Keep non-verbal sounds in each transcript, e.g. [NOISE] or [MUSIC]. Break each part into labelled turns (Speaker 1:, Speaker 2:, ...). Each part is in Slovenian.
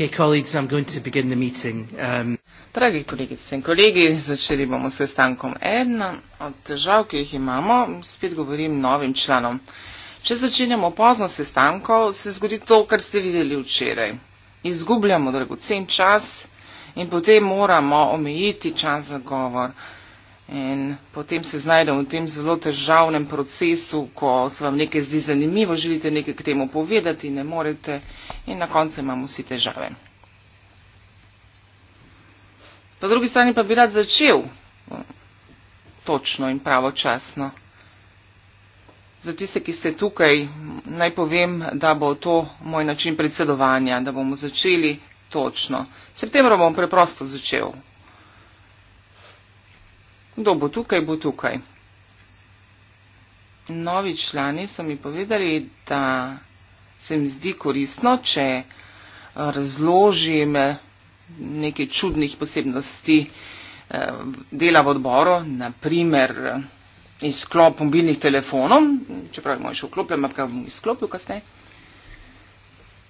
Speaker 1: Okay, colleagues, I'm going to begin the meeting. Um... Dragi kolegice in kolegi, začeli bomo s sestankom. Ena od težav, ki jih imamo, spet govorim novim članom. Če začenjamo pozno sestanko, se zgodi to, kar ste videli včeraj. Izgubljamo dragocen čas in potem moramo omejiti čas za govor. In potem se znajdemo v tem zelo težavnem procesu, ko se vam nekaj zdi zanimivo, želite nekaj k temu povedati, ne morete in na koncu imamo vsi težave. Po drugi strani pa bi rad začel točno in pravočasno. Za tiste, ki ste tukaj, naj povem, da bo to moj način predsedovanja, da bomo začeli točno. Septembra bom preprosto začel, kdo bo tukaj, bo tukaj. Novi člani so mi povedali, da se mi zdi koristno, če razložim nekaj čudnih posebnosti eh, dela v odboru, naprimer izklop mobilnih telefonov, čeprav je moj še vklopljen, ampak ga bom izklopil kasneje.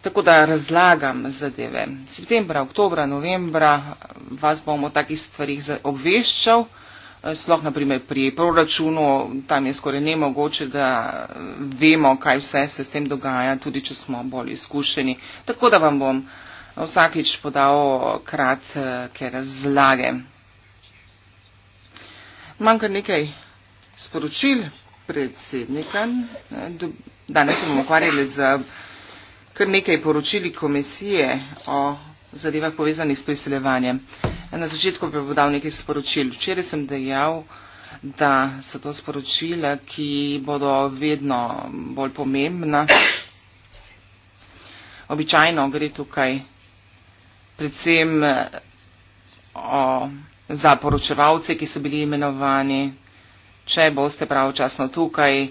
Speaker 1: Tako da razlagam zadeve. Septembra, oktobra, novembra vas bom o takih stvarih obveščal. Eh, sploh naprimer pri proračunu, tam je skoraj nemogoče, da eh, vemo, kaj vse se s tem dogaja, tudi če smo bolj izkušeni. Tako da vam bom eh, vsakič podal kratke razlage. Manjka nekaj sporočil predsednika. Danes se bomo ukvarjali z kar nekaj poročili komisije o zadevah povezanih s priseljevanjem. Na začetku bi podal nekaj sporočil. Včeraj sem dejal, da so to sporočila, ki bodo vedno bolj pomembna. Običajno gre tukaj predvsem o, za poročevalce, ki so bili imenovani. Če boste pravočasno tukaj,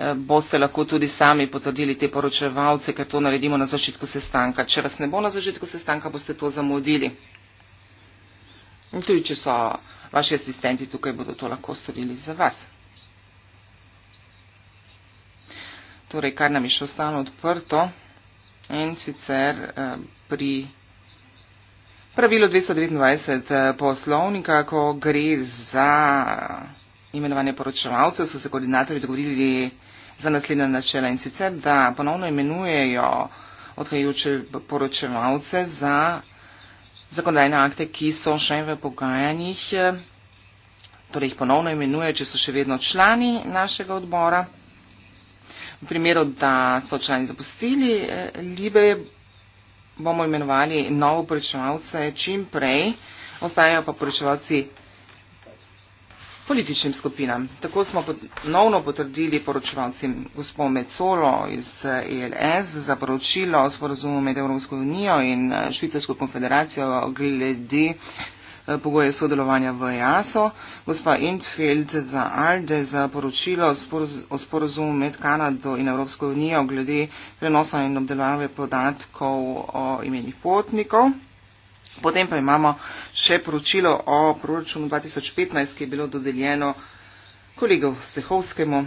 Speaker 1: Eh, boste lahko tudi sami potrdili te poročevalce, ker to naredimo na začetku sestanka. Če vas ne bo na začetku sestanka, boste to zamudili. In tudi, če so vaši asistenti tukaj, bodo to lahko storili za vas. Torej, kar nam je še ostalo odprto, in sicer eh, pri pravilu 229 eh, poslovnika, ko gre za imenovanje poročevalcev, so se koordinatorji dogovorili, da za naslednja načela in sicer, da ponovno imenujejo odhajajoče poročevalce za zakonodajne akte, ki so še v pogajanjih, torej jih ponovno imenuje, če so še vedno člani našega odbora. V primeru, da so člani zapustili eh, Libe, bomo imenovali novo poročevalce čim prej, ostajajo pa poročevalci političnim skupinam. Tako smo ponovno potrdili poročevalcem gospod Mecolo iz ELS eh, e za poročilo o sporozumu med Evropsko unijo in eh, Švicarsko konfederacijo glede eh, pogoje sodelovanja v EASO, gospa Intfeld za ALDE za poročilo o sporozumu med Kanado in Evropsko unijo glede prenosa in obdelave podatkov o imenih potnikov. Potem pa imamo še poročilo o proračunu 2015, ki je bilo dodeljeno kolegu Stehovskemu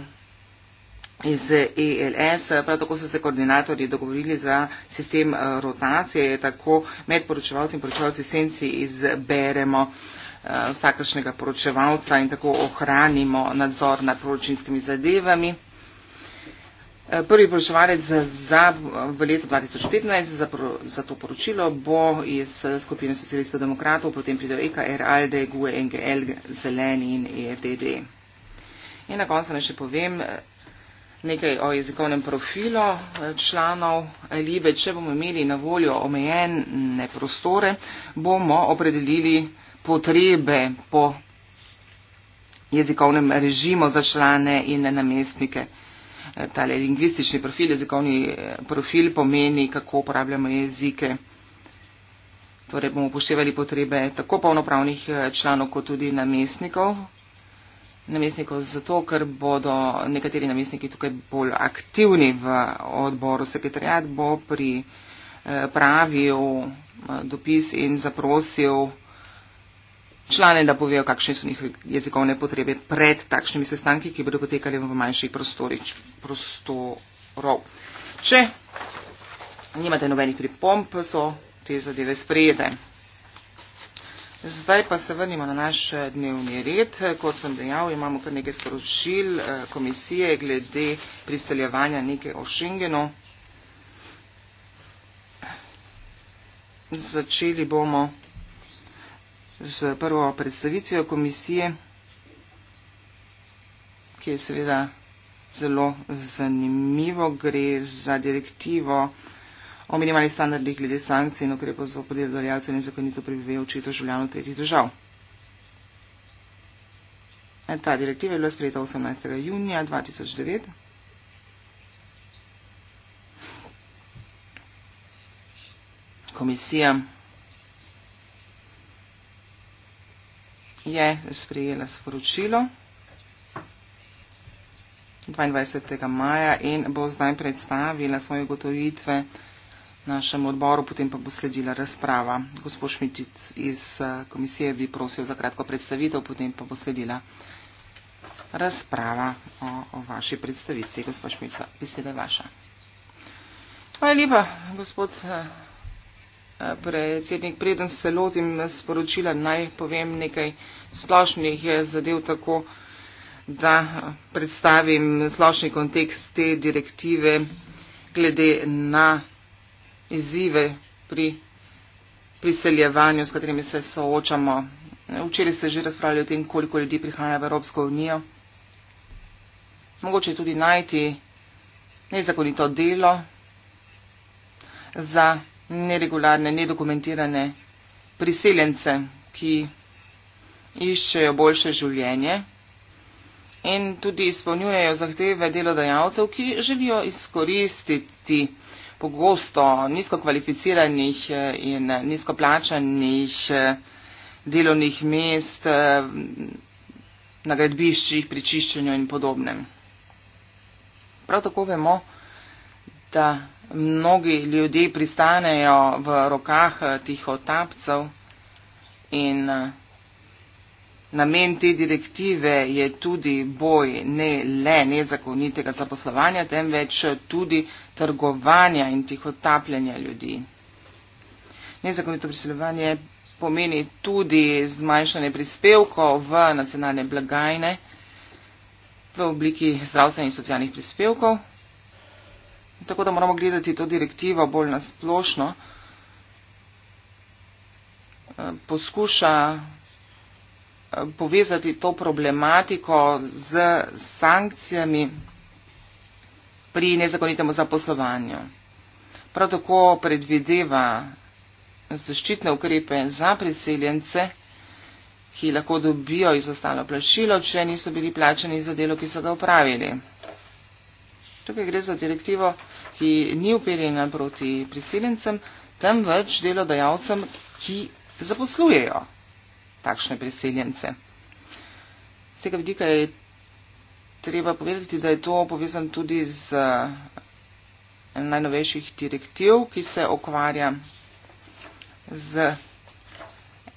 Speaker 1: iz ELS. Prav tako so se koordinatorji dogovorili za sistem eh, rotacije, tako med poročevalci in poročevalci senci izberemo eh, vsakršnega poročevalca in tako ohranimo nadzor nad proračunskimi zadevami. Prvi poročevalec za, za v letu 2015 za, za to poročilo bo iz skupine socialistov demokratov, potem pridejo EKR, ALDE, GUE, NGL, Zeleni in ERDD. In na koncu naj še povem eh, nekaj o jezikovnem profilu eh, članov Libe. Če bomo imeli na voljo omejene prostore, bomo opredelili potrebe po jezikovnem režimu za člane in namestnike tale lingvistični profil, jezikovni eh, profil pomeni, kako uporabljamo jezike. Torej bomo upoštevali potrebe tako polnopravnih eh, članov, kot tudi namestnikov. Namestnikov zato, ker bodo nekateri namestniki tukaj bolj aktivni v odboru. Sekretariat bo pripravil eh, dopis in zaprosil člane, da povejo, kakšne so njihove jezikovne potrebe pred takšnimi sestanki, ki bodo potekali v manjših prostorih, prostorov. Če nimate nobenih pripomp, so te zadeve sprejete. Zdaj pa se vrnimo na naš dnevni red. Kot sem dejal, imamo kar nekaj sporočil eh, komisije glede priseljevanja neke o Schengenu. Začeli bomo z prvo predstavitvijo komisije, ki je seveda zelo zanimivo. Gre za direktivo o minimalnih standardih glede sankcij in ukrepov za podelitev darjavcev in zakonito prebivalcev državljanov tretjih držav. E, ta direktiva je bila sprejeta 18. junija 2009. Komisija je sprejela sporočilo 22. maja in bo zdaj predstavila svoje ugotovitve našemu odboru, potem pa bo sledila razprava. Gospod Šmitic iz eh, komisije bi prosil za kratko predstavitev, potem pa bo sledila razprava o, o vaši predstavitvi. Gospod Šmitic, beseda je vaša. Hvala lepa, gospod eh, Eh, predsednik, preden se lotim sporočila, naj povem nekaj splošnih eh, zadev tako, da eh, predstavim splošni kontekst te direktive glede na izzive pri priseljevanju, s katerimi se soočamo. Včeli ste že razpravljali o tem, koliko ljudi prihaja v Evropsko unijo. Mogoče tudi najti nezakonito delo za neregularne, nedokumentirane priseljence, ki iščejo boljše življenje in tudi izpolnjujejo zahteve delodajalcev, ki želijo izkoristiti pogosto nizko kvalificiranih eh, in nizko plačanih eh, delovnih mest eh, na gradbiščih, pričiščenju in podobnem. Prav tako vemo, da mnogi ljudje pristanejo v rokah eh, tihotapcev in eh, namen te direktive je tudi boj ne le nezakonitega zaposlovanja, temveč eh, tudi trgovanja in tihotapljanja ljudi. Nezakonito priseljevanje pomeni tudi zmanjšanje prispevkov v nacionalne blagajne v obliki zdravstvenih in socialnih prispevkov. Tako da moramo gledati to direktivo bolj nasplošno. Eh, poskuša eh, povezati to problematiko z sankcijami pri nezakonitem zaposlovanju. Prav tako predvideva zaščitne ukrepe za priseljence, ki lahko dobijo izostalo plačilo, če niso bili plačani za delo, ki so ga upravili. Tukaj gre za direktivo, ki ni uperjena proti prisilencem, temveč delodajalcem, ki zaposlujejo takšne prisiljence. Z tega vidika je treba povedati, da je to povezan tudi z eh, en najnovejših direktiv, ki se okvarja z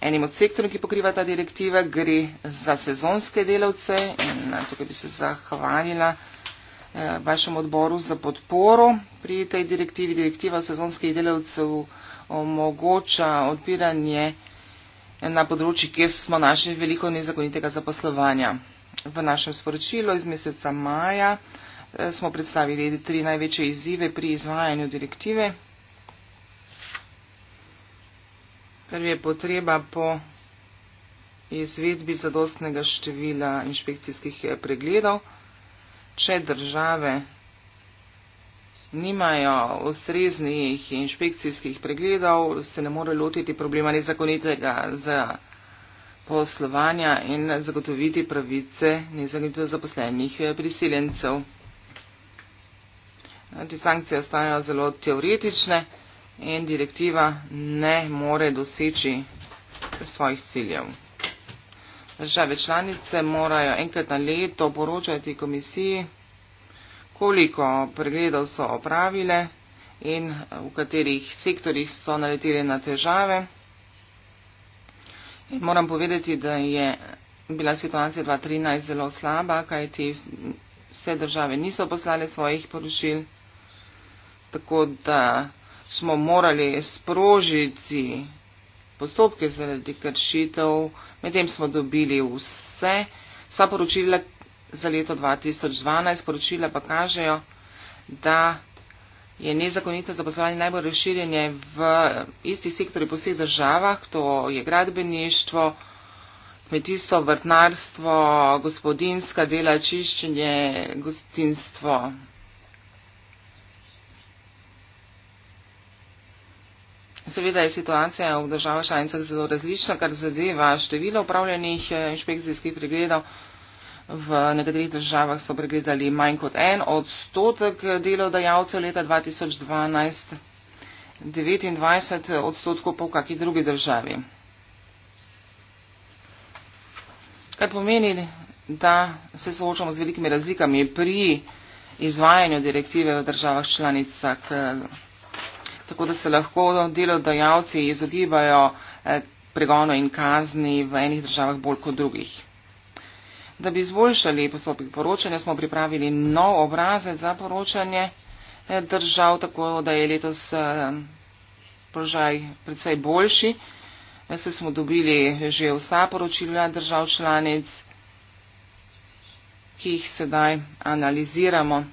Speaker 1: enim od sektorov, ki pokriva ta direktiva, gre za sezonske delavce in eh, tukaj bi se zahvalila. Eh, vašemu odboru za podporo pri tej direktivi. Direktiva sezonskih delavcev omogoča odpiranje eh, na področji, kjer smo našli veliko nezakonitega zaposlovanja. V našem sporočilu iz meseca maja eh, smo predstavili tri največje izzive pri izvajanju direktive. Prvi je potreba po izvedbi zadostnega števila inšpekcijskih pregledov če države nimajo ustreznih inšpekcijskih pregledov, se ne morejo lotiti problema nezakonitega za poslovanja in zagotoviti pravice nezakonito zaposlenih priseljencev. Te sankcije ostajajo zelo teoretične in direktiva ne more doseči svojih ciljev. Države članice morajo enkrat na leto poročati komisiji, koliko pregledov so opravile in v katerih sektorjih so naleteli na težave. In moram povedati, da je bila situacija 2013 zelo slaba, kajti vse države niso poslali svojih porušil, tako da smo morali sprožiti postopke zaradi kršitev. Medtem smo dobili vse, vsa poročila za leto 2012, poročila pa kažejo, da je nezakonito zaposlovanje najbolj razširjenje v istih sektorjih po vseh državah, to je gradbeništvo, kmetijstvo, vrtnarstvo, gospodinska dela, čiščenje, gostinstvo. Seveda je situacija v državah članicah zelo različna, kar zadeva število upravljenih eh, inšpekcijskih pregledov. V nekaterih državah so pregledali manj kot en odstotek delodajalcev leta 2012, 29 odstotkov pa v kaki drugi državi. Kaj pomeni, da se soočamo z velikimi razlikami pri izvajanju direktive v državah članicah? Eh, tako da se lahko delodajalci izogibajo eh, pregono in kazni v enih državah bolj kot drugih. Da bi izboljšali postopek poročanja, smo pripravili nov obrazec za poročanje eh, držav, tako da je letos eh, položaj predvsej boljši. Se smo dobili že vsa poročila držav članic, ki jih sedaj analiziramo.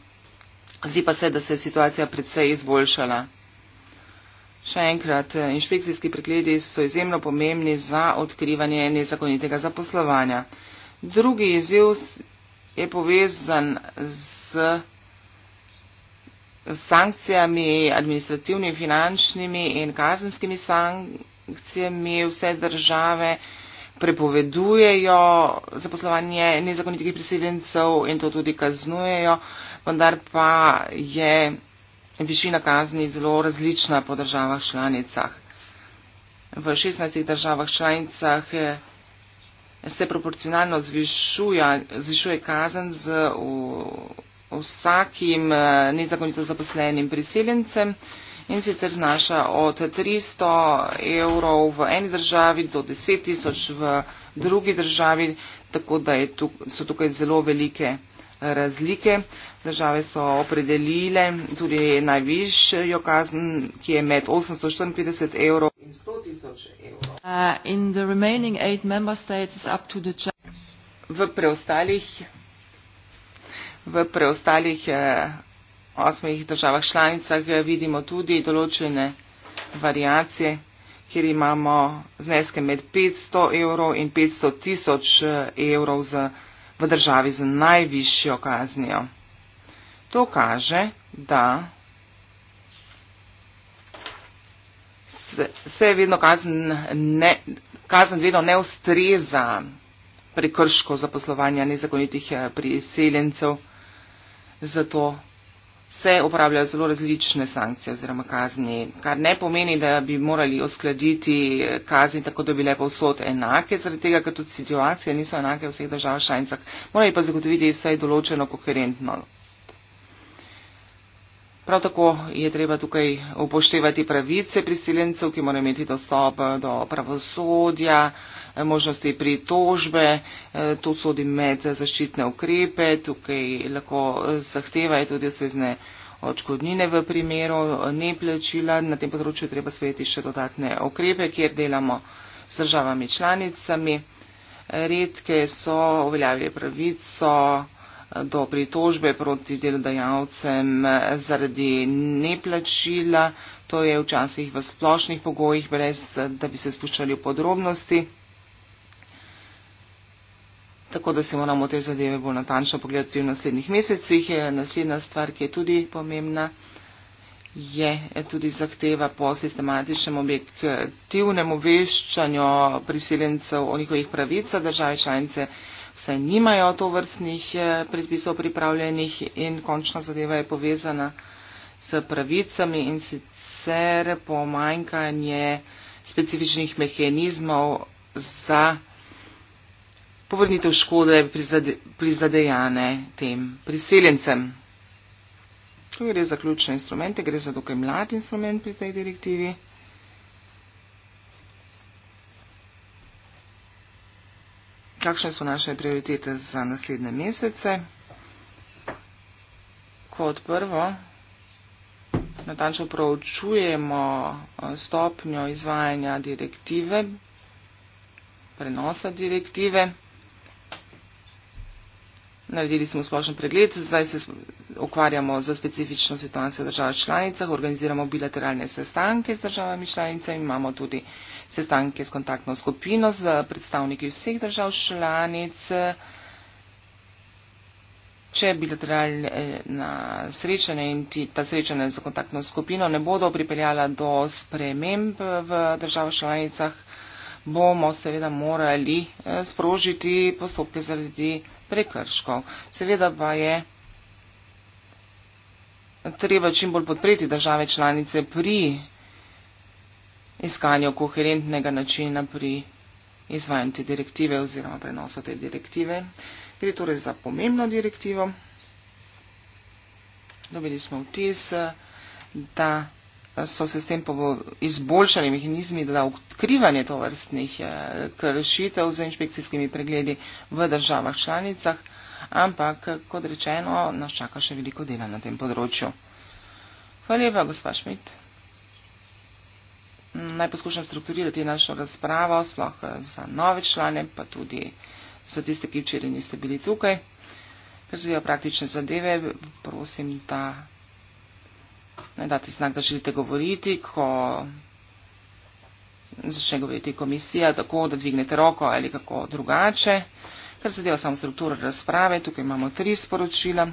Speaker 1: Zdi pa se, da se je situacija predvsej izboljšala. Še enkrat, inšpekcijski pregledi so izjemno pomembni za odkrivanje nezakonitega zaposlovanja. Drugi izjiv je povezan z sankcijami, administrativnimi, finančnimi in kazenskimi sankcijami. Vse države prepovedujejo zaposlovanje nezakonitih priseljencev in to tudi kaznujejo, vendar pa je višina kazni zelo različna po državah članicah. V 16 državah članicah je, se proporcionalno zvišuje, zvišuje kazen z v, vsakim eh, nezakonito zaposlenim priseljencem in sicer znaša od 300 evrov v eni državi do 10 tisoč v drugi državi, tako da je tu, so tukaj zelo velike eh, razlike. Države so opredelile tudi najvišjo kazen, ki je med 854 evrov in 100 tisoč evrov.
Speaker 2: Uh, v
Speaker 1: preostalih, v preostalih eh, osmih državah članicah eh, vidimo tudi določene variacije, kjer imamo zneske med 500 evrov in 500 tisoč eh, evrov za, v državi z najvišjo kaznijo. To kaže, da se, se vedno kazen, ne, kazen vedno ne ustreza prekrško zaposlovanja nezakonitih eh, priseljencev. Zato se uporabljajo zelo različne sankcije oziroma kazni, kar ne pomeni, da bi morali uskladiti eh, kazni tako, da bi bile povsod enake, zaradi tega, ker tudi situacije niso enake v vseh državah šanicah. Morali pa zagotoviti vsaj določeno koherentnost. Prav tako je treba tukaj upoštevati pravice priseljencev, ki morajo imeti dostop eh, do pravosodja, eh, možnosti pritožbe, eh, to sodi med zaščitne ukrepe, tukaj lahko zahtevajo tudi osrezne očkodnine v primeru neplačila. Na tem področju treba sprejeti še dodatne ukrepe, kjer delamo s državami članicami. Redke so uveljavljene pravico do pritožbe proti delodajalcem zaradi neplačila. To je včasih v splošnih pogojih, brez da bi se spuščali v podrobnosti. Tako da si moramo te zadeve bolj natančno pogledati v naslednjih mesecih. Naslednja stvar, ki je tudi pomembna, je tudi zahteva po sistematičnem objektivnem obveščanju priseljencev o njihovih pravicah države članice vsaj nimajo tovrstnih eh, predpisov pripravljenih in končna zadeva je povezana s pravicami in sicer pomanjkanje specifičnih mehanizmov za povrnitev škode prizadejane tem priseljencem. Tu gre za ključne instrumente, gre za dokaj mlad instrument pri tej direktivi. kakšne so naše prioritete za naslednje mesece. Kot prvo, natančno proučujemo eh, stopnjo izvajanja direktive, prenosa direktive. Naredili smo splošen pregled, zdaj se ukvarjamo za specifično situacijo v državah članicah, organiziramo bilateralne sestanke z državami članicami, imamo tudi uh, sestanke s kontaktno skupino, z predstavniki vseh držav članic. Če bilateralna srečanja in ta srečanja z kontaktno skupino ne bodo pripeljala do sprememb v državah članicah, bomo seveda morali eh, sprožiti postopke zaradi prekrškov. Seveda pa je treba čim bolj podpreti države članice pri iskanju koherentnega načina pri izvajanju te direktive oziroma prenosu te direktive. Gre torej za pomembno direktivo. Dobili smo vtis, da so se s tem izboljšali mehanizmi za odkrivanje tovrstnih eh, kršitev z inšpekcijskimi pregledi v državah članicah, ampak kot rečeno, nas čaka še veliko dela na tem področju. Hvala lepa, gospa Šmit. Naj poskušam strukturirati našo razpravo, sploh eh, za nove člane, pa tudi za tiste, ki včeraj niste bili tukaj. Ker zvejo praktične zadeve, prosim, da naj date znak, da želite govoriti, ko začne govoriti komisija, tako da dvignete roko ali kako drugače. Ker zadeva samo strukturo razprave, tukaj imamo tri sporočila.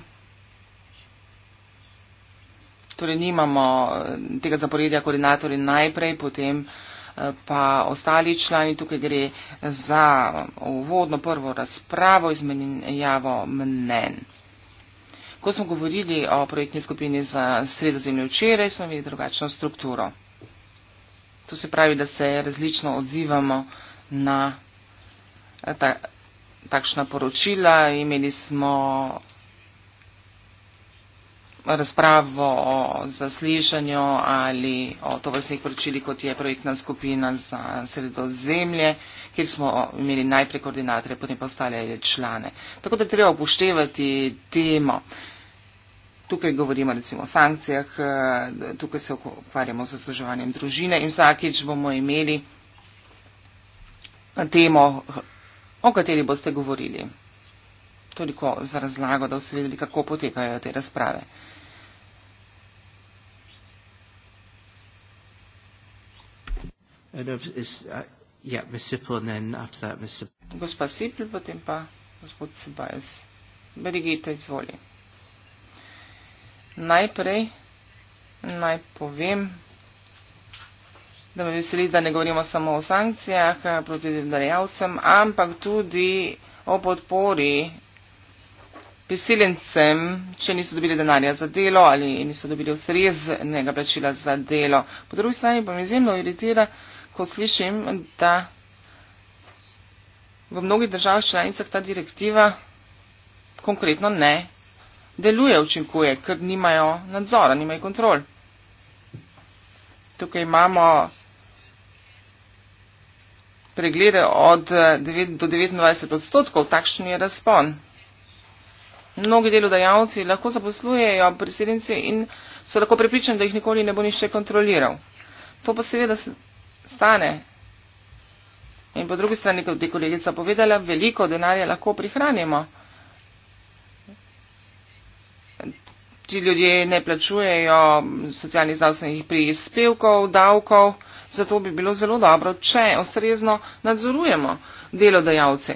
Speaker 1: Torej nimamo eh, tega zaporedja koordinatorji najprej, potem eh, pa ostali člani. Tukaj gre za uvodno prvo razpravo izmenjavo mnen. Ko smo govorili o projektni skupini za sredozemlje včeraj, smo imeli drugačno strukturo. To se pravi, da se različno odzivamo na eh, ta, takšna poročila. Imeli smo razpravo o zaslišanju ali o tovrstnih poročili, kot je projektna skupina za sredozemlje, kjer smo imeli najprej koordinatorje, potem pa ostale člane. Tako da treba upoštevati temo. Tukaj govorimo recimo o sankcijah, tukaj se ukvarjamo z zasluževanjem družine in vsakeč bomo imeli temo, o kateri boste govorili toliko za razlago, da vse vedeli, kako potekajo te razprave. Uh, uh, Gospa Sipl, potem pa gospod Sebajs. Brigita, izvoli. Najprej naj povem, da me veseli, da ne govorimo samo o sankcijah proti delodajalcem, ampak tudi o podpori prisiljencem, če niso dobili denarja za delo ali niso dobili ustreznega plačila za delo. Po drugi strani pa me izjemno iritira, ko slišim, da v mnogih državah članicah ta direktiva konkretno ne deluje, učinkuje, ker nimajo nadzora, nimajo kontrol. Tukaj imamo preglede od 9 do 29 odstotkov, takšen je razpon mnogi delodajalci lahko zaposlujejo priseljence in so lahko prepričani, da jih nikoli ne bo nišče kontroliral. To pa seveda stane. In po drugi strani, kot je kolegica povedala, veliko denarja lahko prihranimo. Ti ljudje ne plačujejo socialnih zdravstvenih prispevkov, davkov, zato bi bilo zelo dobro, če ustrezno nadzorujemo delodajalce.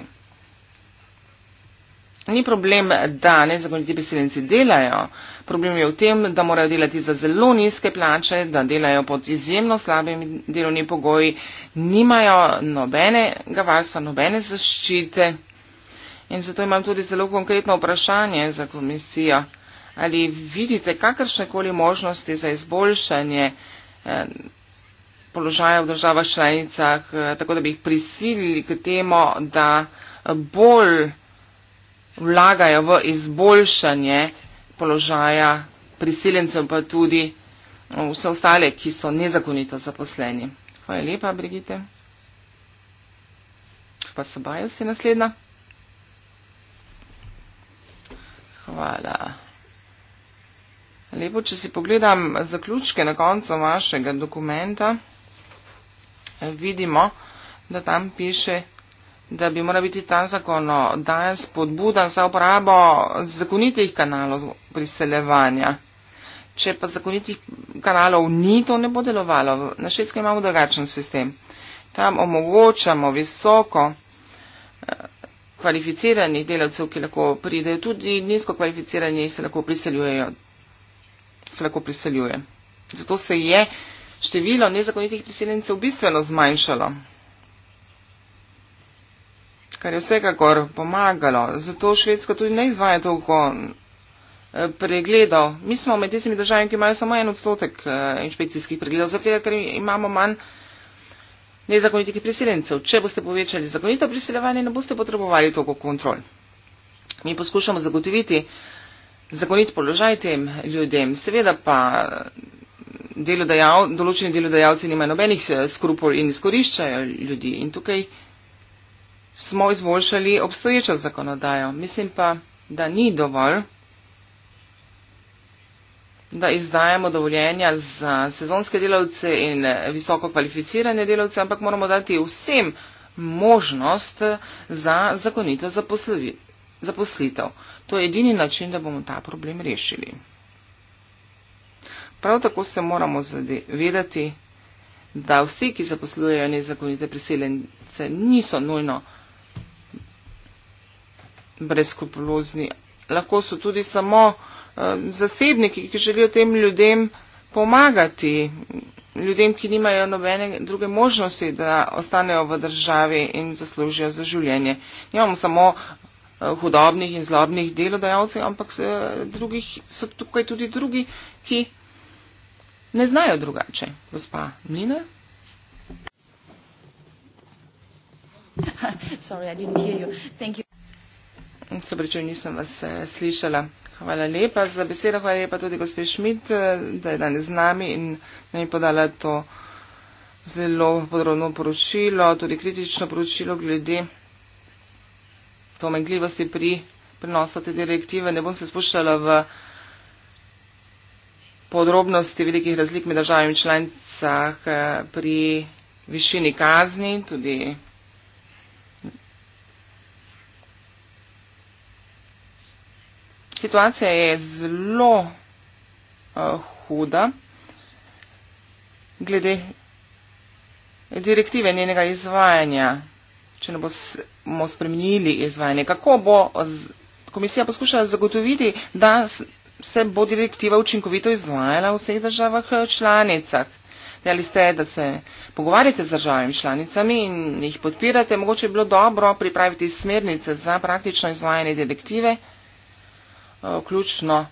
Speaker 1: Ni problem, da nezakoniti priseljenci delajo. Problem je v tem, da morajo delati za zelo nizke plače, da delajo pod izjemno slabimi delovnimi pogoji, nimajo nobenega varstva, nobene zaščite. In zato imam tudi zelo konkretno vprašanje za komisijo. Ali vidite kakršnekoli možnosti za izboljšanje eh, položaja v državah članicah, eh, tako da bi jih prisilili k temu, da bolj vlagajo v izboljšanje položaja priseljencev, pa tudi eh, vse ostale, ki so nezakonito zaposleni. Hvala lepa, Brigite. Pa Sabajo si naslednja. Hvala. Lepo, če si pogledam zaključke na koncu vašega dokumenta, vidimo, da tam piše da bi mora biti ta zakon danes podbudan za uporabo zakonitih kanalov priseljevanja. Če pa zakonitih kanalov ni, to ne bo delovalo. Na švedskem imamo drugačen sistem. Tam omogočamo visoko eh, kvalificiranih delavcev, ki lahko pridejo, tudi nizko kvalificirani se lahko priseljujejo. Se lahko priseljuje. Zato se je število nezakonitih priseljencev bistveno zmanjšalo kar je vsekakor pomagalo. Zato Švedska tudi ne izvaja toliko eh, pregledov. Mi smo med tistimi državami, ki imajo samo en odstotek eh, inšpekcijskih pregledov, zato ker imamo manj nezakonitih priseljencev. Če boste povečali zakonito priseljevanje, ne boste potrebovali toliko kontrol. Mi poskušamo zagotoviti zakonit položaj tem ljudem. Seveda pa delodajal, določeni delodajalci nimajo nobenih eh, skrupul in izkoriščajo ljudi. In tukaj smo izboljšali obstoječo zakonodajo. Mislim pa, da ni dovolj, da izdajamo dovoljenja za sezonske delavce in visoko kvalificirane delavce, ampak moramo dati vsem možnost za zakonito zaposlitev. To je edini način, da bomo ta problem rešili. Prav tako se moramo zavedati, da vsi, ki zaposlujejo nezakonite priseljence, niso nujno brezkopulozni. Lahko so tudi samo eh, zasebniki, ki želijo tem ljudem pomagati, ljudem, ki nimajo nobene druge možnosti, da ostanejo v državi in zaslužijo za življenje. Nimamo samo eh, hudobnih in zlobnih delodajalcev, ampak eh, drugih, so tukaj tudi drugi, ki ne znajo drugače. Gospa Mlina. [LAUGHS] Sorry, I didn't hear you. Thank you. Se pravi, nisem vas eh, slišala. Hvala lepa za besedo, hvala lepa tudi gospe Šmit, eh, da je danes z nami in da mi podala to zelo podrobno poročilo, tudi kritično poročilo glede pomenkljivosti pri prenosu te direktive. Ne bom se spuščala v podrobnosti velikih razlik med državami članicah eh, pri višini kazni, tudi Situacija je zelo uh, huda glede direktive njenega izvajanja, če ne bomo spremenili izvajanje. Kako bo z, komisija poskušala zagotoviti, da se bo direktiva učinkovito izvajala v vseh državah eh, članicah? Dejali ste, da se pogovarjate z državami članicami in jih podpirate. Mogoče je bilo dobro pripraviti smernice za praktično izvajanje direktive. Eh, ključno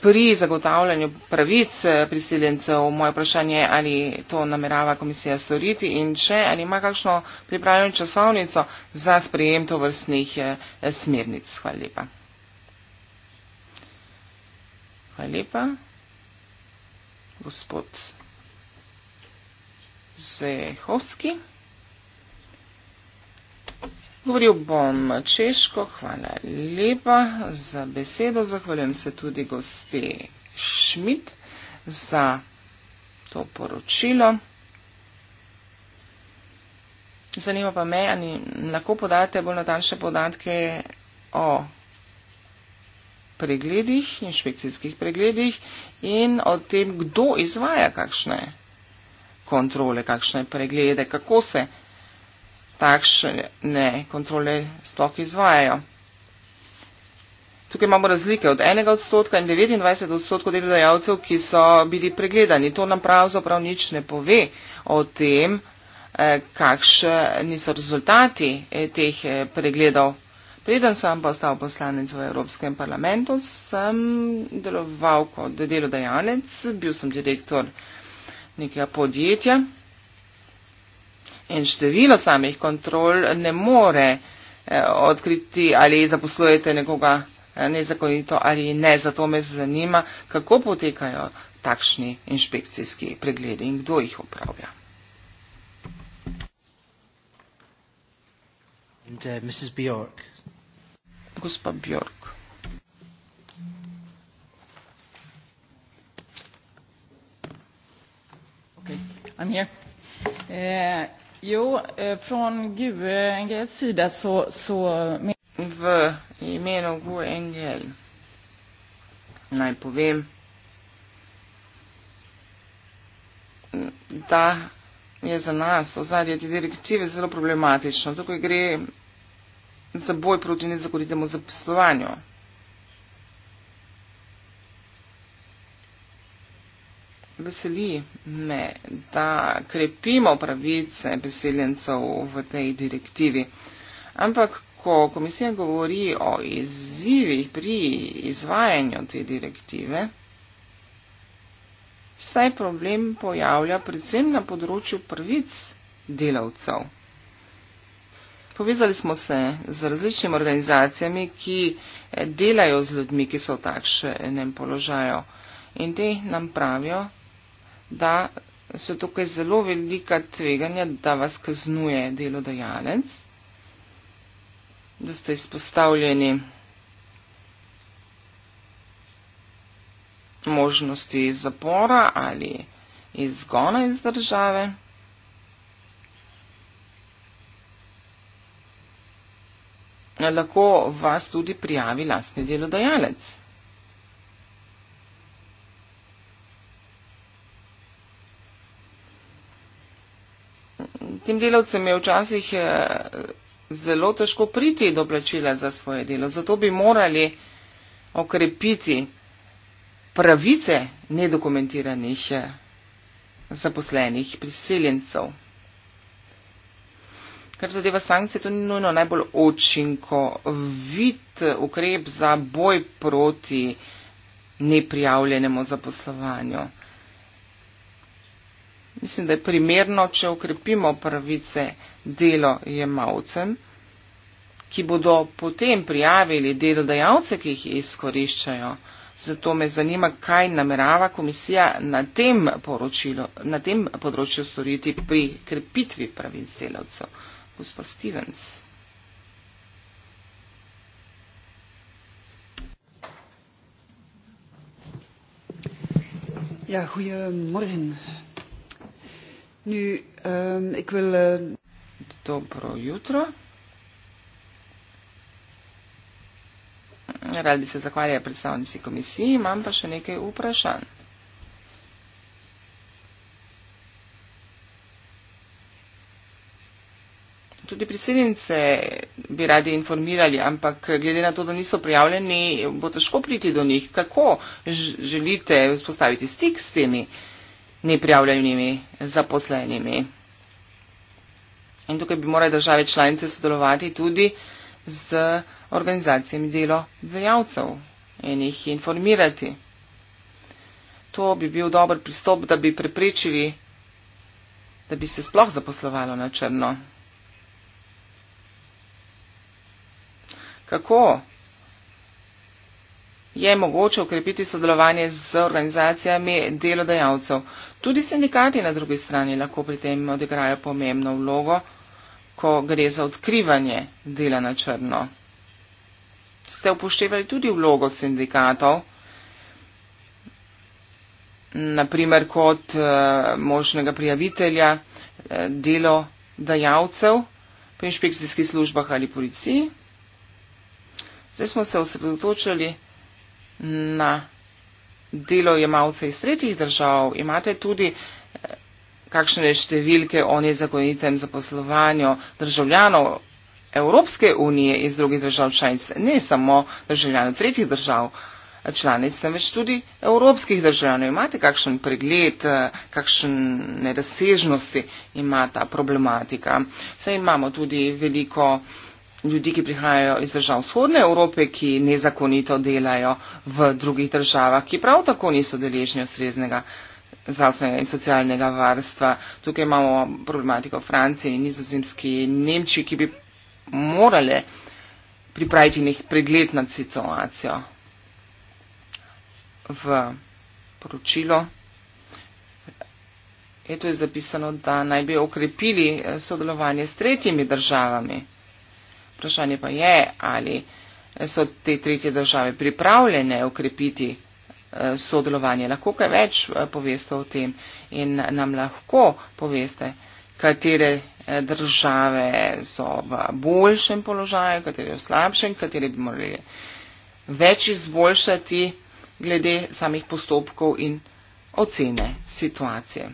Speaker 1: pri zagotavljanju pravic eh, prisiljencev. Moje vprašanje je, ali to namerava komisija storiti in če, ali ima kakšno pripravljeno časovnico za sprejem to vrstnih eh, smernic. Hvala lepa. Hvala lepa. Gospod Zehovski. Govoril bom češko, hvala lepa za besedo. Zahvaljujem se tudi gospe Šmit za to poročilo. Zanima pa me, ali lahko podate bolj natančne podatke o pregledih, inšpekcijskih pregledih in o tem, kdo izvaja kakšne kontrole, kakšne preglede, kako se takšne kontrole sploh izvajajo. Tukaj imamo razlike od 1 odstotka in 29 odstotkov delodajalcev, ki so bili pregledani. To nam pravzaprav nič ne pove o tem, eh, kakšni so rezultati eh, teh eh, pregledov. Preden sem postal poslanec v Evropskem parlamentu, sem deloval kot delodajalec, bil sem direktor nekega podjetja in število samih kontrol ne more eh, odkriti, ali zaposlujete nekoga eh, nezakonito ali ne. Zato me zanima, kako potekajo takšni inšpekcijski pregledi in kdo jih upravlja. And, uh, Mrs. Bjork. Gospa Bjork. Okay. I'm here. Uh, Jo, eh, från GUE-NGLs sida så, så eh, v, i imenu GUE-NGL naj povem, da je za nas ozadje te direktive zelo problematično. Tukaj gre za boj proti nezakonitemu zaposlovanju. veseli me, da krepimo pravice priseljencev v tej direktivi. Ampak, ko komisija govori o izzivih pri izvajanju te direktive, saj problem pojavlja predvsem na področju pravic delavcev. Povezali smo se z različnimi organizacijami, ki delajo z ljudmi, ki so v takšnem položaju. In te nam pravijo, da so tukaj zelo velika tveganja, da vas kaznuje delodajalec, da ste izpostavljeni možnosti zapora ali izgona iz države. Lahko vas tudi prijavi lastni delodajalec. tem delavcem je včasih eh, zelo težko priti do plačila za svoje delo. Zato bi morali okrepiti pravice nedokumentiranih eh, zaposlenih priseljencev. Kar zadeva sankcije, to ni nujno najbolj očinkovit ukrep za boj proti neprijavljenemu zaposlovanju. Mislim, da je primerno, če ukrepimo pravice delojemalcem, ki bodo potem prijavili delodajalce, ki jih izkoriščajo. Zato me zanima, kaj namerava komisija na tem, poročilo, na tem področju storiti pri krepitvi pravic delavcev. Gospa Stevens. Ja, goeiemorgen, Nu, um, ik wil. Uh, eh, dobro jutro. Rad bi se zahvalil predstavnici komisiji, imam pa še nekaj vprašanj. Tudi priseljence bi radi informirali, ampak glede na to, da niso prijavljeni, bo težko priti do njih. Kako želite vzpostaviti stik s temi? Uh, neprijavljenimi zaposlenimi. In tukaj bi morali države članice sodelovati tudi z organizacijami delo dejavcev in jih informirati. To bi bil dober pristop, da bi preprečili, da bi se sploh zaposlovalo na črno. Kako je mogoče ukrepiti sodelovanje z organizacijami delodajalcev. Tudi sindikati na drugi strani lahko pri tem odigrajo pomembno vlogo, ko gre za odkrivanje dela na črno. Ste upoštevali tudi vlogo sindikatov, naprimer kot eh, možnega prijavitelja eh, delodajalcev pri inšpekcijskih službah ali policiji? Zdaj smo se osredotočili na delo jemalce iz tretjih držav, imate tudi eh, kakšne številke o nezakonitem zaposlovanju državljanov Evropske unije iz drugih držav članic, ne samo državljanov tretjih držav eh, članic, temveč tudi evropskih državljanov. Imate kakšen pregled, eh, kakšne razsežnosti ima ta problematika? Saj imamo tudi veliko uh, ljudi, ki prihajajo iz držav vzhodne Evrope, ki nezakonito delajo v drugih državah, ki prav tako niso deležni ustreznega zdravstvenega in socialnega varstva. Tukaj imamo problematiko Francije in nizozemske Nemčije, ki bi morale pripraviti nek pregled nad situacijo v poročilo. Eto je zapisano, da naj bi okrepili sodelovanje s tretjimi državami. Vprašanje pa je, ali so te tretje države pripravljene ukrepiti eh, sodelovanje. Lahko kaj več eh, poveste o tem in nam lahko poveste, katere eh, države so v boljšem položaju, katere v slabšem, katere bi morali več izboljšati glede samih postopkov in ocene situacije.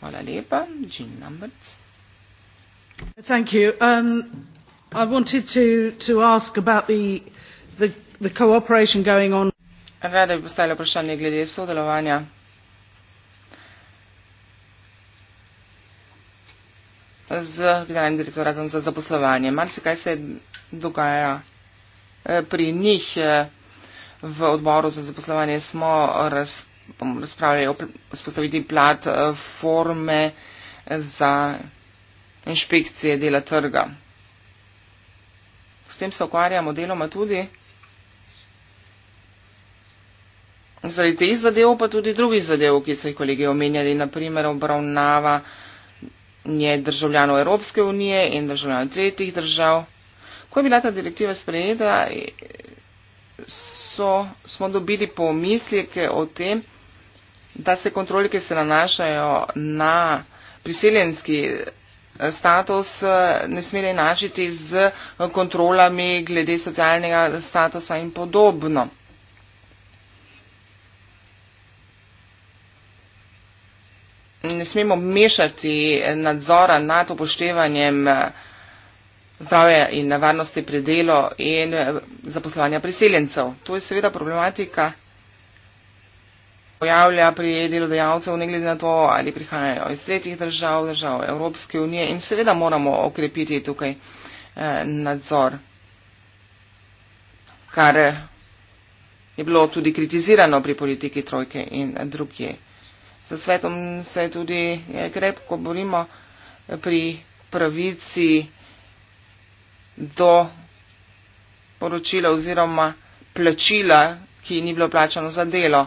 Speaker 1: Hvala lepa, Jean Lamberts. Thank you. Um... I wanted to, to ask about the, the, the cooperation going on. Rada bi postavila vprašanje glede sodelovanja. z generalnim direktoratom za zaposlovanje. Mar se kaj se dogaja eh, pri njih eh, v odboru za zaposlovanje? Smo razpravljali o spostaviti platforme eh, za inšpekcije dela trga s tem se ukvarjamo deloma tudi. Zaradi teh zadev pa tudi drugih zadev, ki so jih kolegi omenjali, naprimer obravnava nje državljanov Evropske unije in državljanov tretjih držav. Ko je bila ta direktiva sprejeta, so, smo dobili pomislike o tem, da se kontrolike se nanašajo na priseljenski status ne smeli enačiti z kontrolami glede socialnega statusa in podobno. Ne smemo mešati nadzora nad upoštevanjem zdravja in varnosti pri delu in zaposlovanja priseljencev. To je seveda problematika pojavlja pri delodajalcev, ne glede na to, ali prihajajo iz tretjih držav, držav Evropske unije in seveda moramo okrepiti tukaj eh, nadzor, kar eh, je bilo tudi kritizirano pri politiki trojke in drugje. Za svetom se tudi eh, krepko borimo pri pravici do poročila oziroma plačila, ki ni bilo plačano za delo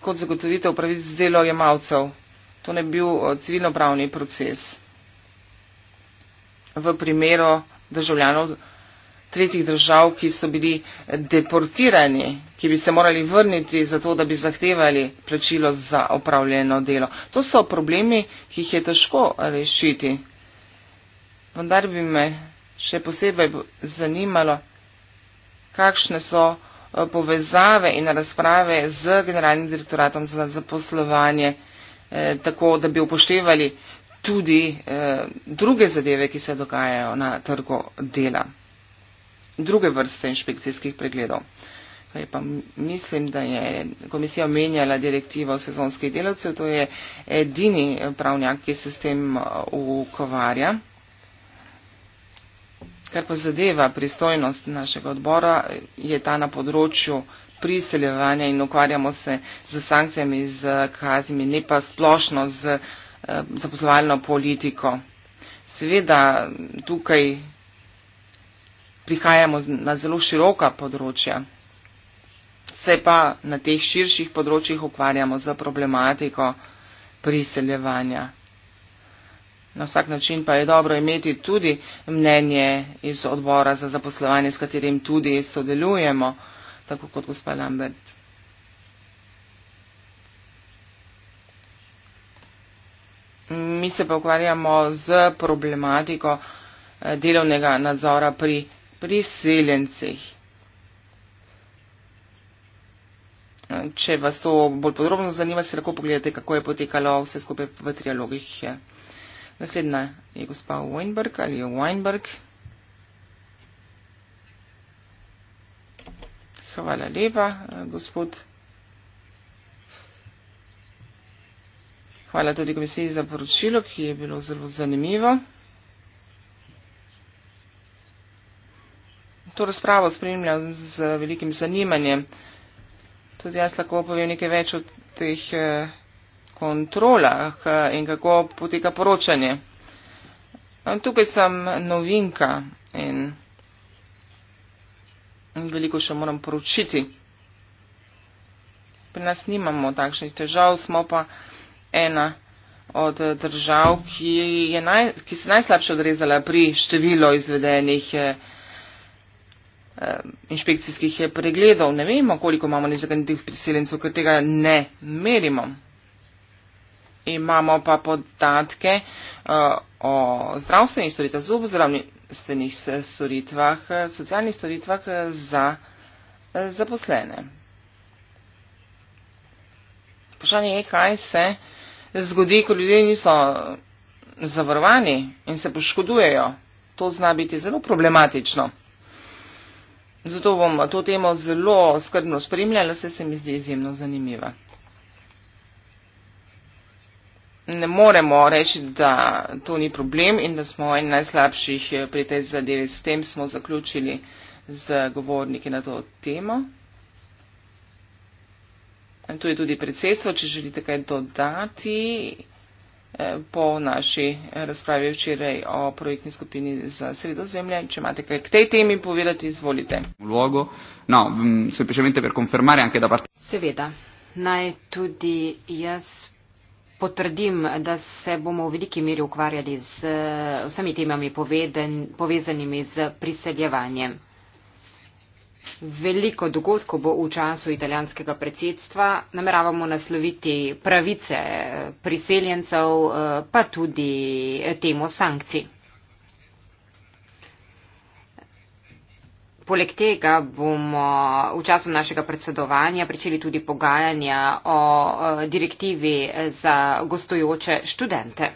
Speaker 1: kot zagotovitev pravic delojemalcev. To ne bi bil eh, civilno-pravni proces v primeru državljanov tretjih držav, ki so bili eh, deportirani, ki bi se morali vrniti za to, da bi zahtevali plačilo za opravljeno delo. To so problemi, ki jih je težko rešiti. Vendar bi me še posebej zanimalo, kakšne so. Eh, povezave in razprave z generalnim direktoratom za zaposlovanje, eh, tako da bi upoštevali tudi eh, druge zadeve, ki se dogajajo na trgu dela, druge vrste inšpekcijskih pregledov. Pa mislim, da je komisija omenjala direktivo sezonskih delavcev, to je edini eh, pravnjak, ki se s tem eh, ukvarja. Uh, Kar pa zadeva pristojnost našega odbora, je ta na področju priseljevanja in ukvarjamo se z sankcijami, z kaznimi, ne pa splošno z eh, zaposlovalno politiko. Seveda tukaj prihajamo na zelo široka področja, se pa na teh širših področjih ukvarjamo z problematiko priseljevanja. Na vsak način pa je dobro imeti tudi mnenje iz odbora za zaposlovanje, s katerim tudi sodelujemo, tako kot gospa Lambert. Mi se pa ukvarjamo z problematiko eh, delovnega nadzora pri priseljencih. Če vas to bolj podrobno zanima, si lahko pogledate, kako je potekalo vse skupaj v trialogih. Eh, Naslednja je gospa Weinberg ali je Weinberg. Hvala lepa, eh, gospod. Hvala tudi komisiji za poročilo, ki je bilo zelo zanimivo. To razpravo spremljam z velikim zanimanjem. Tudi jaz lahko povem nekaj več o teh eh, kontrolah eh, in kako poteka poročanje. Eh, tukaj sem novinka in veliko še moram poročiti. Pri nas nimamo takšnih težav, smo pa ena od držav, ki, naj, ki se najslabše odrezala pri število izvedenih eh, inšpekcijskih pregledov. Ne vemo, koliko imamo nezakonitih priseljencev, ker tega ne merimo imamo pa podatke uh, o zdravstvenih storitvah, zub zdravstvenih storitvah, socialnih storitvah za eh, zaposlene. Vprašanje je, kaj se zgodi, ko ljudje niso zavarovani in se poškodujejo. To zna biti zelo problematično. Zato bom to temo zelo skrbno spremljala, saj se mi zdi izjemno zanimiva ne moremo reči, da to ni problem in da smo en najslabših eh, pri tej zadevi. S tem smo zaključili z govorniki na to temo. Tu je tudi predsedstvo, če želite kaj dodati eh, po naši razpravi včeraj o projektni skupini za sredozemlje. Če imate kaj k tej temi povedati, izvolite.
Speaker 3: Vlogo. No, mm, se pa še vente per confermare anche da parte. Seveda. Naj tudi jaz potrdim, da se bomo v veliki meri ukvarjali z eh, vsemi temami poveden, povezanimi z priseljevanjem. Veliko dogodkov bo v času italijanskega predsedstva. Nameravamo nasloviti pravice eh, priseljencev, eh, pa tudi temo sankcij. Poleg tega bomo v času našega predsedovanja pričeli tudi pogajanja o e, direktivi za gostujoče študente.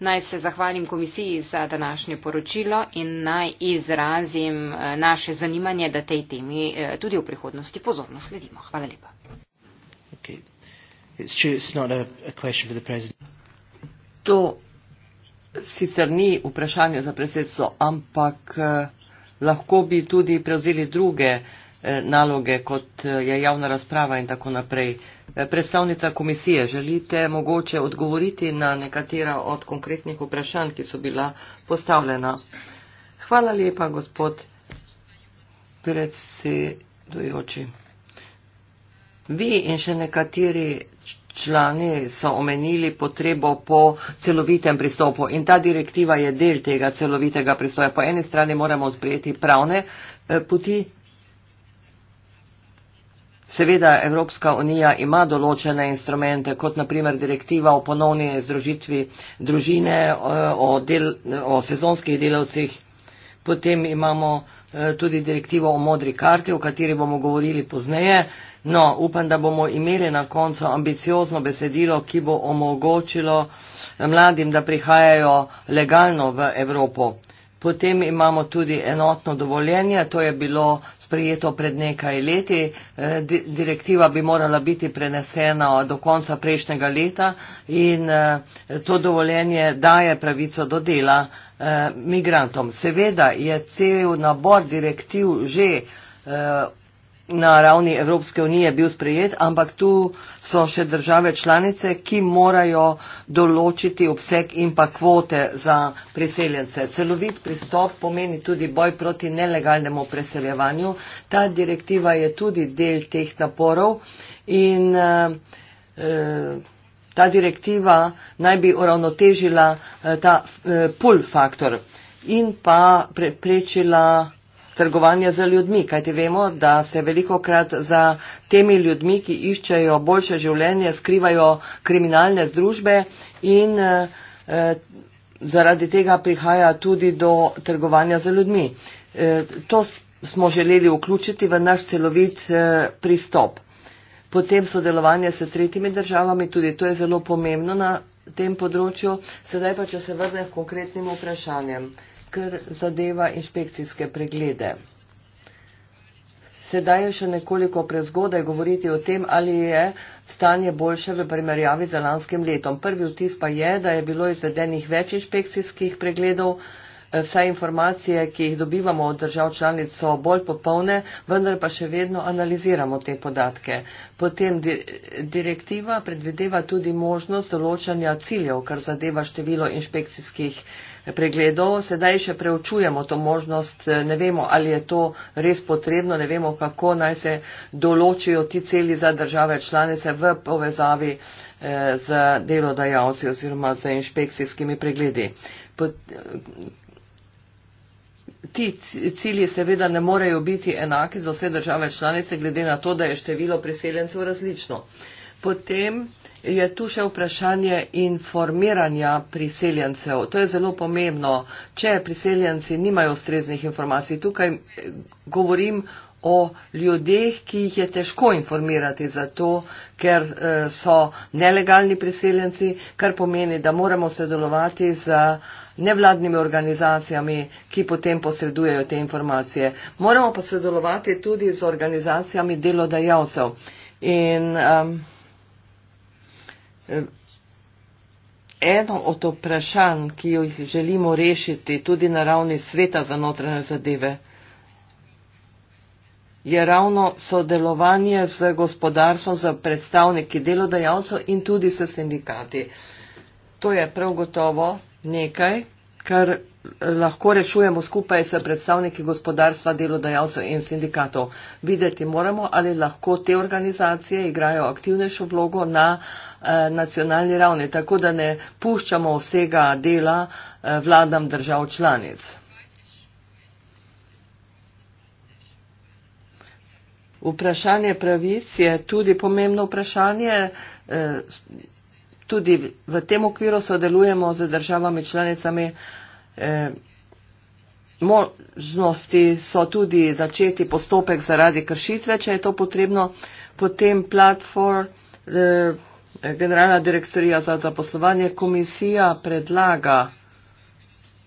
Speaker 3: Naj se zahvalim komisiji za današnje poročilo in naj izrazim e, naše zanimanje, da tej temi e, tudi v prihodnosti pozorno sledimo. Hvala lepa. Okay. To sicer
Speaker 2: ni vprašanje za predsedstvo, ampak. Uh, lahko bi tudi prevzeli druge eh, naloge, kot eh, je javna razprava in tako naprej. Eh, predstavnica komisije, želite mogoče odgovoriti na nekatera od konkretnih vprašanj, ki so bila postavljena? Hvala lepa, gospod predsedujoči. Vi in še nekateri člani so omenili potrebo po celovitem pristopu in ta direktiva je del tega celovitega pristoja. Po eni strani moramo odprijeti pravne eh, poti. Seveda Evropska unija ima določene instrumente, kot naprimer direktiva o ponovni združitvi družine, eh, o, del, o sezonskih delavcih. Potem imamo eh, tudi direktivo o modri karti, o kateri bomo govorili pozneje. No, upam, da bomo imeli na koncu ambiciozno besedilo, ki bo omogočilo eh, mladim, da prihajajo legalno v Evropo. Potem imamo tudi enotno dovoljenje, to je bilo sprejeto pred nekaj leti. Eh, direktiva bi morala biti prenesena do konca prejšnjega leta in eh, to dovoljenje daje pravico do dela migrantom. Seveda je cel nabor direktiv že na ravni Evropske unije bil sprejet, ampak tu so še države članice, ki morajo določiti obseg in pa kvote za priseljence. Celovit pristop pomeni tudi boj proti nelegalnemu preseljevanju. Ta direktiva je tudi del teh naporov in eh, eh ta direktiva naj bi uravnotežila eh, ta eh, pull faktor in pa preprečila trgovanja z ljudmi, kajti vemo, da se veliko krat za temi ljudmi, ki iščejo boljše življenje, skrivajo kriminalne združbe in e, zaradi tega prihaja tudi do trgovanja z ljudmi. E, to smo želeli vključiti v naš celovit e, pristop. Potem sodelovanje s tretjimi državami, tudi to je zelo pomembno na tem področju. Sedaj pa, če se vrnem konkretnim vprašanjem. E, kar zadeva inšpekcijske preglede. Sedaj je še nekoliko prezgodaj govoriti o tem, ali je stanje boljše v primerjavi z lanskim letom. Prvi vtis pa je, da je bilo izvedenih več inšpekcijskih pregledov, e, vse informacije, ki jih dobivamo od držav članic, so bolj popolne, vendar pa še vedno analiziramo te podatke. Potem direktiva predvideva tudi možnost določanja ciljev, kar zadeva število inšpekcijskih pregledov pregledov, sedaj še preučujemo to možnost, eh, ne vemo, ali je to res potrebno, ne vemo, kako naj se določijo ti celi za države članice v povezavi eh, z delodajalci oziroma z inšpekcijskimi pregledi. Eh, ti cilji seveda ne morejo biti enaki za vse države članice, glede na to, da je število priseljencev različno. Potem je tu še vprašanje informiranja priseljencev. To je zelo pomembno. Če priseljenci nimajo ustreznih informacij, tukaj eh, govorim o ljudeh, ki jih je težko informirati zato, ker eh, so nelegalni priseljenci, kar pomeni, da moramo sodelovati z nevladnimi organizacijami, ki potem posredujejo te informacije. Moramo pa sodelovati tudi z organizacijami delodajalcev. In, um, Eno od vprašanj, ki jih želimo rešiti tudi na ravni sveta za notranje zadeve, je ravno sodelovanje z gospodarstvom, z predstavniki delodajalcev in tudi s sindikati. To je prav gotovo nekaj, kar lahko rešujemo skupaj s predstavniki gospodarstva, delodajalcev in sindikatov. Videti moramo, ali lahko te organizacije igrajo aktivnejšo vlogo na eh, nacionalni ravni, tako da ne puščamo vsega dela eh, vladam držav članic. Vprašanje pravic je tudi pomembno vprašanje. Eh, tudi v tem okviru sodelujemo z državami članicami. Eh, eh, možnosti so tudi začeti postopek zaradi kršitve, če je to potrebno. Potem platform, eh, generalna direkcija za zaposlovanje, komisija predlaga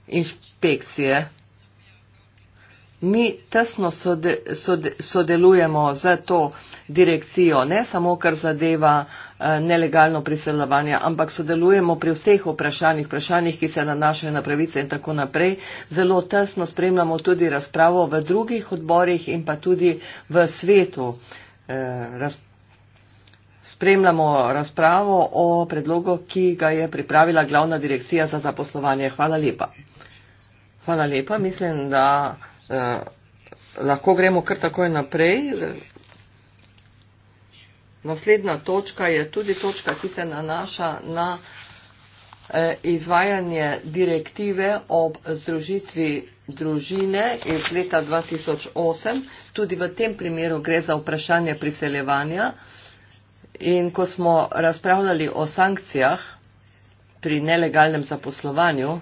Speaker 2: inšpekcije. Mi tesno sode, sode, sodelujemo za to. Eh, direkcijo, ne samo kar zadeva eh, nelegalno priseljevanje, ampak sodelujemo pri vseh vprašanjih, vprašanjih, ki se nanašajo na pravice in tako naprej. Zelo tesno spremljamo tudi razpravo v drugih odborih in pa tudi v svetu. Eh, spremljamo razpravo o predlogu, ki ga je pripravila glavna direkcija za zaposlovanje. Hvala lepa. Hvala lepa. Mislim, da eh, lahko gremo kar takoj naprej. Naslednja točka je tudi točka, ki se nanaša na e, izvajanje direktive ob združitvi družine iz leta 2008. Tudi v tem primeru gre za vprašanje priseljevanja. In ko smo razpravljali o sankcijah pri nelegalnem zaposlovanju,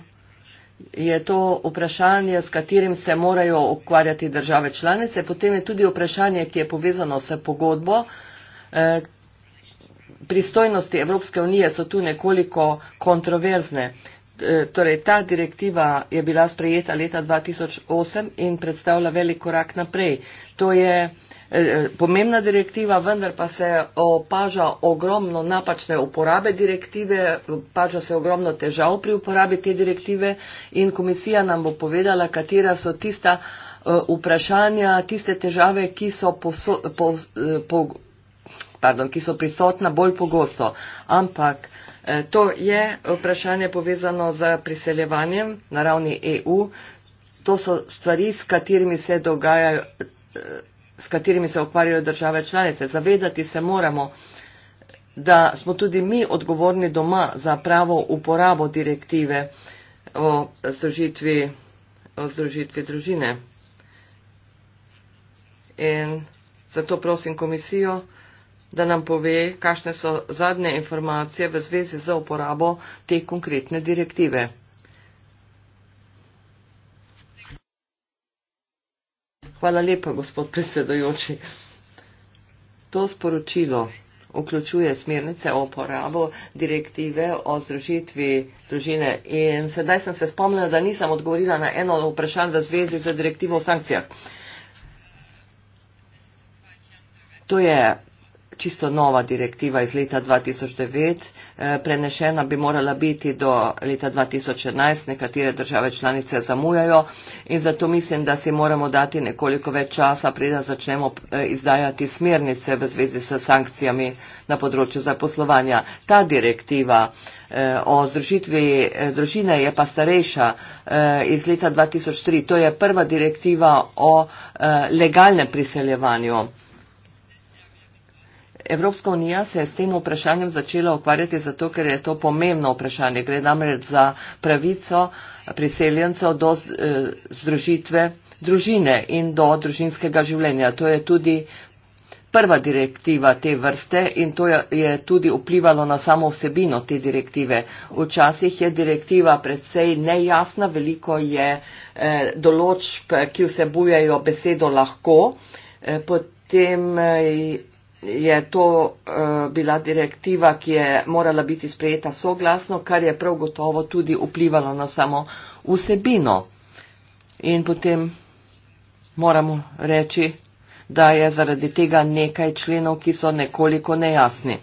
Speaker 2: je to vprašanje, s katerim se morajo ukvarjati države članice. Potem je tudi vprašanje, ki je povezano s pogodbo, Eh, pristojnosti Evropske unije so tu nekoliko kontroverzne. Eh, torej, ta direktiva je bila sprejeta leta 2008 in predstavlja velik korak naprej. To je eh, pomembna direktiva, vendar pa se opaža ogromno napačne uporabe direktive, opaža se ogromno težav pri uporabi te direktive in komisija nam bo povedala, katera so tista vprašanja, tiste težave, ki so po. po, po pardon, ki so prisotna bolj pogosto. Ampak eh, to je vprašanje povezano z priseljevanjem na ravni EU. To so stvari, s katerimi se dogajajo, eh, s katerimi se ukvarjajo države članice. Zavedati se moramo, da smo tudi mi odgovorni doma za pravo uporabo direktive o združitvi, o združitvi družine. In zato prosim komisijo, da nam pove, kakšne so zadnje informacije v zvezi z uporabo te konkretne direktive. Hvala lepa, gospod predsedojoči. To sporočilo vključuje smernice o uporabo direktive o združitvi družine. In sedaj sem se spomnila, da nisem odgovorila na eno vprašanje v zvezi z direktivo o sankcijah. To je čisto nova direktiva iz leta 2009. Eh, prenešena bi morala biti do leta 2011, nekatere države članice zamujajo in zato mislim, da si moramo dati nekoliko več časa, preda začnemo eh, izdajati smernice v zvezi s sankcijami na področju zaposlovanja. Ta direktiva eh, o združitvi družine je pa starejša iz leta 2003. To je prva direktiva o legalnem priseljevanju. Evropska unija se je s tem vprašanjem začela ukvarjati zato, ker je to pomembno vprašanje. Gre namreč za pravico priseljencev do eh, združitve družine in do družinskega življenja. To je tudi prva direktiva te vrste in to je tudi vplivalo na samo vsebino te direktive. Včasih je direktiva predvsej nejasna, veliko je eh, določb, ki vsebujejo besedo lahko. Eh, potem je to eh, bila direktiva, ki je morala biti sprejeta soglasno, kar je prav gotovo tudi vplivalo na samo vsebino. In potem moramo reči, da je zaradi tega nekaj členov, ki so nekoliko nejasni.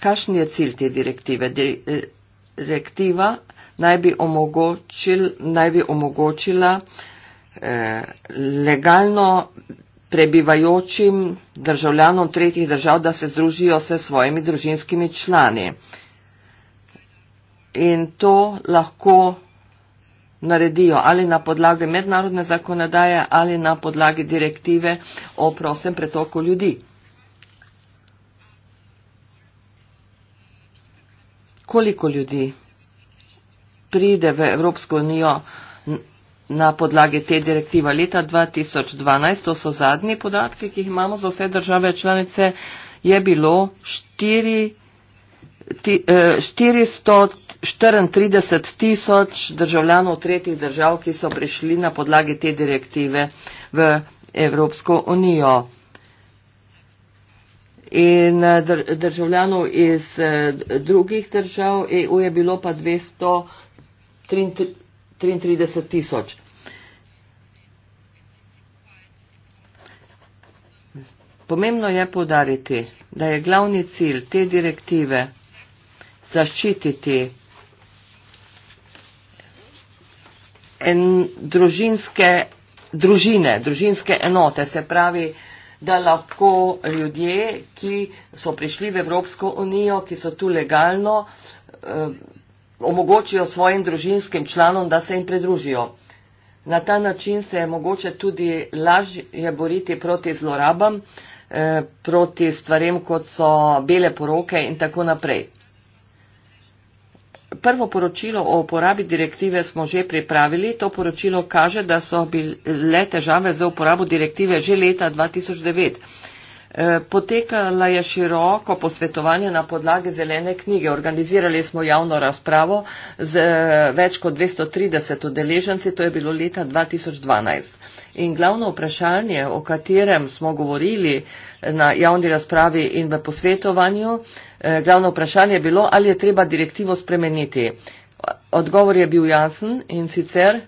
Speaker 2: Kakšen je cilj te direktive? Eh, direktiva naj bi, omogočil, naj bi omogočila eh, legalno prebivajočim državljanom tretjih držav, da se združijo s svojimi družinskimi člani. In to lahko naredijo ali na podlagi mednarodne zakonodaje ali na podlagi direktive o prostem pretoku ljudi. Koliko ljudi pride v Evropsko unijo Na podlagi te direktive leta 2012, to so zadnji podatki, ki jih imamo za vse države članice, je bilo 4, ti, eh, 434 tisoč državljanov tretjih držav, ki so prišli na podlagi te direktive v Evropsko unijo. In eh, dr, državljanov iz eh, drugih držav EU je bilo pa 233. 33 tisoč. Pomembno je podariti, da je glavni cilj te direktive zaščititi en, družinske, družine, družinske enote, se pravi, da lahko ljudje, ki so prišli v Evropsko unijo, ki so tu legalno, eh, omogočijo svojim družinskim članom, da se jim pridružijo. Na ta način se je mogoče tudi lažje boriti proti zlorabam, eh, proti stvarem, kot so bele poroke in tako naprej. Prvo poročilo o uporabi direktive smo že pripravili. To poročilo kaže, da so bile težave z uporabo direktive že leta 2009. Eh, potekala je široko posvetovanje na podlagi zelene knjige. Organizirali smo javno razpravo z eh, več kot 230 udeleženci, to je bilo leta 2012. In glavno vprašanje, o katerem smo govorili eh, na javni razpravi in v posvetovanju, glavno vprašanje je bilo, ali je treba direktivo spremeniti. Odgovor je bil jasen in sicer,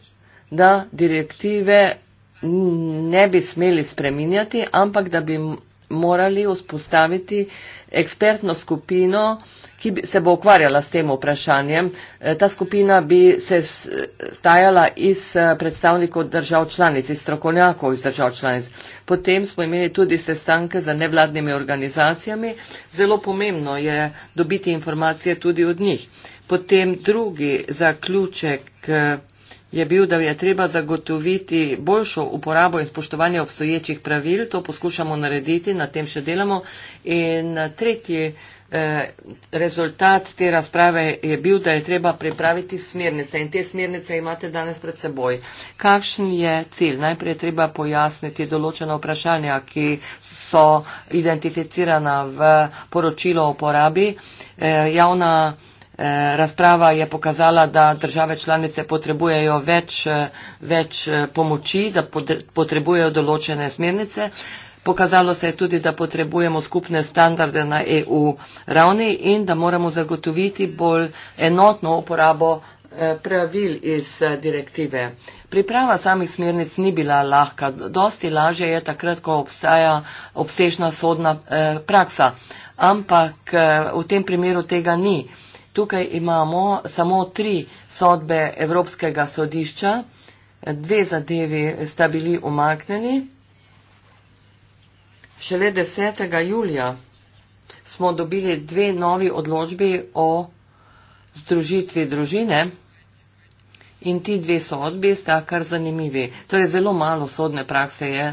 Speaker 2: da direktive ne bi smeli spreminjati, ampak da bi morali vzpostaviti ekspertno skupino, ki se bo ukvarjala s tem vprašanjem. E, ta skupina bi se stajala iz e, predstavnikov držav članic, iz strokovnjakov iz držav članic. Potem smo imeli tudi sestanke za nevladnimi organizacijami. Zelo pomembno je dobiti informacije tudi od njih. Potem drugi zaključek. E, je bil, da je treba zagotoviti boljšo uporabo in spoštovanje obstoječih pravil. To poskušamo narediti, na tem še delamo. In eh, tretji eh, rezultat te razprave je bil, da je treba pripraviti smernice in te smernice imate danes pred seboj. Kakšen je cilj? Najprej je treba pojasniti določena vprašanja, ki so identificirana v poročilo o porabi. Eh, javna Eh, razprava je pokazala, da države članice potrebujejo več, eh, več eh, pomoči, da potrebujejo določene smernice. Pokazalo se je tudi, da potrebujemo skupne standarde na EU ravni in da moramo zagotoviti bolj enotno uporabo pravil iz direktive. Priprava samih smernic ni bila lahka. Dosti lažje je takrat, ko obstaja obsežna sodna praksa. Ampak v tem primeru tega ni. Tukaj imamo samo tri sodbe Evropskega sodišča, dve zadevi sta bili umaknjeni. Šele 10. julija smo dobili dve novi odločbi o združitvi družine in ti dve sodbi sta kar zanimivi. Torej zelo malo sodne prakse je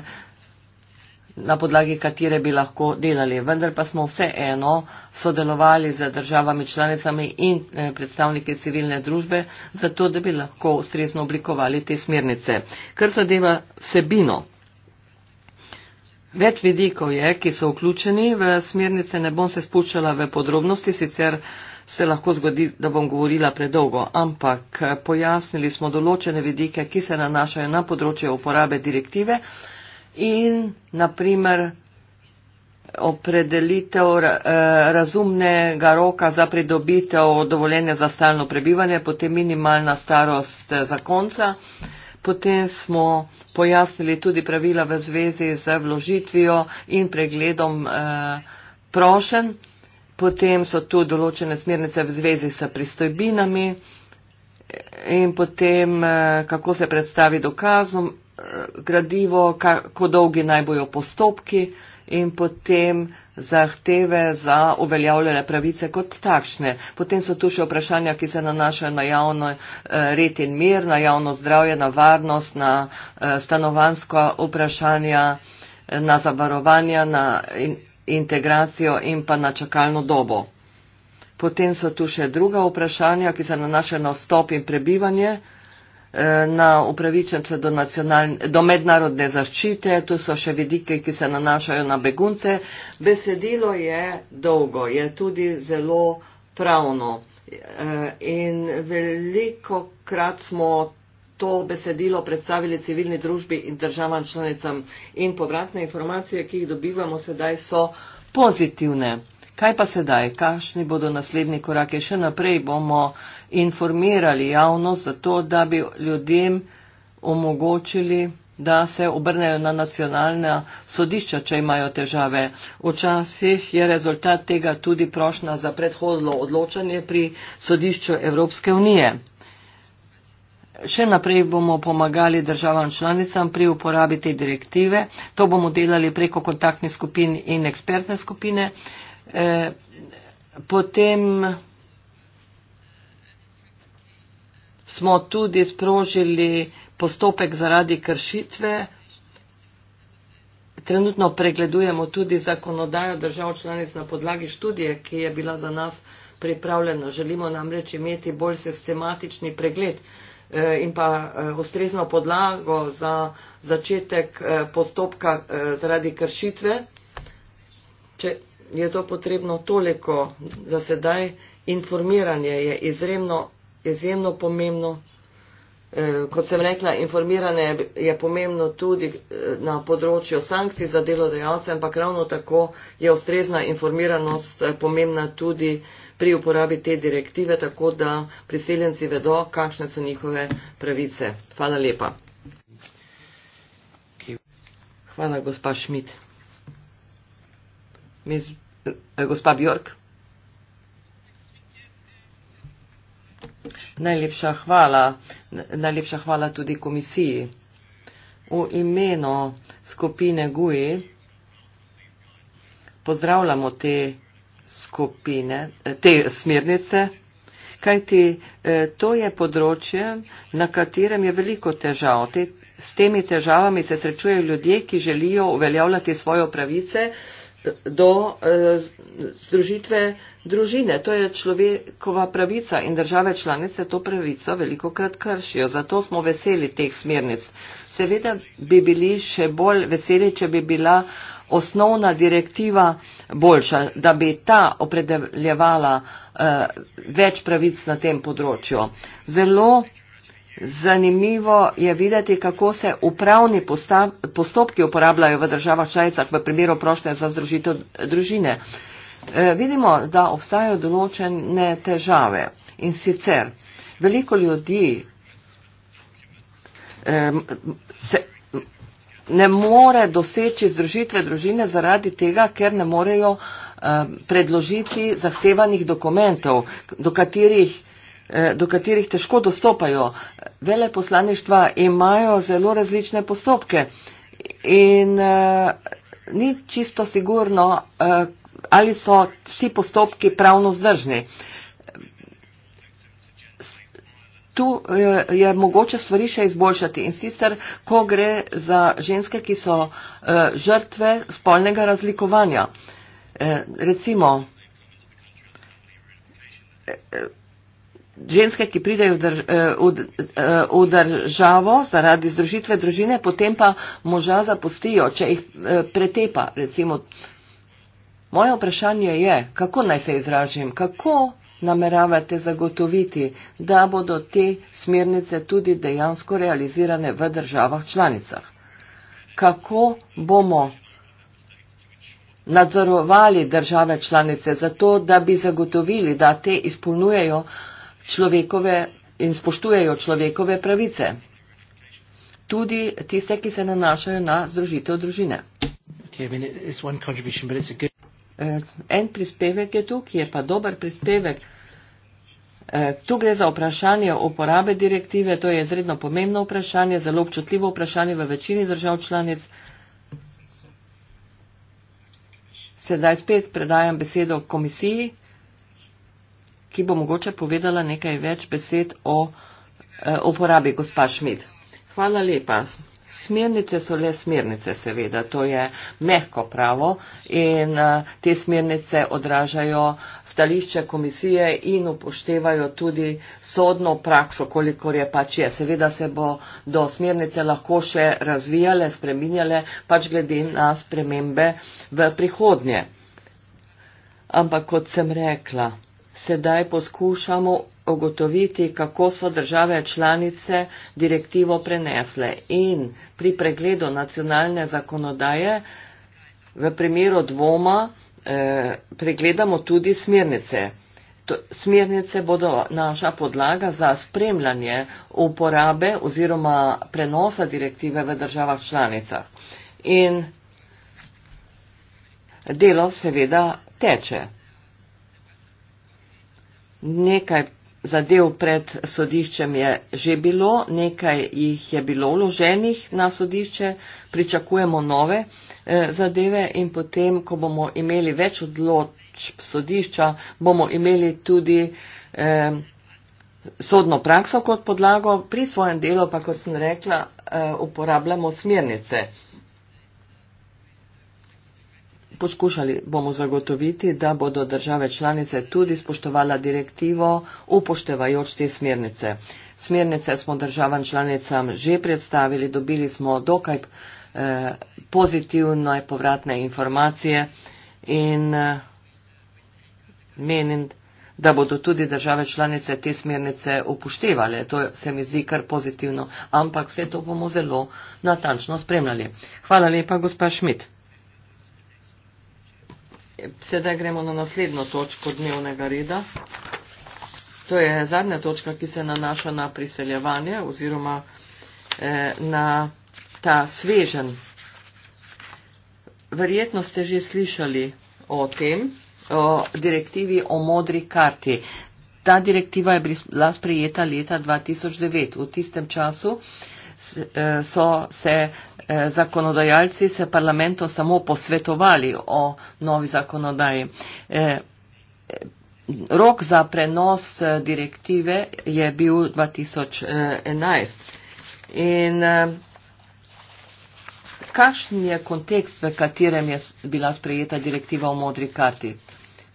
Speaker 2: na podlagi katere bi lahko delali. Vendar pa smo vseeno sodelovali z državami članicami in eh, predstavniki civilne družbe, zato da bi lahko ustrezno oblikovali te smernice. Kar zadeva vsebino. Več vidikov je, ki so vključeni v smernice, ne bom se spuščala v podrobnosti, sicer se lahko zgodi, da bom govorila predolgo, ampak eh, pojasnili smo določene vidike, ki se nanašajo na področje uporabe direktive, in naprimer opredelitev eh, razumnega roka za pridobitev dovoljenja za stalno prebivanje, potem minimalna starost eh, zakonca. Potem smo pojasnili tudi pravila v zvezi z vložitvijo in pregledom eh, prošen. Potem so tu določene smernice v zvezi s pristojbinami in potem kako se predstavi dokazom gradivo, kako dolgi naj bojo postopki in potem zahteve za uveljavljene pravice kot takšne. Potem so tu še vprašanja, ki se nanašajo na javno eh, red in mir, na javno zdravje, na varnost, na eh, stanovansko vprašanja, eh, na zavarovanja, na integracijo in pa na čakalno dobo. Potem so tu še druga vprašanja, ki se nanašajo na stop in prebivanje na upravičence do, do mednarodne zaščite, tu so še vidike, ki se nanašajo na begunce. Besedilo je dolgo, je tudi zelo pravno eh, in veliko krat smo to besedilo predstavili civilni družbi in državam članicam in povratne informacije, ki jih dobivamo sedaj, so pozitivne. Kaj pa sedaj? Kakšni bodo naslednji korake? Še naprej bomo informirali javnost, zato da bi ljudem omogočili, da se obrnejo na nacionalna sodišča, če imajo težave. Včasih je rezultat tega tudi prošnja za predhodno odločanje pri sodišču Evropske unije. Še naprej bomo pomagali državam članicam pri uporabi te direktive. To bomo delali preko kontaktnih skupin in ekspertne skupine. E, potem smo tudi sprožili postopek zaradi kršitve. Trenutno pregledujemo tudi zakonodajo držav članic na podlagi študije, ki je bila za nas pripravljena. Želimo namreč imeti bolj sistematični pregled eh, in pa eh, ustrezno podlago za začetek eh, postopka zaradi kršitve. Če je to potrebno toliko, da sedaj informiranje je izremno izjemno pomembno. Eh, kot sem rekla, informiranje je pomembno tudi eh, na področju sankcij za delodajalce, ampak ravno tako je ustrezna informiranost eh, pomembna tudi pri uporabi te direktive, tako da priseljenci vedo, kakšne so njihove pravice. Hvala lepa. Hvala, gospa Šmit. Gospa Bjork. Najlepša hvala. Najlepša hvala tudi komisiji. V imenu skupine GUI e pozdravljamo te skupine, te smernice, kajti eh, to je področje, na katerem je veliko težav. Te, s temi težavami se srečujejo ljudje, ki želijo uveljavljati svoje pravice do eh, združitve družine. To je človekova pravica in države članice to pravico veliko krat kršijo. Zato smo veseli teh smernic. Seveda bi bili še bolj veseli, če bi bila osnovna direktiva boljša, da bi ta opredeljevala uh, več pravic na tem področju. Zelo Zanimivo je videti, kako se upravni postopki uporabljajo v državah članicah v primeru prošnje za združitev družine. E, vidimo, da obstajajo določene težave in sicer veliko ljudi e, se ne more doseči združitve družine zaradi tega, ker ne morejo e, predložiti zahtevanih dokumentov, do katerih, e, do katerih težko dostopajo vele poslaništva imajo zelo različne postopke in uh, ni čisto sigurno, uh, ali so vsi postopki pravno zdržni. Tu eh, je mogoče stvari še izboljšati in sicer, ko gre za ženske, ki so žrtve spolnega razlikovanja. Recimo, ženske, ki pridejo v, drž, eh, v, eh, v državo zaradi združitve družine, potem pa moža zapustijo, če jih eh, pretepa, recimo. Moje vprašanje je, kako naj se izražim, kako nameravate zagotoviti, da bodo te smernice tudi dejansko realizirane v državah članicah. Kako bomo nadzorovali države članice za to, da bi zagotovili, da te izpolnjujejo uh, človekove in spoštujejo človekove pravice. Tudi tiste, ki se nanašajo na združitev družine. Eh, en prispevek je tu, ki je pa dober prispevek. Eh, tu gre za vprašanje uporabe direktive, to je izredno pomembno vprašanje, zelo občutljivo vprašanje v večini držav članic. Sedaj spet predajam besedo komisiji ki bo mogoče povedala nekaj več besed o eh, uporabi gospa Šmit. Hvala lepa. Smernice so le smernice, seveda, to je mehko pravo in eh, te smernice odražajo stališče komisije in upoštevajo tudi sodno prakso, kolikor je pač je. Seveda se bo do smernice lahko še razvijale, spreminjale, pač glede na spremembe v prihodnje. Ampak kot sem rekla, sedaj poskušamo ogotoviti, kako so države članice direktivo prenesle in pri pregledu nacionalne zakonodaje v primeru dvoma eh, pregledamo tudi smernice. To, smernice bodo naša podlaga za spremljanje uporabe oziroma prenosa direktive v državah članicah. In delo seveda teče nekaj zadev pred sodiščem je že bilo, nekaj jih je bilo vloženih na sodišče, pričakujemo nove eh, zadeve in potem, ko bomo imeli več odločb sodišča, bomo imeli tudi eh, sodno prakso kot podlago. Pri svojem delu pa, kot sem rekla, eh, uporabljamo smernice. Poskušali bomo zagotoviti, da bodo države članice tudi spoštovala direktivo, upoštevajoč te smernice. Smernice smo državam članicam že predstavili, dobili smo dokaj eh, pozitivne povratne informacije in eh, menim, da bodo tudi države članice te smernice upoštevale. To se mi zdi kar pozitivno, ampak vse to bomo zelo natančno spremljali. Hvala lepa, gospa Šmit sedaj gremo na naslednjo točko dnevnega reda. To je zadnja točka, ki se nanaša na priseljevanje oziroma eh, na ta svežen. Verjetno ste že slišali o tem, o direktivi o modri karti. Ta direktiva je bila sprejeta leta 2009. V tistem času eh, so se eh, zakonodajalci, se parlamento samo posvetovali o novi zakonodaji. Eh, rok za prenos eh, direktive je bil 2011. In kakšen je kontekst, v katerem je bila sprejeta direktiva o modri karti?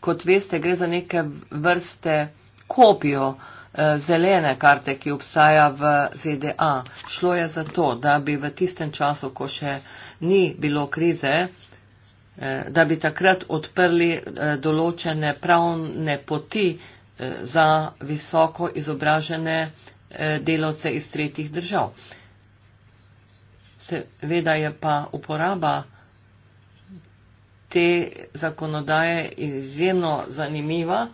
Speaker 2: Kot veste, gre za neke vrste kopijo Eh, zelene karte, ki obstaja v ZDA. Šlo je za to, da bi v tistem času, ko še ni bilo krize, eh, da bi takrat odprli eh, določene pravne poti za visoko izobražene delavce iz tretjih držav. Seveda je pa uporaba te zakonodaje izjemno zanimiva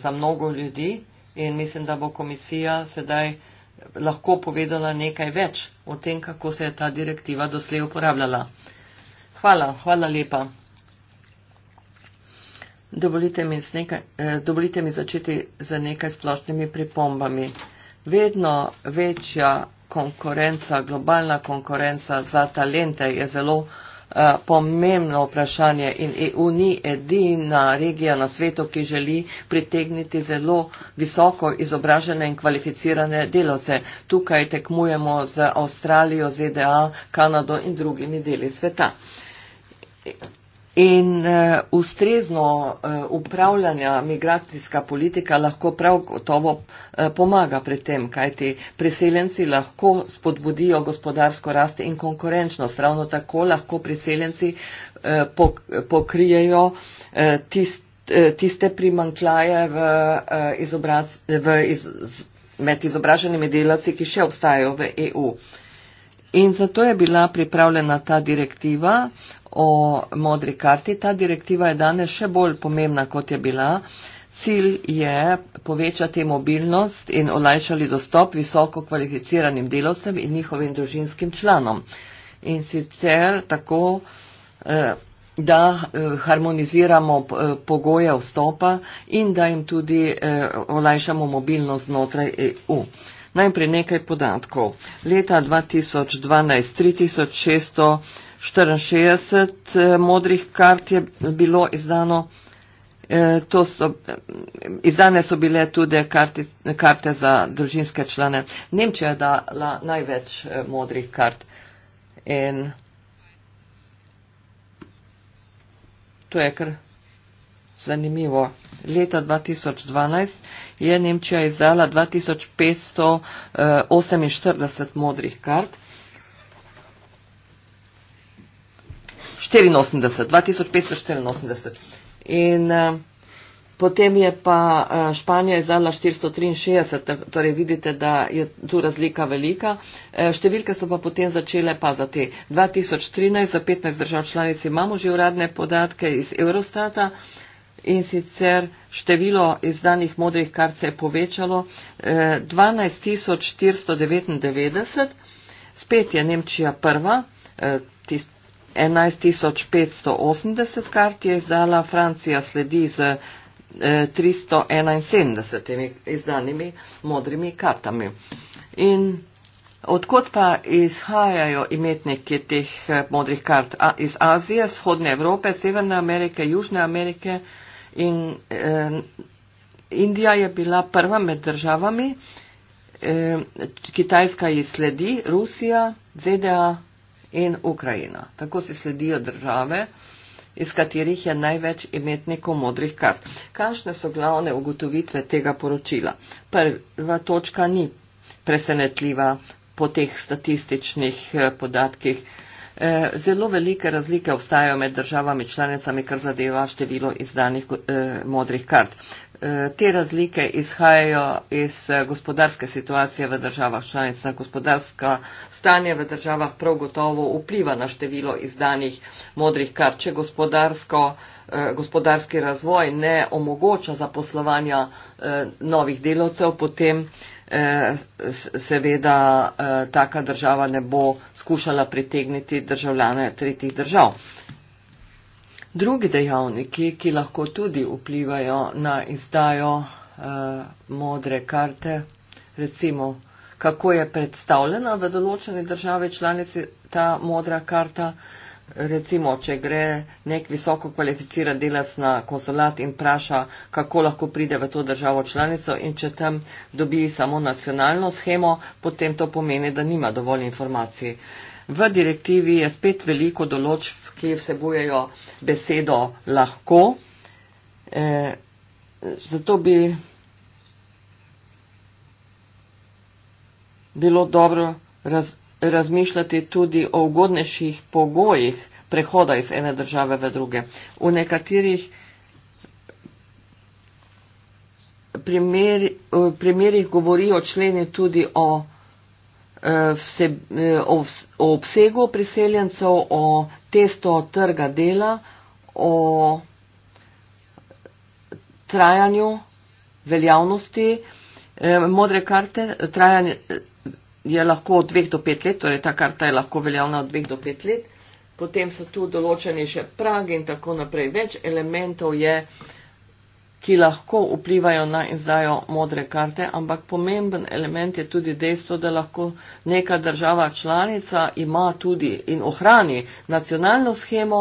Speaker 2: za mnogo ljudi in mislim, da bo komisija sedaj lahko povedala nekaj več o tem, kako se je ta direktiva doslej uporabljala. Hvala, hvala lepa. Dovolite mi, nekaj, eh, dovolite mi začeti z nekaj splošnimi pripombami. Vedno večja konkurenca, globalna konkurenca za talente je zelo. Eh, pomembno vprašanje in EU ni edina regija na svetu, ki želi pritegniti zelo visoko izobražene in kvalificirane delavce. Tukaj tekmujemo z Avstralijo, ZDA, Kanado in drugimi deli sveta. In uh, ustrezno uh, upravljanja migracijska politika lahko prav gotovo uh, pomaga pri tem, kajti priseljenci lahko spodbudijo gospodarsko rast in konkurenčnost. Ravno tako lahko priseljenci uh, pok pokrijejo uh, tist, uh, tiste primankljaje v, uh, izobraz v iz med izobraženimi delavci, ki še obstajajo v EU. In zato je bila pripravljena ta direktiva o modri karti. Ta direktiva je danes še bolj pomembna, kot je bila. Cilj je povečati mobilnost in olajšati dostop visoko kvalificiranim delovcem in njihovim družinskim članom. In sicer tako, eh, da eh, harmoniziramo eh, pogoje vstopa in da jim tudi olajšamo mobilnost znotraj EU. Najprej nekaj podatkov. Leta 2012 3600. 64 eh, modrih kart je bilo izdano. Eh, to so, eh, izdane so bile tudi karti, karte za družinske člane. Nemčija je dala največ modrih kart. In to je kar zanimivo. Leta 2012 je Nemčija izdala 2548 modrih kart. 84, 2584. In uh, potem je pa uh, Španija izdala 463, torej vidite, da je tu razlika velika. E, številke so pa potem začele pa za te. 2013 za 15 držav članic imamo že uradne podatke iz Eurostata in sicer število izdanih modrih kart se je povečalo e, 12.499, spet je Nemčija prva, e, tist, 11580 kart je izdala, Francija sledi z 371 eh, izdanimi modrimi kartami. In odkot pa izhajajo imetniki teh eh, modrih kart? A, iz Azije, vzhodne Evrope, Severne Amerike, Južne Amerike in eh, Indija je bila prva med državami, eh, Kitajska ji sledi, Rusija, ZDA, in Ukrajina. Tako si sledijo države, iz katerih je največ imetnikov modrih kart. Kakšne so glavne ugotovitve tega poročila? Prva točka ni presenetljiva po teh statističnih eh, podatkih, Eh, zelo velike razlike obstajajo med državami članicami, kar zadeva število izdanih eh, modrih kart. Eh, te razlike izhajajo iz gospodarske situacije v državah članica. Gospodarska stanje v državah prav gotovo vpliva na število izdanih modrih kart. Če gospodarski razvoj ne omogoča zaposlovanja novih delovcev, potem Eh, seveda eh, taka država ne bo skušala pritegniti državljane tretjih držav. Drugi dejavniki, ki lahko tudi vplivajo na izdajo eh, modre karte, recimo kako je predstavljena v določeni državi članici ta modra karta, recimo, če gre nek visoko kvalificiran delac na konsulat in vpraša, kako lahko pride v to državo članico in če tam dobi samo nacionalno schemo, potem to pomeni, da nima dovolj informacij. V direktivi je spet veliko določb, ki vsebujejo besedo lahko. E, zato bi bilo dobro razumeti, razmišljati tudi o ugodnejših pogojih prehoda iz ene države v druge. V nekaterih primeri, eh, primerih govorijo členi tudi o, eh, vse, eh, o, o obsegu priseljencev, o testo trga dela, o trajanju veljavnosti modre karte, trajanje je lahko od 2 do 5 let, torej ta karta je lahko veljavna od 2 do 5 let. Potem so tu določeni še pragi in tako naprej. Več elementov je, ki lahko vplivajo na izdajo modre karte, ampak pomemben element je tudi dejstvo, da lahko neka država članica ima tudi in ohrani nacionalno schemo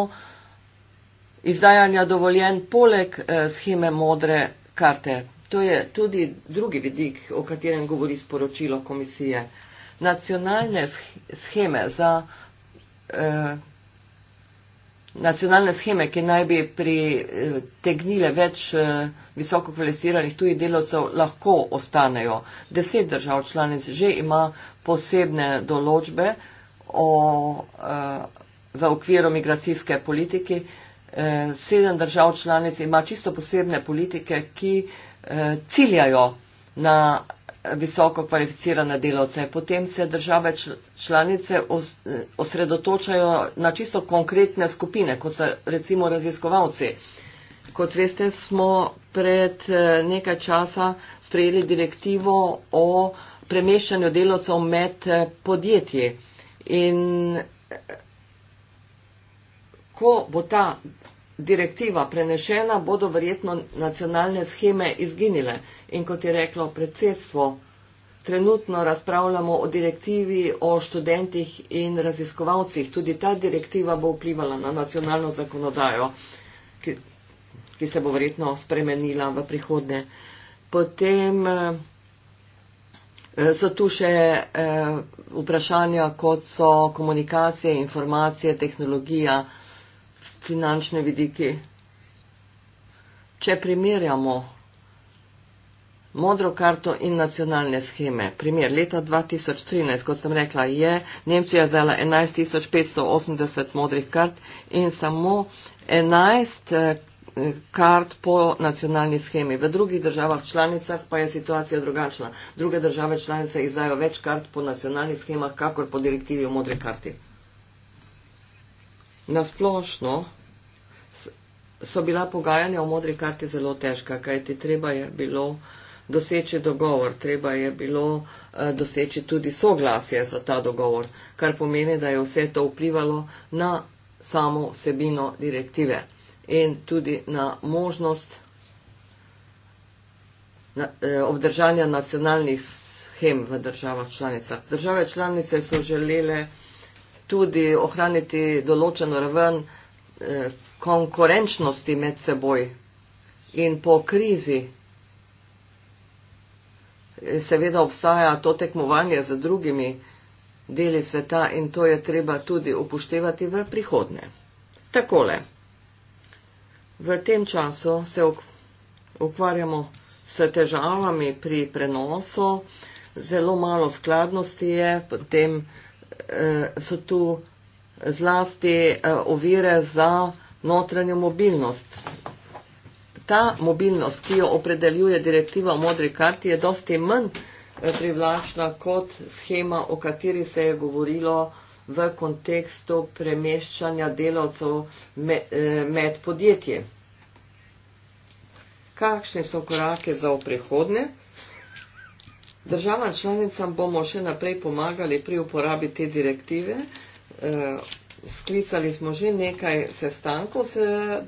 Speaker 2: izdajanja dovoljen poleg eh, scheme modre karte. To je tudi drugi vidik, o katerem govori sporočilo komisije nacionalne scheme za eh, nacionalne scheme, ki naj bi pritegnile več eh, visoko kvalificiranih tujih delovcev, lahko ostanejo. Deset držav članic že ima posebne določbe o, eh, v okviru migracijske politike. Sedem držav članic ima čisto posebne politike, ki ciljajo na visoko kvalificirane delavce. Potem se države članice osredotočajo na čisto konkretne skupine, kot so recimo raziskovalci. Kot veste, smo pred nekaj časa sprejeli direktivo o premeščanju delavcev med podjetji. In ko bo ta direktiva prenešena, bodo verjetno nacionalne scheme izginile. In kot je reklo predsedstvo, trenutno razpravljamo o direktivi o študentih in raziskovalcih. Tudi ta direktiva bo vplivala na nacionalno zakonodajo, ki, ki se bo verjetno spremenila v prihodnje. Potem eh, so tu še eh, vprašanja, kot so komunikacije, informacije, tehnologija finančni vidiki. Če primerjamo modro karto in nacionalne scheme, primer leta 2013, kot sem rekla, je Nemčija zdala 11.580 modrih kart in samo 11 eh, kart po nacionalni schemi. V drugih državah članicah pa je situacija drugačna. Druge države članice izdajo več kart po nacionalnih schemah, kakor po direktivi o modri karti. Nasplošno so bila pogajanja o modri karti zelo težka, kajti treba je bilo doseči dogovor, treba je bilo eh, doseči tudi soglasje za ta dogovor, kar pomeni, da je vse to vplivalo na samo vsebino direktive in tudi na možnost eh, obdržanja nacionalnih schem v državah članicah. Države članice so želele tudi ohraniti določeno raven eh, konkurenčnosti med seboj. In po krizi eh, seveda obstaja to tekmovanje z drugimi deli sveta in to je treba tudi upoštevati v prihodnje. Takole. V tem času se ukvarjamo s težavami pri prenosu, zelo malo skladnosti je, potem eh, eh, so tu zlasti eh, ovire za notranjo mobilnost. Ta mobilnost, ki jo opredeljuje direktiva o modri karti, je dosti manj eh, privlačna kot schema, o kateri se je govorilo v kontekstu premeščanja delavcev eh, med podjetji. Kakšni so korake za v prihodnje? Državam članicam bomo še naprej pomagali pri uporabi te direktive. Eh, sklicali smo že nekaj sestankov s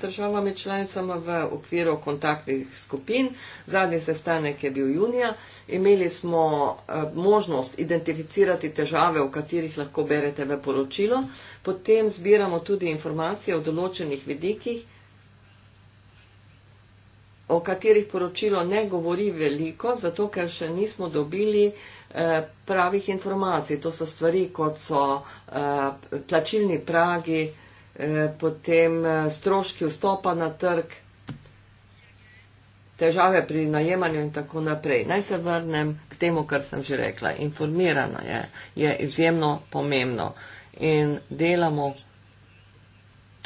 Speaker 2: državami članicama v okviru kontaktnih skupin. Zadnji sestanek je bil junija. Imeli smo eh, možnost identificirati težave, o katerih lahko berete v poročilo. Potem zbiramo tudi informacije o določenih vidikih o katerih poročilo ne govori veliko, zato ker še nismo dobili eh, pravih informacij. To so stvari, kot so eh, plačilni pragi, eh, potem stroški vstopa na trg, težave pri najemanju in tako naprej. Naj se vrnem k temu, kar sem že rekla. Informirano je, je izjemno pomembno in delamo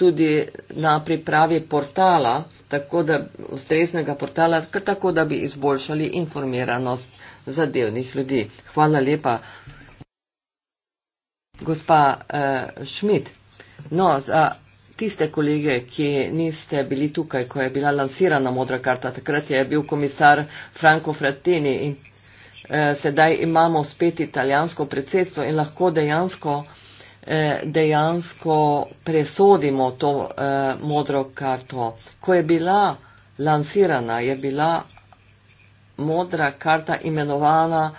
Speaker 2: tudi na pripravi portala, tako da ustreznega portala, tako da bi izboljšali informiranost zadevnih ljudi. Hvala lepa. Gospa uh, eh, Šmit, no, za tiste kolege, ki niste bili tukaj, ko je bila lansirana modra karta, takrat je bil komisar Franco Frattini in uh, sedaj imamo spet italijansko predsedstvo in lahko dejansko. Eh, dejansko presodimo to eh, modro karto. Ko je bila lansirana, je bila modra karta imenovana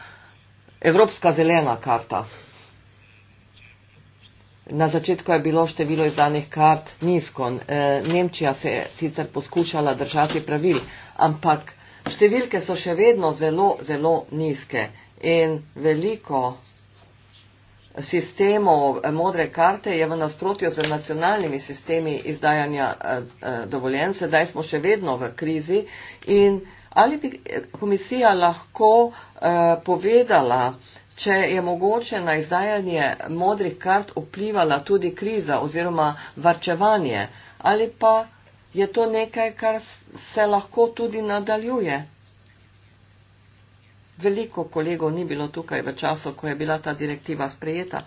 Speaker 2: Evropska zelena karta. Na začetku je bilo število izdanih kart nizko. Eh, Nemčija se je sicer poskušala držati pravil, ampak številke so še vedno zelo, zelo nizke in veliko sistemov eh, modre karte je v nasprotju z nacionalnimi sistemi izdajanja eh, eh, dovoljen, sedaj smo še vedno v krizi in ali bi komisija lahko povedala, če je mogoče na izdajanje modrih kart vplivala tudi kriza oziroma varčevanje ali pa je to nekaj, kar se lahko tudi nadaljuje veliko kolegov ni bilo tukaj v času, ko je bila ta direktiva sprejeta.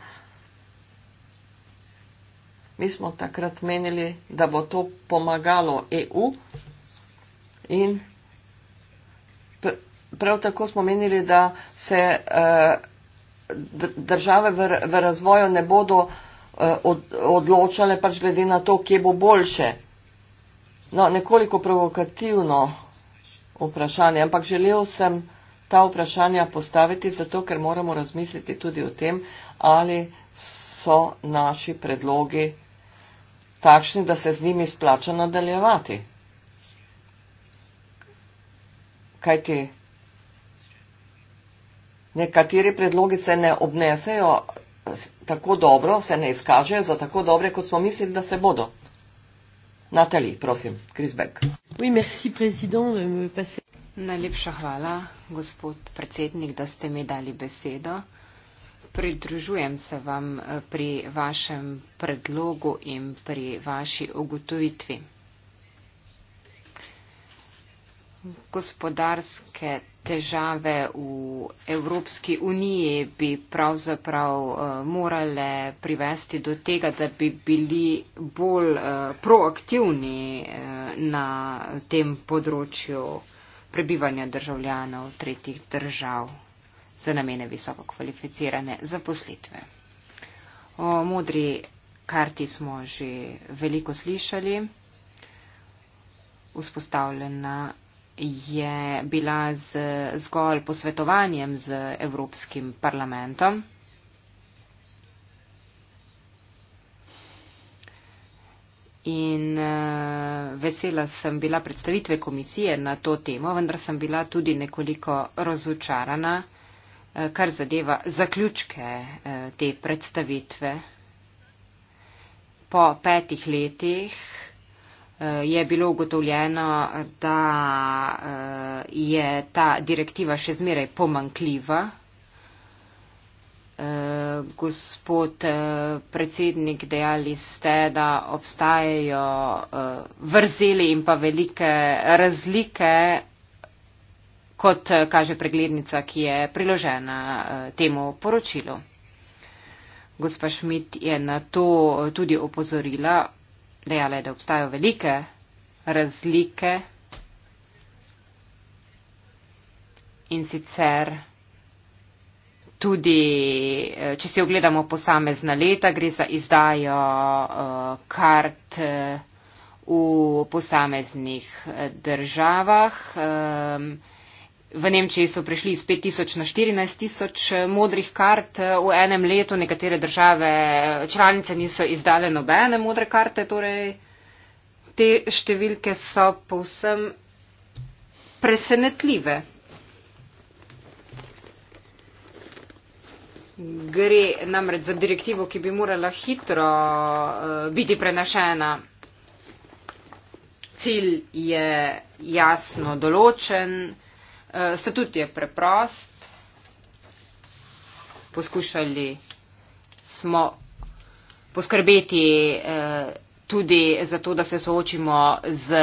Speaker 2: Mi smo takrat menili, da bo to pomagalo EU in pr prav tako smo menili, da se uh, države v, v razvoju ne bodo uh, od odločale pač glede na to, kje bo boljše. No, nekoliko provokativno vprašanje, ampak želel sem ta vprašanja postaviti, zato ker moramo razmisliti tudi o tem, ali so naši predlogi takšni, da se z njimi splača nadaljevati. Kaj ti? Nekateri predlogi se ne obnesejo tako dobro, se ne izkažejo za tako dobre, kot smo mislili, da se bodo. Natalie, prosim, Krisbek.
Speaker 3: Oui, merci, président. Najlepša hvala, gospod predsednik, da ste mi dali besedo. Pridružujem se vam eh, pri vašem predlogu in pri vaši ugotovitvi. Gospodarske težave v Evropski uniji bi pravzaprav uh, morale privesti do tega, da bi bili bolj uh, proaktivni uh, na tem področju prebivanja državljanov tretjih držav za namene visoko kvalificirane zaposlitve. O modri karti smo že veliko slišali. Vzpostavljena je bila z zgolj posvetovanjem z Evropskim parlamentom. In eh, vesela sem bila predstavitve komisije na to temo, vendar sem bila tudi nekoliko razočarana, eh, kar zadeva zaključke eh, te predstavitve. Po petih letih Eh, je bilo ugotovljeno, da eh, je ta direktiva še zmeraj pomankljiva. Eh, gospod predsednik, dejali ste, da obstajajo vrzeli in pa velike razlike, kot kaže preglednica, ki je priložena temu poročilu. Gospa Šmit je na to tudi opozorila, dejala je, da obstajajo velike razlike in sicer tudi, eh, če si ogledamo posamezna leta, gre za izdajo uh, kart eh, v posameznih državah. Um, v Nemčiji so prišli iz 5000 na 14000 eh, modrih kart eh, v enem letu, nekatere države eh, članice niso izdale nobene modre karte, torej te številke so povsem presenetljive. Gre namreč za direktivo, ki bi morala hitro uh, biti prenašena. Cilj je jasno določen. Eh, statut je preprost. Poskušali smo poskrbeti eh, tudi za to, da se soočimo z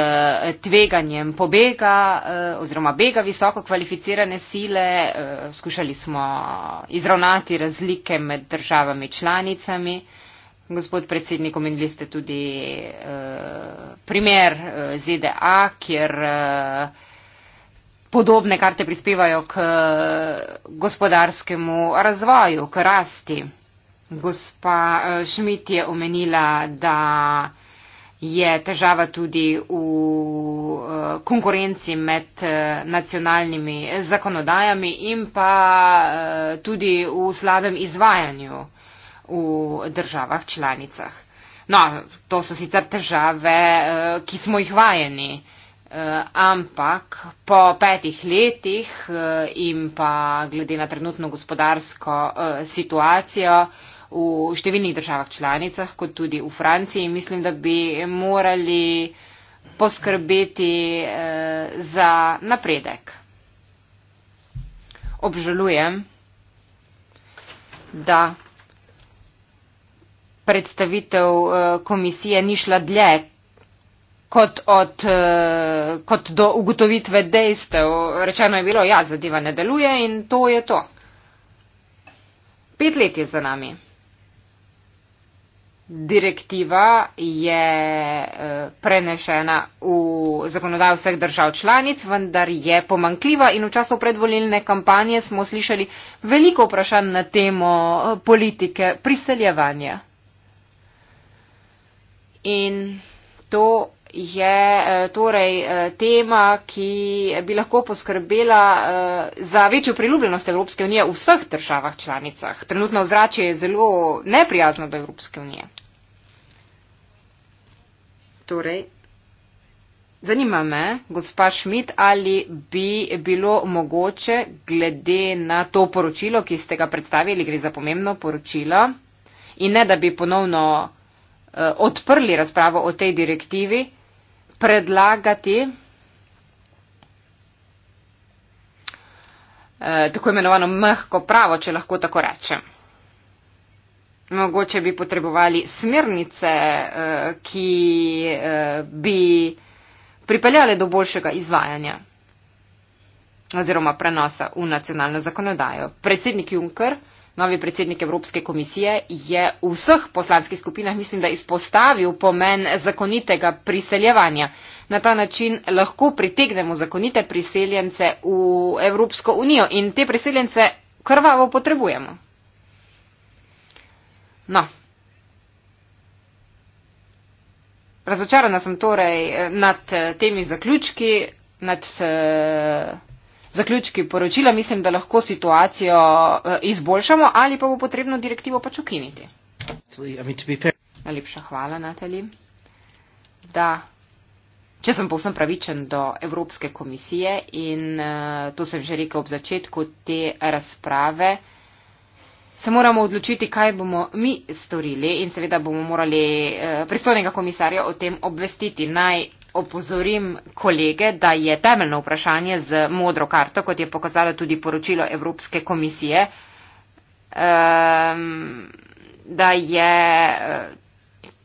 Speaker 3: tveganjem pobega eh, oziroma bega visoko kvalificirane sile. Skušali smo izravnati razlike med državami članicami. Gospod predsednik, omenili ste tudi primer ZDA, kjer podobne karte prispevajo k eh, gospodarskemu razvoju, k rasti. Gospa eh, Šmit je omenila, da je težava tudi v eh, konkurenci med nacionalnimi zakonodajami in pa tudi v slabem izvajanju v državah članicah. No, to so sicer težave, ki smo jih vajeni. Eh, ampak po petih letih eh, in pa glede na trenutno gospodarsko eh, situacijo v številnih državah članicah, kot tudi v Franciji, mislim, da bi morali poskrbeti za napredek. Obžalujem, da predstavitev komisije ni šla dlje, kot, od, eh, kot do ugotovitve dejstev. Rečeno je bilo, ja, zadeva ne deluje in to je to. Pet let je za nami. Direktiva je eh, prenešena v zakonodajo vseh držav članic, vendar je pomankljiva in v času predvolilne kampanje smo slišali veliko vprašanj na temo eh, politike priseljevanja. In to je eh, torej eh, tema, ki bi lahko poskrbela eh, za večjo priljubljenost Evropske unije v vseh državah članicah. Trenutno ozračje je zelo neprijazno do Evropske unije. Torej, zanima me, gospa Šmit, ali bi bilo mogoče glede na to poročilo, ki ste ga predstavili, gre za pomembno poročilo, in ne da bi ponovno odprli razpravo o tej direktivi, predlagati eh, tako imenovano mehko pravo, če lahko tako rečem. Mogoče bi potrebovali smernice, eh, ki eh, bi pripeljale do boljšega izvajanja oziroma prenosa v nacionalno zakonodajo. Predsednik Juncker novi predsednik Evropske komisije, je v vseh poslanskih skupinah, mislim, da izpostavil pomen zakonitega priseljevanja. Na ta način lahko pritegnemo zakonite priseljence v Evropsko unijo in te priseljence krvavo potrebujemo. No. Razočarana sem torej nad temi zaključki, nad. Uh, zaključki poročila, mislim, da lahko situacijo eh, izboljšamo ali pa bo potrebno direktivo pač ukiniti. Najlepša hvala, Natali. Da, če sem povsem pravičen do Evropske komisije in eh, to sem že rekel ob začetku te razprave, se moramo odločiti, kaj bomo mi storili in seveda bomo morali eh, pristojnega komisarja o tem obvestiti. Naj opozorim kolege, da je temeljno vprašanje z modro karto, kot je pokazalo tudi poročilo Evropske komisije, um, da je eh,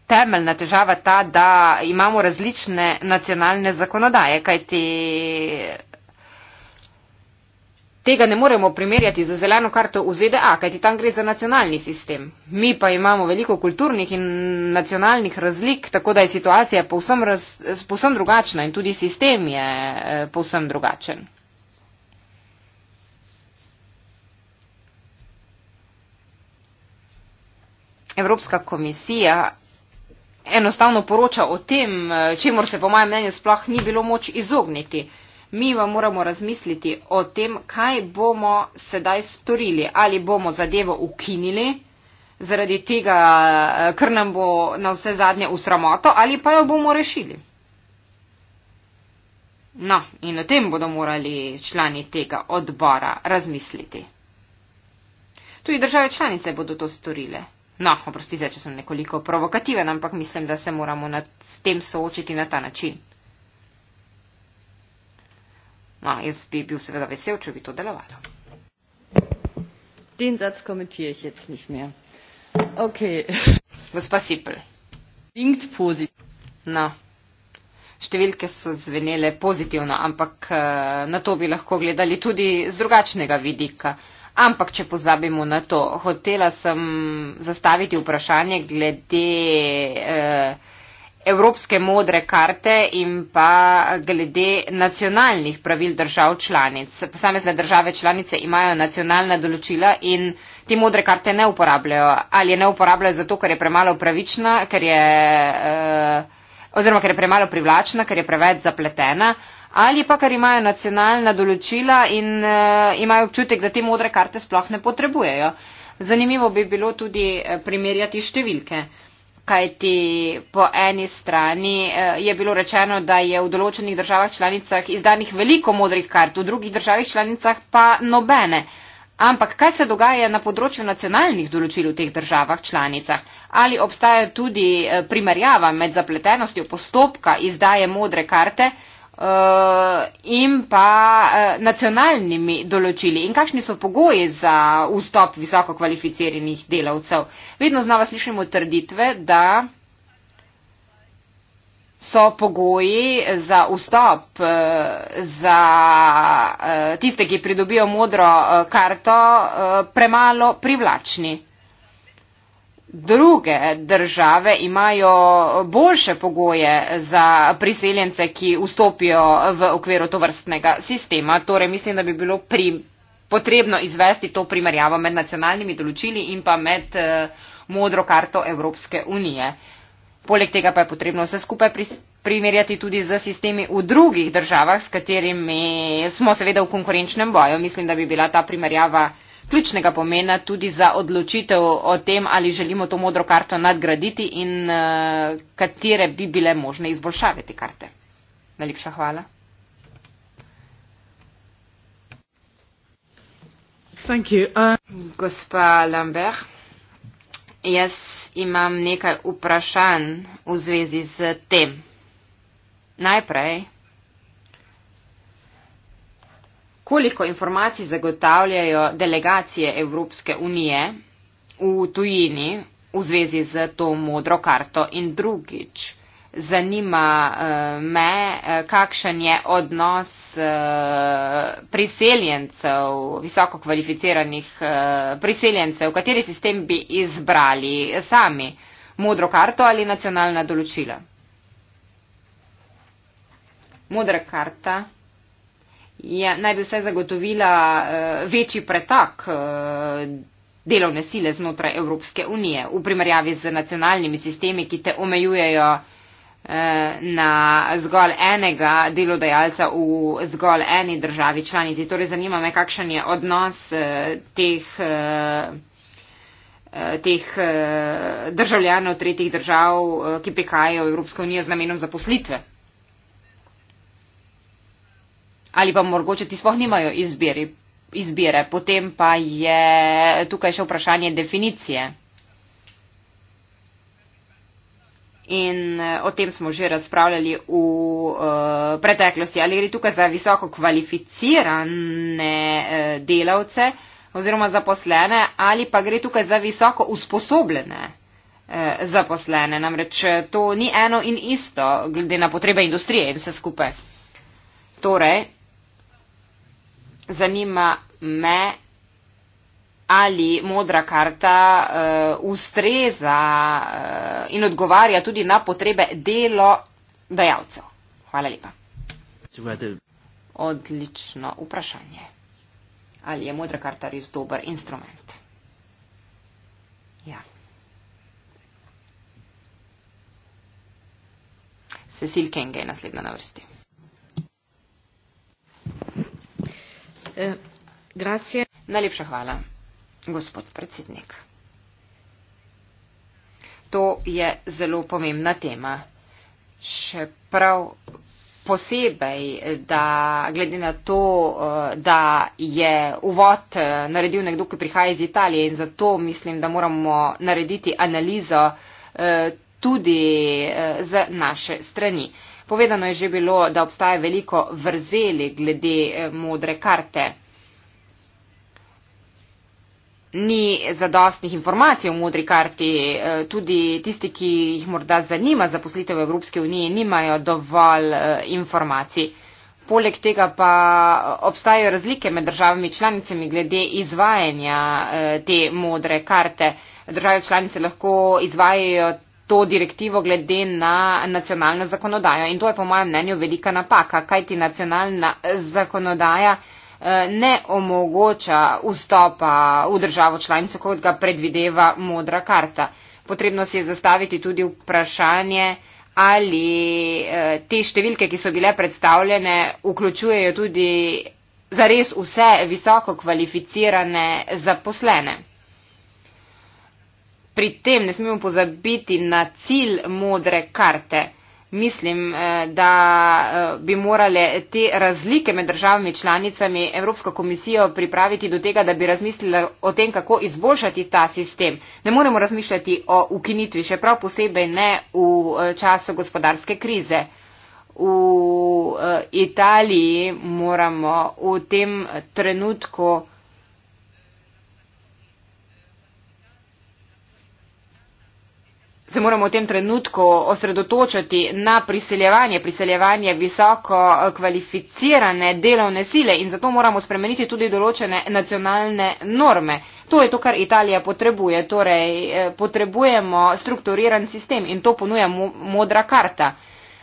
Speaker 3: temeljna težava ta, da imamo različne nacionalne zakonodaje, kajti Tega ne moremo primerjati z zeleno karto v ZDA, kajti tam gre za nacionalni sistem. Mi pa imamo veliko kulturnih in nacionalnih razlik, tako da je situacija povsem, raz, povsem drugačna in tudi sistem je eh, povsem drugačen. Evropska komisija enostavno poroča o tem, eh, čemu se po mojem mnenju sploh ni bilo moč izogniti mi pa moramo razmisliti o tem, kaj bomo sedaj storili. Ali bomo zadevo ukinili zaradi tega, eh, ker nam bo na vse zadnje usramoto, ali pa jo bomo rešili. No, in o tem bodo morali člani tega odbora razmisliti. Tudi države članice bodo to storile. No, oprostite, če sem nekoliko provokativen, ampak mislim, da se moramo s tem soočiti na ta način. No, jaz bi bil seveda vesel, če bi to delovalo. Den Satz komentiere ich jetzt nicht mehr. Okay. Was passiert? Klingt positiv. Na. No. Številke so zvenele pozitivno, ampak eh, na to bi lahko gledali tudi z drugačnega vidika. Ampak, če pozabimo na to, hotela sem zastaviti vprašanje glede eh, evropske modre karte in pa glede nacionalnih pravil držav članic. Posamezne države članice imajo nacionalna določila in te modre karte ne uporabljajo. Ali je ne uporabljajo zato, ker je premalo pravična, ker je, eh, oziroma ker je premalo privlačna, ker je preveč zapletena. Ali pa ker imajo nacionalna določila in eh, imajo občutek, da te modre karte sploh ne potrebujejo. Zanimivo bi bilo tudi eh, primerjati številke kajti po eni strani eh, je bilo rečeno, da je v določenih državah članicah izdanih veliko modrih kart, v drugih državah članicah pa nobene. Ampak kaj se dogaja na področju nacionalnih določil v teh državah članicah? Ali obstaja tudi eh, primerjava med zapletenostjo postopka izdaje modre karte Eh, in pa eh, nacionalnimi določili in kakšni so pogoji za vstop visoko kvalificiranih delavcev. Vedno znova slišimo trditve, da so pogoji za vstop eh, za tiste, ki pridobijo modro karto, premalo privlačni druge države imajo boljše pogoje za priseljence, ki vstopijo v okviru tovrstnega sistema. Torej, mislim, da bi bilo pri, potrebno izvesti to primerjavo med nacionalnimi določili in pa med eh, modro karto Evropske unije. Poleg tega pa je potrebno vse skupaj primerjati tudi z sistemi v drugih državah, s katerimi smo seveda v konkurenčnem boju. Mislim, da bi bila ta primerjava ključnega pomena tudi za odločitev o tem, ali želimo to modro karto nadgraditi in eh, katere bi bile možne izboljšave te karte. Najlepša hvala. Uh, Gospa Lambert, jaz imam nekaj vprašanj v zvezi z tem. Najprej. koliko informacij zagotavljajo delegacije Evropske unije v tujini v zvezi z to modro karto in drugič. Zanima eh, me, eh, kakšen je odnos eh, priseljencev, visoko kvalificiranih priseljencev, kateri sistem bi izbrali sami, modro karto ali nacionalna določila. Modra karta. Ja, naj bi vse zagotovila uh, večji pretak uh, eh, delovne sile znotraj Evropske unije v primerjavi z nacionalnimi sistemi, ki te omejujejo eh, na zgolj enega delodajalca v zgolj eni državi članici. Torej zanima me, kakšen je odnos teh, teh državljanov tretjih držav, ki prihajajo v Evropsko unijo z namenom zaposlitve ali pa mogoče ti sploh nimajo izbiri, izbire. Potem pa je tukaj še vprašanje definicije. In eh, o tem smo že razpravljali v uh, preteklosti, ali gre tukaj za visoko kvalificirane uh, delavce oziroma zaposlene, ali pa gre tukaj za visoko usposobljene uh, zaposlene. Namreč to ni eno in isto, glede na potrebe industrije in vse skupaj. Torej, zanima me, ali modra karta uh, ustreza uh, in odgovarja tudi na potrebe delodajalcev. Hvala lepa. Odlično vprašanje. Ali je modra karta res dober instrument? Ja. Cecil Kenge je naslednja na vrsti. Eh, Najlepša hvala, gospod predsednik. To je zelo pomembna tema. Še prav posebej, da glede na to, eh, da je uvod eh, naredil nekdo, ki prihaja iz Italije in zato mislim, da moramo narediti analizo tudi z naše strani. Povedano je že bilo, da obstaja veliko vrzeli glede eh, modre karte. Ni zadostnih informacij o modri karti, eh, tudi tisti, ki jih morda zanima zaposlitev v Evropske unije, nimajo dovolj eh, informacij. Poleg tega pa obstajajo razlike med državami članicami glede izvajanja te modre karte. Države članice lahko izvajajo to direktivo glede na nacionalno zakonodajo. In to je po mojem mnenju velika napaka, kaj ti nacionalna zakonodaja eh, ne omogoča vstopa v državo članico, kot ga predvideva modra karta. Potrebno si je zastaviti tudi vprašanje, ali eh, te številke, ki so bile predstavljene, vključujejo tudi zares vse visoko kvalificirane zaposlene. Pri tem ne smemo pozabiti na cilj modre karte. Mislim, eh, da eh, bi morale te razlike med državami članicami Evropsko komisijo pripraviti do tega, da bi razmislila o tem, kako izboljšati ta sistem. Ne moremo razmišljati o ukinitvi, še prav posebej ne v eh, času gospodarske krize. V Italiji moramo v tem trenutku. se moramo v tem trenutku osredotočati na priseljevanje, priseljevanje visoko eh, kvalificirane delovne sile in zato moramo spremeniti tudi določene nacionalne norme. To je to, kar Italija potrebuje, torej eh, potrebujemo strukturiran sistem in to ponuja modra karta.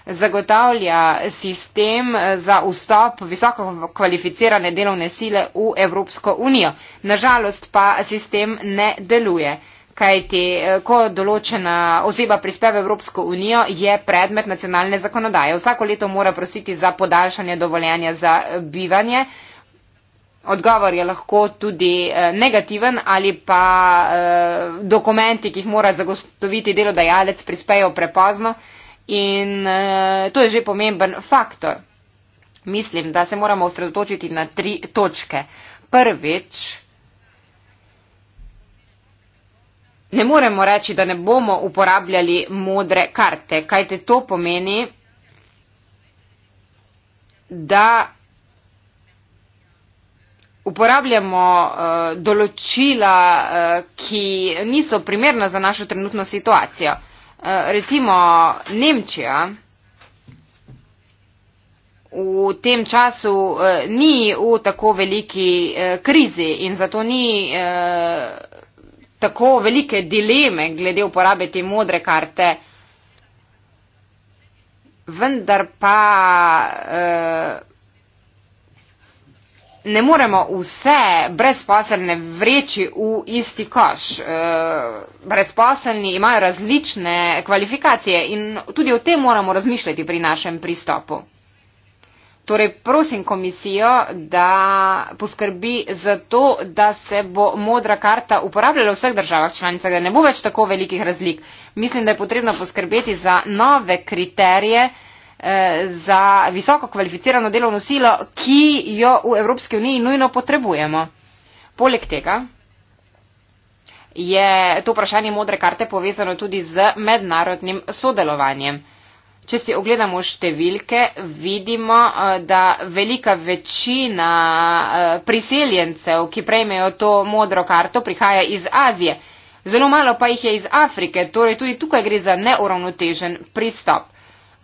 Speaker 3: Zagotavlja sistem eh, za vstop visoko kvalificirane delovne sile v Evropsko unijo. Nažalost pa sistem ne deluje kajti eh, ko določena oseba prispeva v Evropsko unijo, je predmet nacionalne zakonodaje. Vsako leto mora prositi za podaljšanje dovoljenja za eh, bivanje. Odgovor je lahko tudi eh, negativen ali pa eh, dokumenti, ki jih mora zagotoviti delodajalec, prispejo prepozno in eh, to je že pomemben faktor. Mislim, da se moramo osredotočiti na tri točke. Prvič, Ne moremo reči, da ne bomo uporabljali modre karte, kaj te to pomeni, da uporabljamo uh, določila, uh, ki niso primerna za našo trenutno situacijo. Uh, recimo Nemčija v tem času uh, ni v tako veliki uh, krizi in zato ni. Uh, tako velike dileme glede uporabe te modre karte. Vendar pa eh, ne moremo vse brezposelne vreči v isti koš. Eh, brezposelni imajo različne kvalifikacije in tudi o tem moramo razmišljati pri našem pristopu. Torej, prosim komisijo, da poskrbi za to, da se bo modra karta uporabljala v vseh državah članicah, da ne bo več tako velikih razlik. Mislim, da je potrebno poskrbeti za nove kriterije eh, za visoko kvalificirano delovno silo, ki jo v Evropski uniji nujno potrebujemo. Poleg tega je to vprašanje modre karte povezano tudi z mednarodnim sodelovanjem. Če si ogledamo številke, vidimo, eh, da velika večina eh, priseljencev, ki prejmejo to modro karto, prihaja iz Azije. Zelo malo pa jih je iz Afrike, torej tudi tukaj gre za neuravnotežen pristop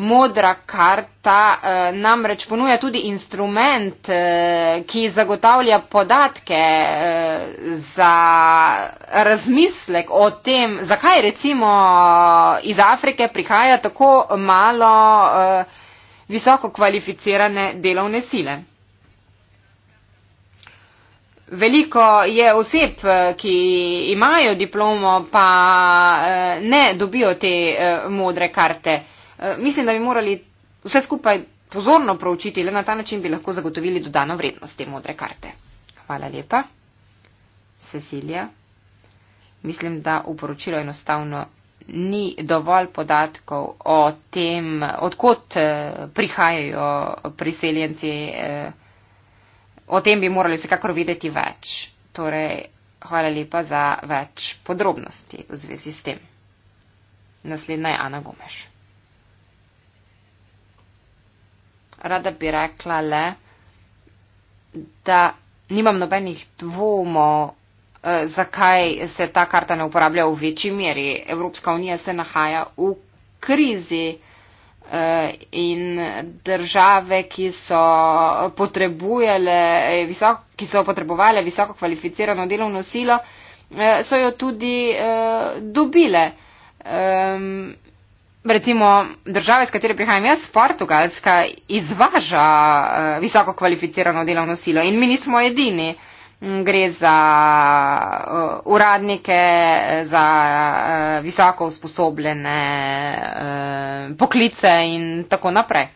Speaker 3: modra karta eh, namreč ponuja tudi instrument, eh, ki zagotavlja podatke eh, za razmislek o tem, zakaj recimo iz Afrike prihaja tako malo visoko kvalificirane delovne sile. Veliko je oseb, ki imajo diplomo, pa ne dobijo te modre karte. Eh, mislim, da bi morali vse skupaj pozorno proučiti, le na ta način bi lahko zagotovili dodano vrednost te modre karte. Hvala lepa. Cecilija, mislim, da v poročilu enostavno ni dovolj podatkov o tem, odkot eh, prihajajo priseljenci, eh, o tem bi morali vsekakor vedeti več. Torej, hvala lepa za več podrobnosti v zvezi s tem. Naslednja je Ana Gomeš. rada bi rekla le, da nimam nobenih dvomov, eh, zakaj se ta karta ne uporablja v večji meri. Evropska unija se nahaja v krizi eh, in države, ki so potrebujele, eh, visoko, ki so potrebovale visoko kvalificirano delovno silo, so jo tudi dobile recimo država, iz katere prihajam jaz, Portugalska, izvaža eh, visoko kvalificirano delovno silo in mi nismo edini. Mm, gre za uh, uradnike, za uh, visoko usposobljene uh, poklice in tako naprej.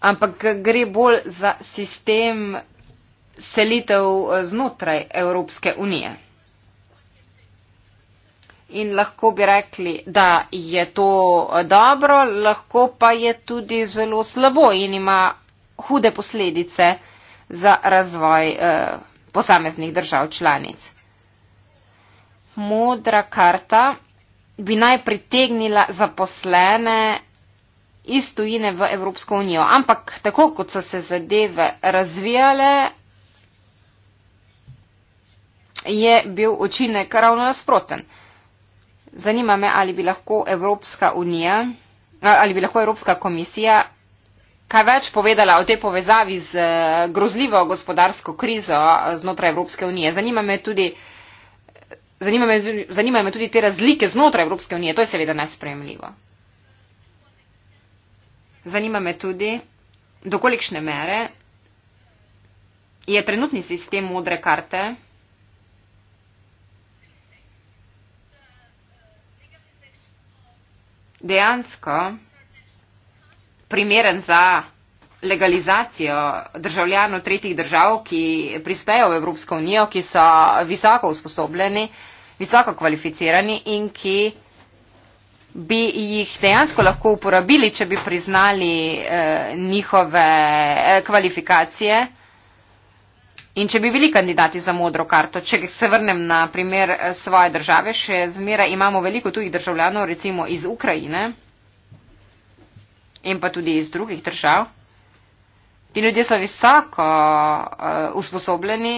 Speaker 3: Ampak gre bolj za sistem selitev znotraj Evropske unije in lahko bi rekli, da je to eh, dobro, lahko pa je tudi zelo slabo in ima hude posledice za razvoj eh, posameznih držav članic. Modra karta bi naj pritegnila zaposlene iz tujine v Evropsko unijo, ampak tako kot so se zadeve razvijale, je bil učinek ravno nasproten. Zanima me, ali bi lahko Evropska unija, ali bi lahko Evropska komisija kaj več povedala o tej povezavi z eh, grozljivo gospodarsko krizo znotraj Evropske unije. Zanima me tudi, zanima me, zanima me tudi te razlike znotraj Evropske unije. To je seveda najsprejemljivo. Zanima me tudi, dokolikšne mere je trenutni sistem modre karte. dejansko primeren za legalizacijo državljanov tretjih držav, ki prispejo v Evropsko unijo, ki so visoko usposobljeni, visoko kvalificirani in ki bi jih dejansko lahko uporabili, če bi priznali eh, njihove eh, kvalifikacije. In če bi bili kandidati za modro karto, če se vrnem na primer eh, svoje države, še zmera imamo veliko tujih državljanov, recimo iz Ukrajine in pa tudi iz drugih držav. Ti ljudje so visoko uh, usposobljeni,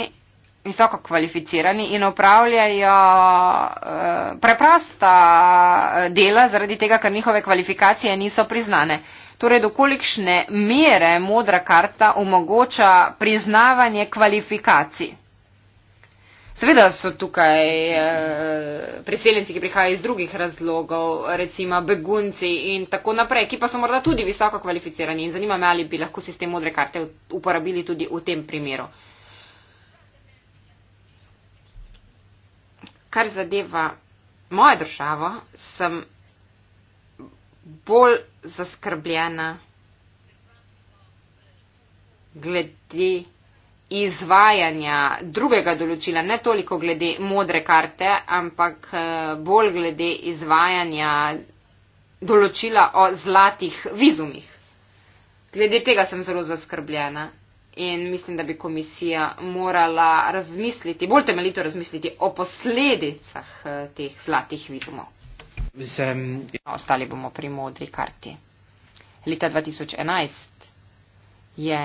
Speaker 3: visoko kvalificirani in opravljajo uh, preprosta dela zaradi tega, ker njihove kvalifikacije niso priznane. Uh, Torej, dokolikšne mere modra karta omogoča priznavanje kvalifikacij? Seveda so tukaj eh, priseljenci, ki prihajajo iz drugih razlogov, recimo begunci in tako naprej, ki pa so morda tudi visoko kvalificirani in zanima me, ali bi lahko sistem modre karte uporabili tudi v tem primeru. Kar zadeva mojo državo, sem bolj zaskrbljena glede izvajanja drugega določila, ne toliko glede modre karte, ampak eh, bolj glede izvajanja določila o zlatih vizumih. Glede tega sem zelo zaskrbljena in mislim, da bi komisija morala razmisliti, bolj temeljito razmisliti o posledicah eh, teh zlatih vizumov. Sem... No, ostali bomo pri modri karti. Leta 2011 je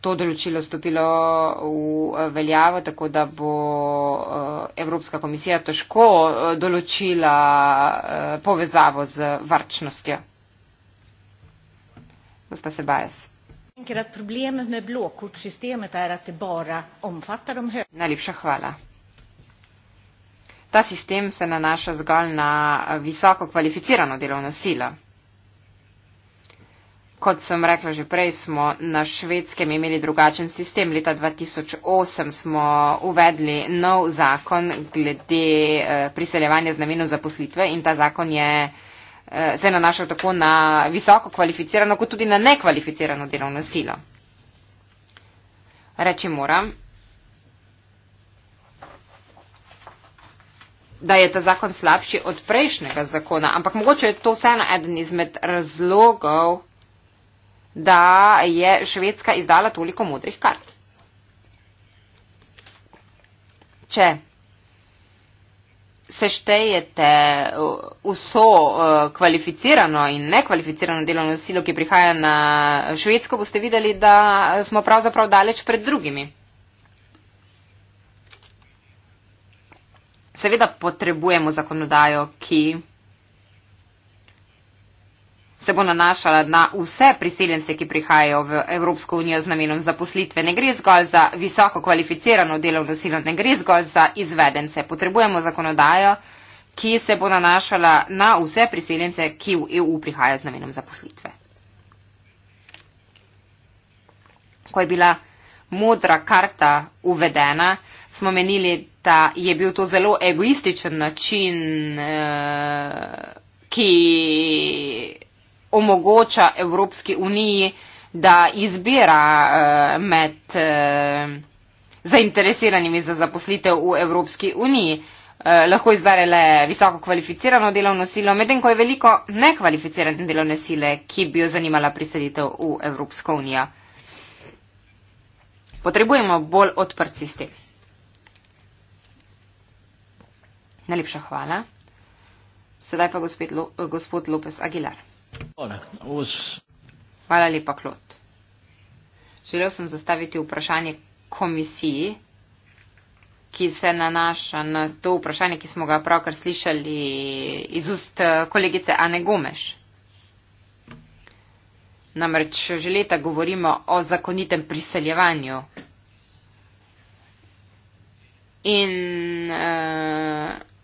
Speaker 3: to določilo stopilo v eh, veljavo, tako da bo eh, Evropska komisija težko eh, določila povezavo z varčnostjo. Gospa Sebajas. Najlepša hvala ta sistem se nanaša zgolj na visoko kvalificirano delovno silo. Kot sem rekla že prej, smo na švedskem imeli drugačen sistem. Leta 2008 smo uvedli nov zakon glede eh, priseljevanja z namenom zaposlitve in ta zakon je, eh, se je nanašal tako na visoko kvalificirano kot tudi na nekvalificirano delovno silo. Reči moram, da je ta zakon slabši od prejšnjega zakona, ampak mogoče je to vseeno eden izmed razlogov, da je Švedska izdala toliko modrih kart. Če seštejete uh, vso uh, kvalificirano in nekvalificirano delovno silo, ki prihaja na Švedsko, boste videli, da smo pravzaprav daleč pred drugimi. seveda potrebujemo zakonodajo, ki se bo nanašala na vse priseljence, ki prihajajo v Evropsko unijo z namenom zaposlitve. Ne gre zgolj za visoko kvalificirano delovno silo, ne gre zgolj za izvedence. Potrebujemo zakonodajo, ki se bo nanašala na vse priseljence, ki v EU prihajajo z namenom zaposlitve. Ko je bila modra karta uvedena, smo menili, da je bil to zelo egoističen način, eh, ki omogoča Evropski uniji, da izbira eh, med eh, zainteresiranimi za zaposlitev v Evropski uniji. Eh, lahko izbere le visoko kvalificirano delovno silo, medtem ko je veliko nekvalificirane delovne sile, ki bi jo zanimala priseditev v Evropsko unijo. Potrebujemo bolj odprt sistem. Najlepša hvala. Sedaj pa gospod, Lo, gospod Lopes Aguilar. Hvala lepa, Klot. Želel sem zastaviti vprašanje komisiji, ki se nanaša na to vprašanje, ki smo ga pravkar slišali iz ust kolegice Ane Gomeš. Namreč že leta govorimo o zakonitem priseljevanju. In. Uh,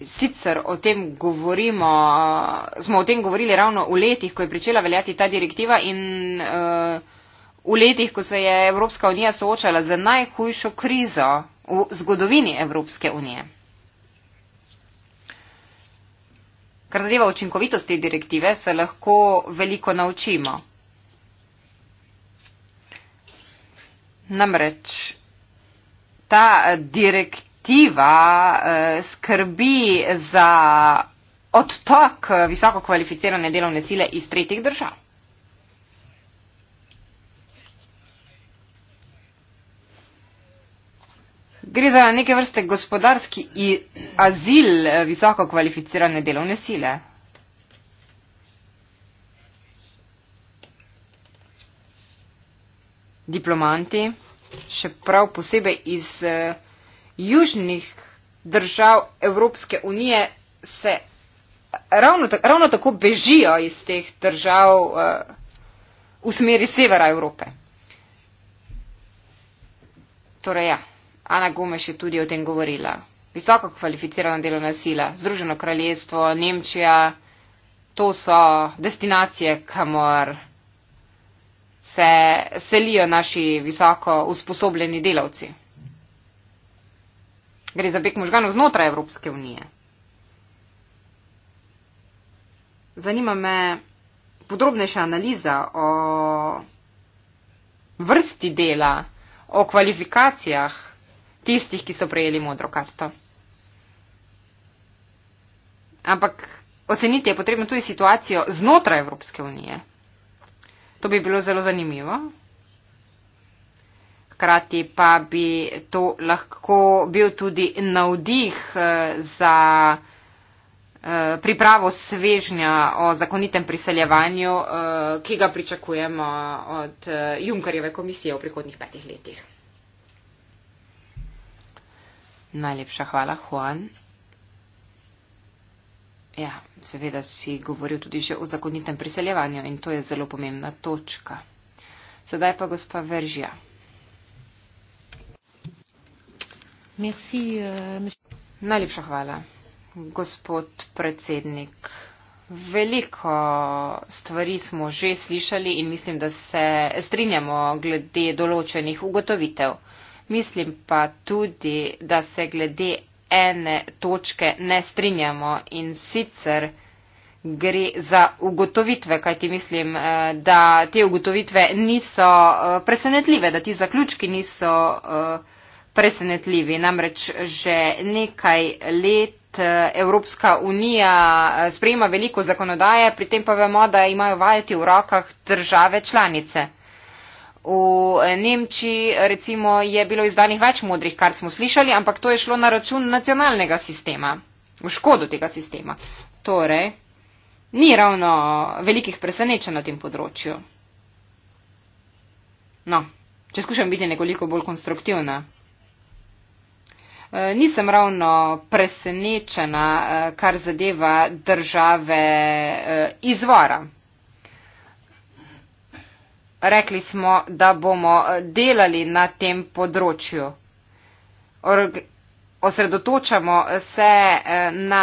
Speaker 3: sicer o tem govorimo, smo o tem govorili ravno v letih, ko je pričela veljati ta direktiva in uh, v letih, ko se je Evropska unija soočala z najhujšo krizo v zgodovini Evropske unije. Kar zadeva učinkovitosti direktive, se lahko veliko naučimo. Namreč ta direktiva direktiva eh, skrbi za odtok visoko kvalificirane delovne sile iz tretjih držav. Gre za neke vrste gospodarski azil eh, visoko kvalificirane delovne sile. Diplomanti, še prav posebej iz eh, južnih držav Evropske unije se ravno, ta, ravno tako bežijo iz teh držav uh, v smeri severa Evrope. Torej ja, Ana Gomeš je tudi o tem govorila. Visoko kvalificirana delovna sila, Združeno kraljestvo, Nemčija, to so destinacije, kamor se selijo naši visoko usposobljeni delavci. Gre za beg možganov znotraj Evropske unije. Zanima me podrobnejša analiza o vrsti dela, o kvalifikacijah tistih, ki so prejeli modro karto. Ampak oceniti je potrebno tudi situacijo znotraj Evropske unije. To bi bilo zelo zanimivo. Hkrati pa bi to lahko bil tudi navdih eh, za eh, pripravo svežnja o zakonitem priseljevanju, eh, ki ga pričakujemo od Junkarjeve komisije v prihodnih petih letih. Najlepša hvala, Juan. Ja, seveda si govoril tudi že o zakonitem priseljevanju in to je zelo pomembna točka. Sedaj pa gospa Veržja. Euh, Najlepša hvala, gospod predsednik. Veliko stvari smo že slišali in mislim, da se strinjamo glede določenih ugotovitev. Mislim pa tudi, da se glede ene točke ne strinjamo in sicer gre za ugotovitve, kajti mislim, eh, da te ugotovitve niso eh, presenetljive, da ti zaključki niso. Uh, presenetljivi. Namreč že nekaj let. Eh, Evropska unija eh, sprejema veliko zakonodaje, pri tem pa vemo, da imajo vajeti v rokah države članice. V eh, Nemčiji recimo je bilo izdanih več modrih, kar smo slišali, ampak to je šlo na račun nacionalnega sistema, v škodo tega sistema. Torej, ni ravno velikih presenečenj na tem področju. No, če skušam biti nekoliko bolj konstruktivna. Eh, nisem ravno presenečena, eh, kar zadeva države eh, izvora. Rekli smo, da bomo delali na tem področju. Osredotočamo se na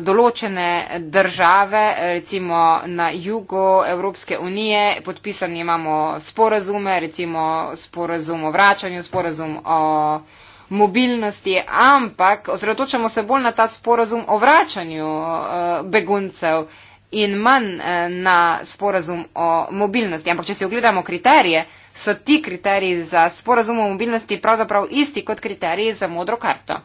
Speaker 3: določene države, recimo na jugo Evropske unije, podpisani imamo sporazume, recimo sporazum o vračanju, sporazum o mobilnosti, ampak osredotočamo se bolj na ta sporazum o vračanju eh, beguncev in manj eh, na sporazum o mobilnosti. Ampak, če si ogledamo kriterije, so ti kriteriji za sporazum o mobilnosti pravzaprav isti kot kriteriji za modro karto.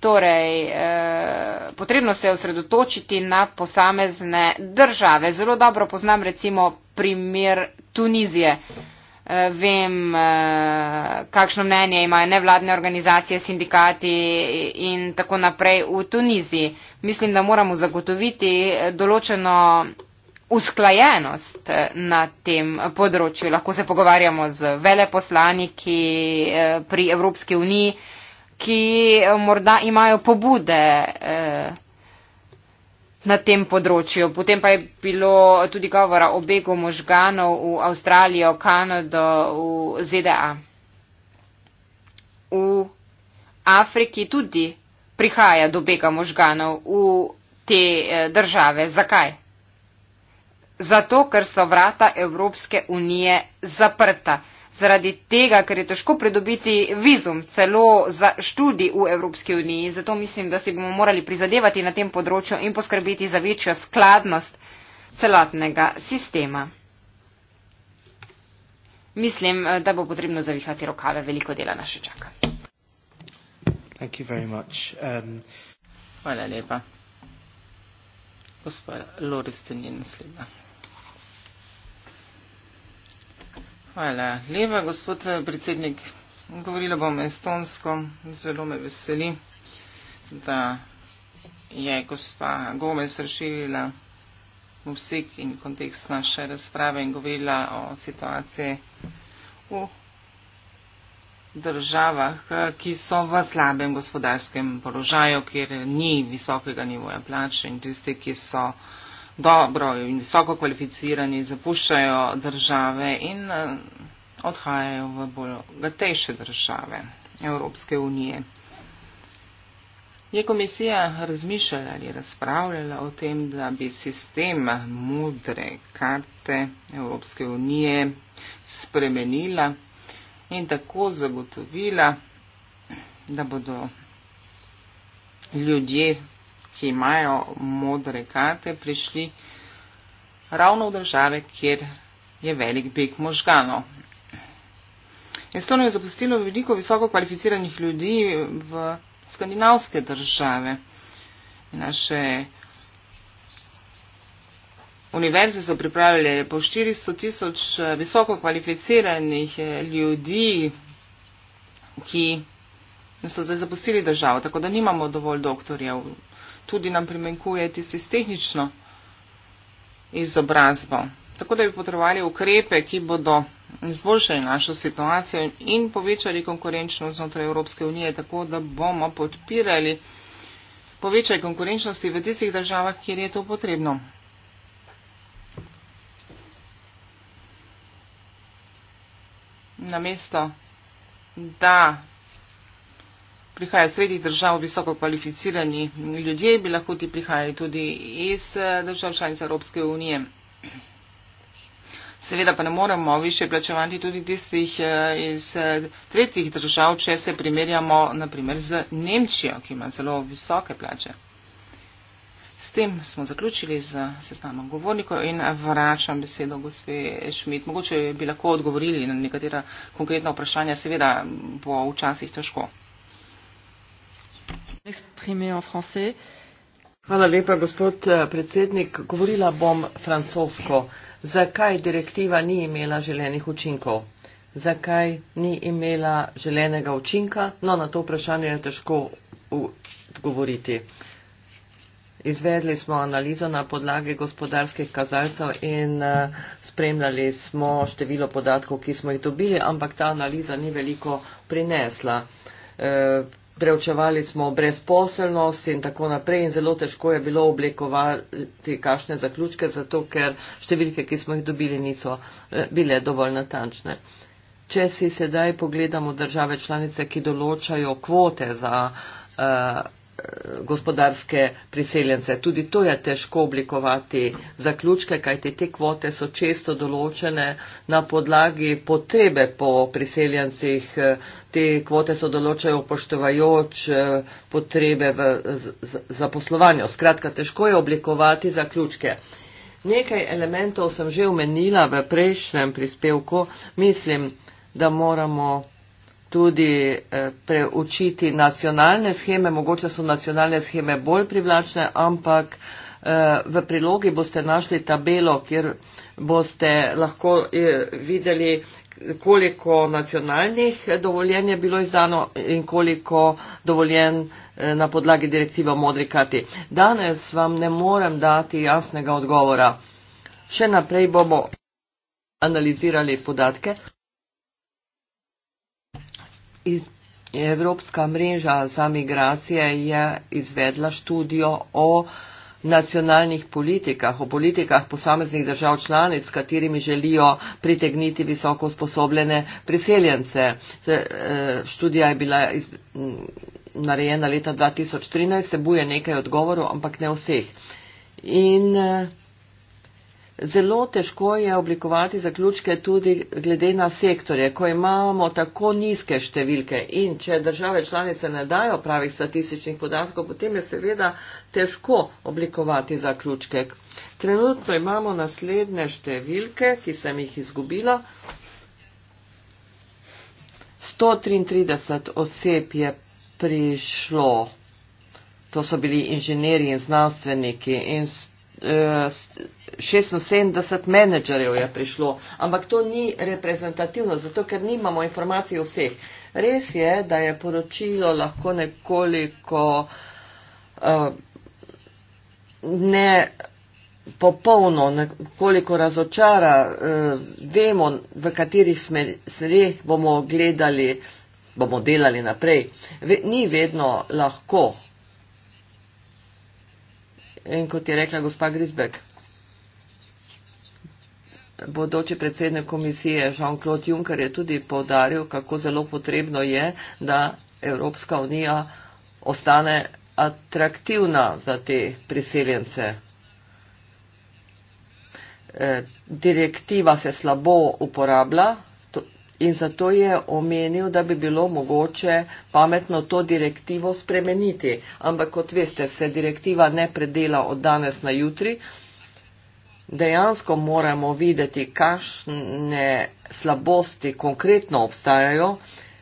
Speaker 3: Torej, eh, potrebno se je osredotočiti na posamezne države. Zelo dobro poznam recimo primer Tunizije vem, eh, kakšno mnenje imajo nevladne organizacije, sindikati in tako naprej v Tuniziji. Mislim, da moramo zagotoviti določeno usklajenost eh, na tem področju. Lahko se pogovarjamo z veleposlaniki eh, pri Evropski uniji, ki morda imajo pobude. Eh, na tem področju. Potem pa je bilo tudi govora o begu možganov v Avstralijo, Kanado, v ZDA. V Afriki tudi prihaja do bega možganov v te eh, države. Zakaj? Zato, ker so vrata Evropske unije zaprta zaradi tega, ker je težko pridobiti vizum celo za študij v Evropski uniji. Zato mislim, da si bomo morali prizadevati na tem področju in poskrbeti za večjo skladnost celotnega sistema. Mislim, da bo potrebno zavihati rokave, veliko dela nas še čaka.
Speaker 1: Thank you very much. Um... Hvala lepa. Gospod Loris, ti njen naslednja. Hvala lepa, gospod eh, predsednik. Govorila bom estonsko. Zelo me veseli, da je gospa Gomez razširila vsek in kontekst naše razprave in govorila o situaciji v državah, eh, ki so v slabem gospodarskem položaju, kjer ni visokega nivoja plač in tisti, ki so dobro in visoko kvalificirani zapuščajo države in eh, odhajajo v bolj gatejše države Evropske unije. Je komisija razmišljala ali razpravljala o tem, da bi sistem modre karte Evropske unije spremenila in tako zagotovila, da bodo ljudje ki imajo modre karte, prišli ravno v države, kjer je velik beg možganov. Estonijo je zapustilo veliko visoko kvalificiranih ljudi v skandinavske države. Naše univerze so pripravile po 400 tisoč eh, visoko kvalificiranih eh, ljudi, ki so zdaj zapustili državo, tako da nimamo dovolj doktorjev tudi nam primenkuje tisti s tehnično izobrazbo. Tako da bi potrebovali ukrepe, ki bodo izboljšali našo situacijo in povečali konkurenčnost znotraj Evropske unije, tako da bomo podpirali povečaj konkurenčnosti v tistih državah, kjer je to potrebno. Namesto, da prihajajo iz tretjih držav visoko kvalificirani ljudje, bi lahko ti prihajali tudi iz eh, držav članic Evropske unije. Seveda pa ne moremo više plačevati tudi tistih eh, iz eh, tretjih držav, če se primerjamo naprimer z Nemčijo, ki ima zelo visoke plače. S tem smo zaključili z sestanom govornikov in vračam besedo gospe Šmit. Mogoče bi lahko odgovorili na nekatera konkretna vprašanja, seveda bo včasih težko.
Speaker 2: Hvala lepa, gospod eh, predsednik. Govorila bom francosko. Zakaj direktiva ni imela želenih učinkov? Zakaj ni imela želenega učinka? No, na to vprašanje je težko odgovoriti. Izvedli smo analizo na podlagi gospodarskih kazalcev in eh, spremljali smo število podatkov, ki smo jih dobili, ampak ta analiza ni veliko prinesla. Eh, preučevali smo brezposelnost in tako naprej in zelo težko je bilo oblikovati kašne zaključke, zato ker številke, ki smo jih dobili, niso eh, bile dovolj natančne. Če si sedaj pogledamo države članice, ki določajo kvote za. Uh, gospodarske priseljence. Tudi to je težko oblikovati zaključke, kajti te kvote so često določene na podlagi potrebe po priseljencih. Te kvote se določajo upoštevajoč eh, potrebe v zaposlovanju. Skratka, težko je oblikovati zaključke. Nekaj elementov sem že omenila v prejšnjem prispevku. Mislim, da moramo tudi eh, preučiti nacionalne scheme. Mogoče so nacionalne scheme bolj privlačne, ampak eh, v prilogi boste našli tabelo, kjer boste lahko eh, videli, koliko nacionalnih dovoljenj je bilo izdano in koliko dovoljenj na podlagi direktiva modri karti. Danes vam ne morem dati jasnega odgovora. Še naprej bomo analizirali podatke. Iz Evropska mreža za migracije je izvedla študijo o nacionalnih politikah, o politikah posameznih držav članic, s katerimi želijo pritegniti visoko usposobljene priseljence. Eh, študija je bila iz, m, narejena leta 2013, se buje nekaj odgovorov, ampak ne vseh. In, m, eh, Zelo težko je oblikovati zaključke tudi glede na sektorje, ko imamo tako nizke številke in če države članice ne dajo pravih statističnih podatkov, potem je seveda težko oblikovati zaključke. Trenutno imamo naslednje številke, ki sem jih izgubila. 133 oseb je prišlo. To so bili inženirji in znanstveniki in 76 menedžerjev je prišlo, ampak to ni reprezentativno, zato ker nimamo informacij o vseh. Res je, da je poročilo lahko nekoliko uh, ne popolno, nekoliko razočara. Uh, vemo, v katerih smerih bomo gledali, bomo delali naprej. Ve, ni vedno lahko in kot je rekla gospa Grisbek, bodoče predsednik komisije Jean-Claude Juncker je tudi povdaril, kako zelo potrebno je, da Evropska unija ostane atraktivna za te priseljence. Eh, direktiva se slabo uporablja in zato je omenil, da bi bilo mogoče pametno to direktivo spremeniti. Ampak kot veste, se direktiva ne predela od danes na jutri. Dejansko moramo videti, kakšne slabosti konkretno obstajajo.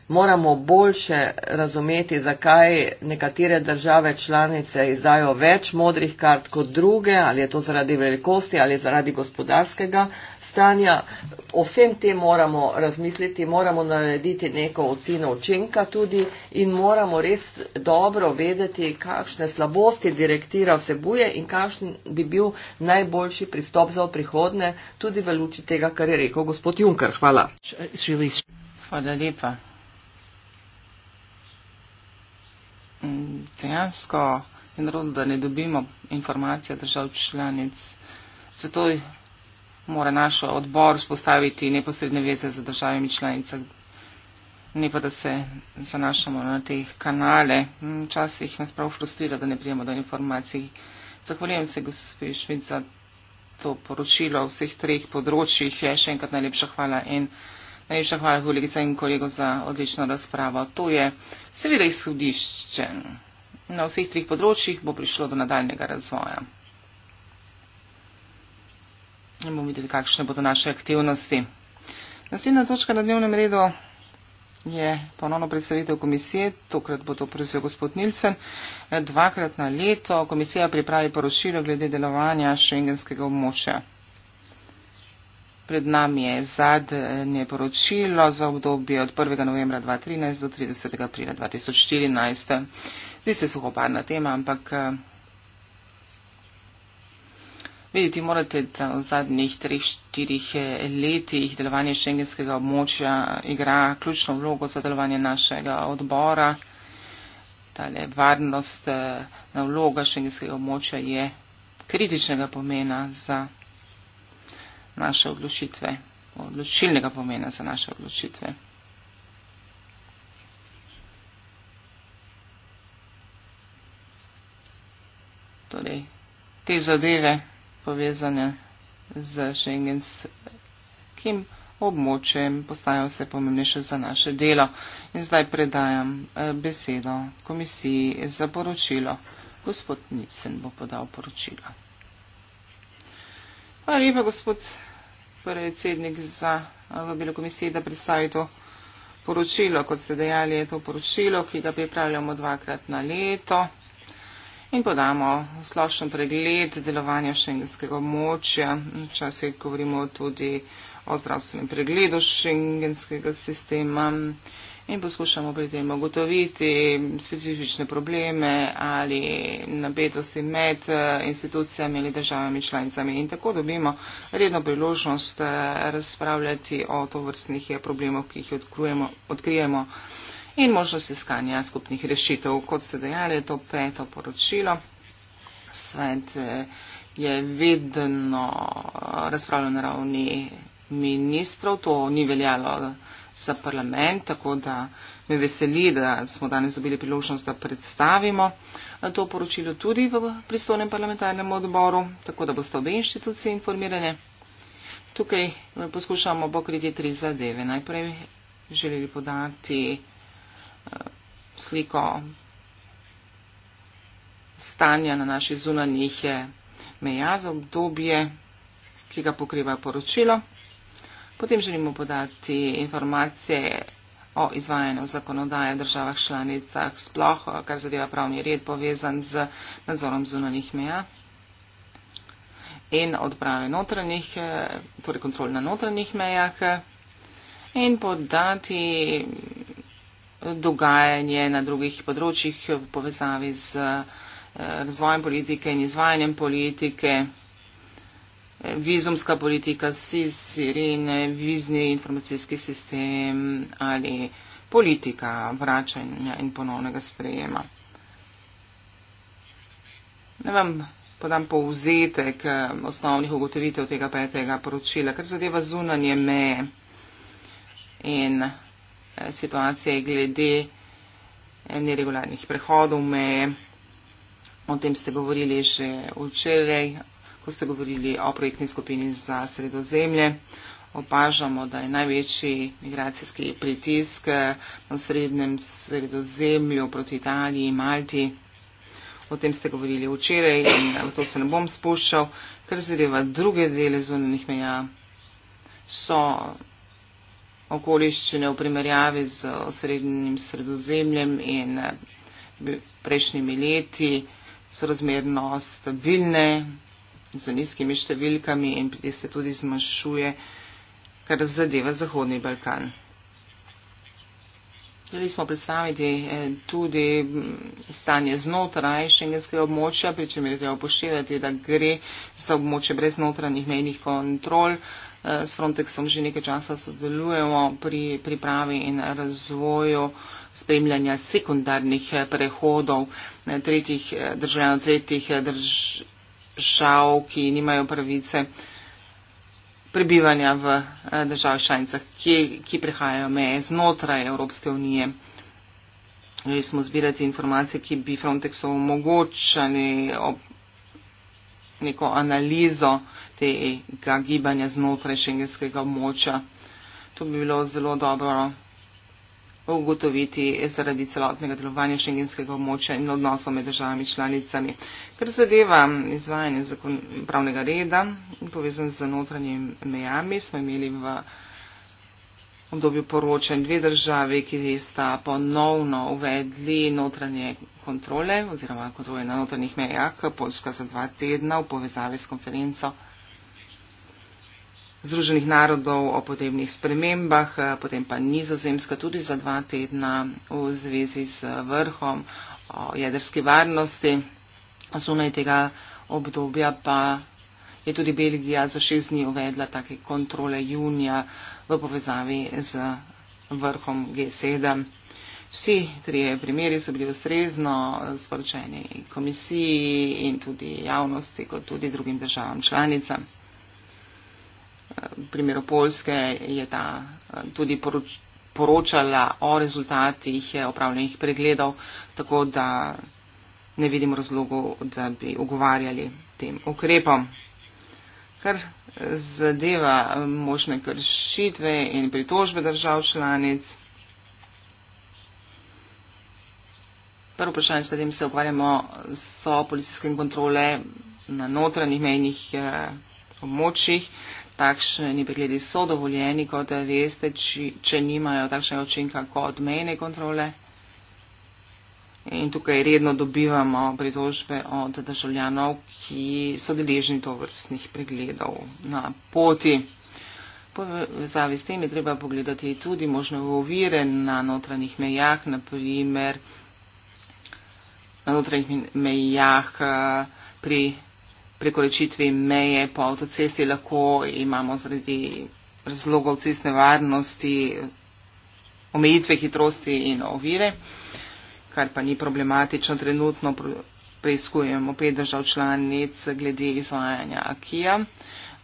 Speaker 2: Moramo boljše razumeti, zakaj nekatere države članice izdajo več modrih kart kot druge, ali je to zaradi velikosti ali zaradi gospodarskega stanja, o vsem tem moramo razmisliti, moramo narediti neko oceno učinka tudi in moramo res dobro vedeti, kakšne slabosti direktira vsebuje in kakšen bi bil najboljši pristop za prihodne, tudi v luči tega, kar je rekel gospod Juncker.
Speaker 1: Hvala. Hvala lepa. Mm, dejansko je narod, da ne dobimo informacije držav članic. Zato mora naš odbor spostaviti neposredne veze z državami članica, ne pa da se zanašamo na te kanale. Mm, Včasih nas prav frustrira, da ne prijemo do informacij. Zahvaljujem se, gospe Švic, za to poročilo o vseh treh področjih. Je ja, še enkrat najlepša hvala in najlepša hvala kolegica in kolego za odlično razpravo. To je seveda izhodišče. Na vseh treh področjih bo prišlo do nadaljnega razvoja in bomo videli, kakšne bodo naše aktivnosti. Naslednja točka na dnevnem redu je ponovno predstavitev komisije, tokrat bo to prevzel gospod Nilsen. Dvakrat na leto komisija pripravi poročilo glede delovanja šengenskega območja. Pred nami je zadnje poročilo za obdobje od 1. novembra 2013 do 30. aprila 2014. Zdi se suhoparna tema, ampak Vidite, morate da v zadnjih 3-4 eh, letih delovanje šengenskega območja igra ključno vlogo za delovanje našega odbora. Tale varnost eh, na vloga šengenskega območja je kritičnega pomena za naše odločitve, odločilnega pomena za naše odločitve. Torej, te zadeve povezane z šengenskim območjem, postajajo vse pomembnejše za naše delo. In zdaj predajam eh, besedo komisiji za poročilo. Gospod Nicen bo podal poročilo. Hvala lepa, gospod predsednik, za eh, vabilo komisije, da predstavi to poročilo. Kot ste dejali, je to poročilo, ki ga pripravljamo dvakrat na leto in podamo splošen pregled delovanja šengenskega območja. Včasih govorimo tudi o zdravstvenem pregledu šengenskega sistema in poskušamo pri tem ugotoviti specifične probleme ali napetosti med eh, institucijami ali državami članicami. In tako dobimo redno priložnost eh, razpravljati o tovrstnih eh, problemov, ki jih odkrijemo. odkrijemo in možnost iskanja skupnih rešitev. Kot ste dejali, je to peto poročilo. Svet eh, je vedno eh, razpravljal na ravni ministrov, to ni veljalo za parlament, tako da me veseli, da smo danes dobili priložnost, da predstavimo eh, to poročilo tudi v pristojnem parlamentarnem odboru, tako da boste obe inštitucije informirane. Tukaj poskušamo pokriti tri zadeve. Najprej želeli podati sliko stanja na naši zunanjih eh, meja za obdobje, ki ga pokriva poročilo. Potem želimo podati informacije o izvajanju zakonodaje v državah članicah, sploh eh, kar zadeva pravni red povezan z nadzorom zunanjih meja in odprave notranjih, eh, torej kontrol na notranjih mejah in podati dogajanje na drugih področjih v povezavi z eh, razvojem politike in izvajanjem politike, eh, vizumska politika, sirene, vizni informacijski sistem ali politika vračanja in ponovnega sprejema. Ne vam podam povzetek eh, osnovnih ugotovitev tega petega poročila, kar zadeva zunanje meje in situacije glede neregularnih prehodov meje. O tem ste govorili že včeraj, ko ste govorili o projektni skupini za sredozemlje. Opažamo, da je največji migracijski pritisk na srednjem sredozemlju proti Italiji in Malti. O tem ste govorili včeraj in v to se ne bom spuščal, ker zadeva druge dele zunanih meja so okoliščine v primerjavi z osrednjim sredozemljem in eh, prejšnjimi leti so razmerno stabilne, z nizkimi številkami in se tudi zmanjšuje, kar zadeva Zahodni Balkan. Želeli smo predstaviti eh, tudi mm, stanje znotraj šengenskega območja, pri čemer je treba upoštevati, da gre za območje brez notranjih mejnih kontrol. Eh, s Frontexom že nekaj časa sodelujemo pri pripravi in razvoju spremljanja sekundarnih eh, prehodov tretjih državljanov, tretjih držav, ki nimajo pravice prebivanja v eh, državah članicah, ki, ki prehajajo meje znotraj Evropske unije. Želi smo zbirati informacije, ki bi Frontexu omogočali neko analizo tega gibanja znotraj šengenskega območja. To bi bilo zelo dobro ugotoviti zaradi celotnega delovanja šengenskega območja in odnosov med državami članicami. Ker zadeva izvajanje zakon, pravnega reda povezan z notranjim mejami, smo imeli v obdobju poročanj dve državi, ki sta ponovno uvedli notranje kontrole oziroma kontrole na notranjih mejah, Poljska za dva tedna v povezavi s konferenco Združenih narodov o podnebnih spremembah, eh, potem pa nizozemska tudi za dva tedna v zvezi z vrhom o jedrski varnosti. Zunaj tega obdobja pa je tudi Belgija za šest dni uvedla take kontrole junija v povezavi z vrhom G7. Vsi trije primeri so bili ustrezno sporočeni komisiji in tudi javnosti, kot tudi drugim državam članicam primeru Poljske je ta tudi poroč, poročala o rezultatih opravljenih pregledov, tako da ne vidim razlogov, da bi ogovarjali tem ukrepom. Kar zadeva možne kršitve in pritožbe držav članic. Prvo vprašanje, s katerim se ukvarjamo, so policijske kontrole na notranjih mejnih eh, območjih. Eh, takšni pregledi so dovoljeni, kot veste, či, če nimajo takšnega učinka kot mejne kontrole. In tukaj redno dobivamo pritožbe od državljanov, ki so deležni to vrstnih pregledov na poti. Po vezavi s tem je treba pogledati tudi možno ovire na notranjih mejah, naprimer na notranjih mejah eh, pri prekoračitvi meje po avtocesti lahko imamo zaradi razlogov cestne varnosti omejitve hitrosti in ovire, kar pa ni problematično. Trenutno preizkujemo pet držav članic glede izvajanja AKIA.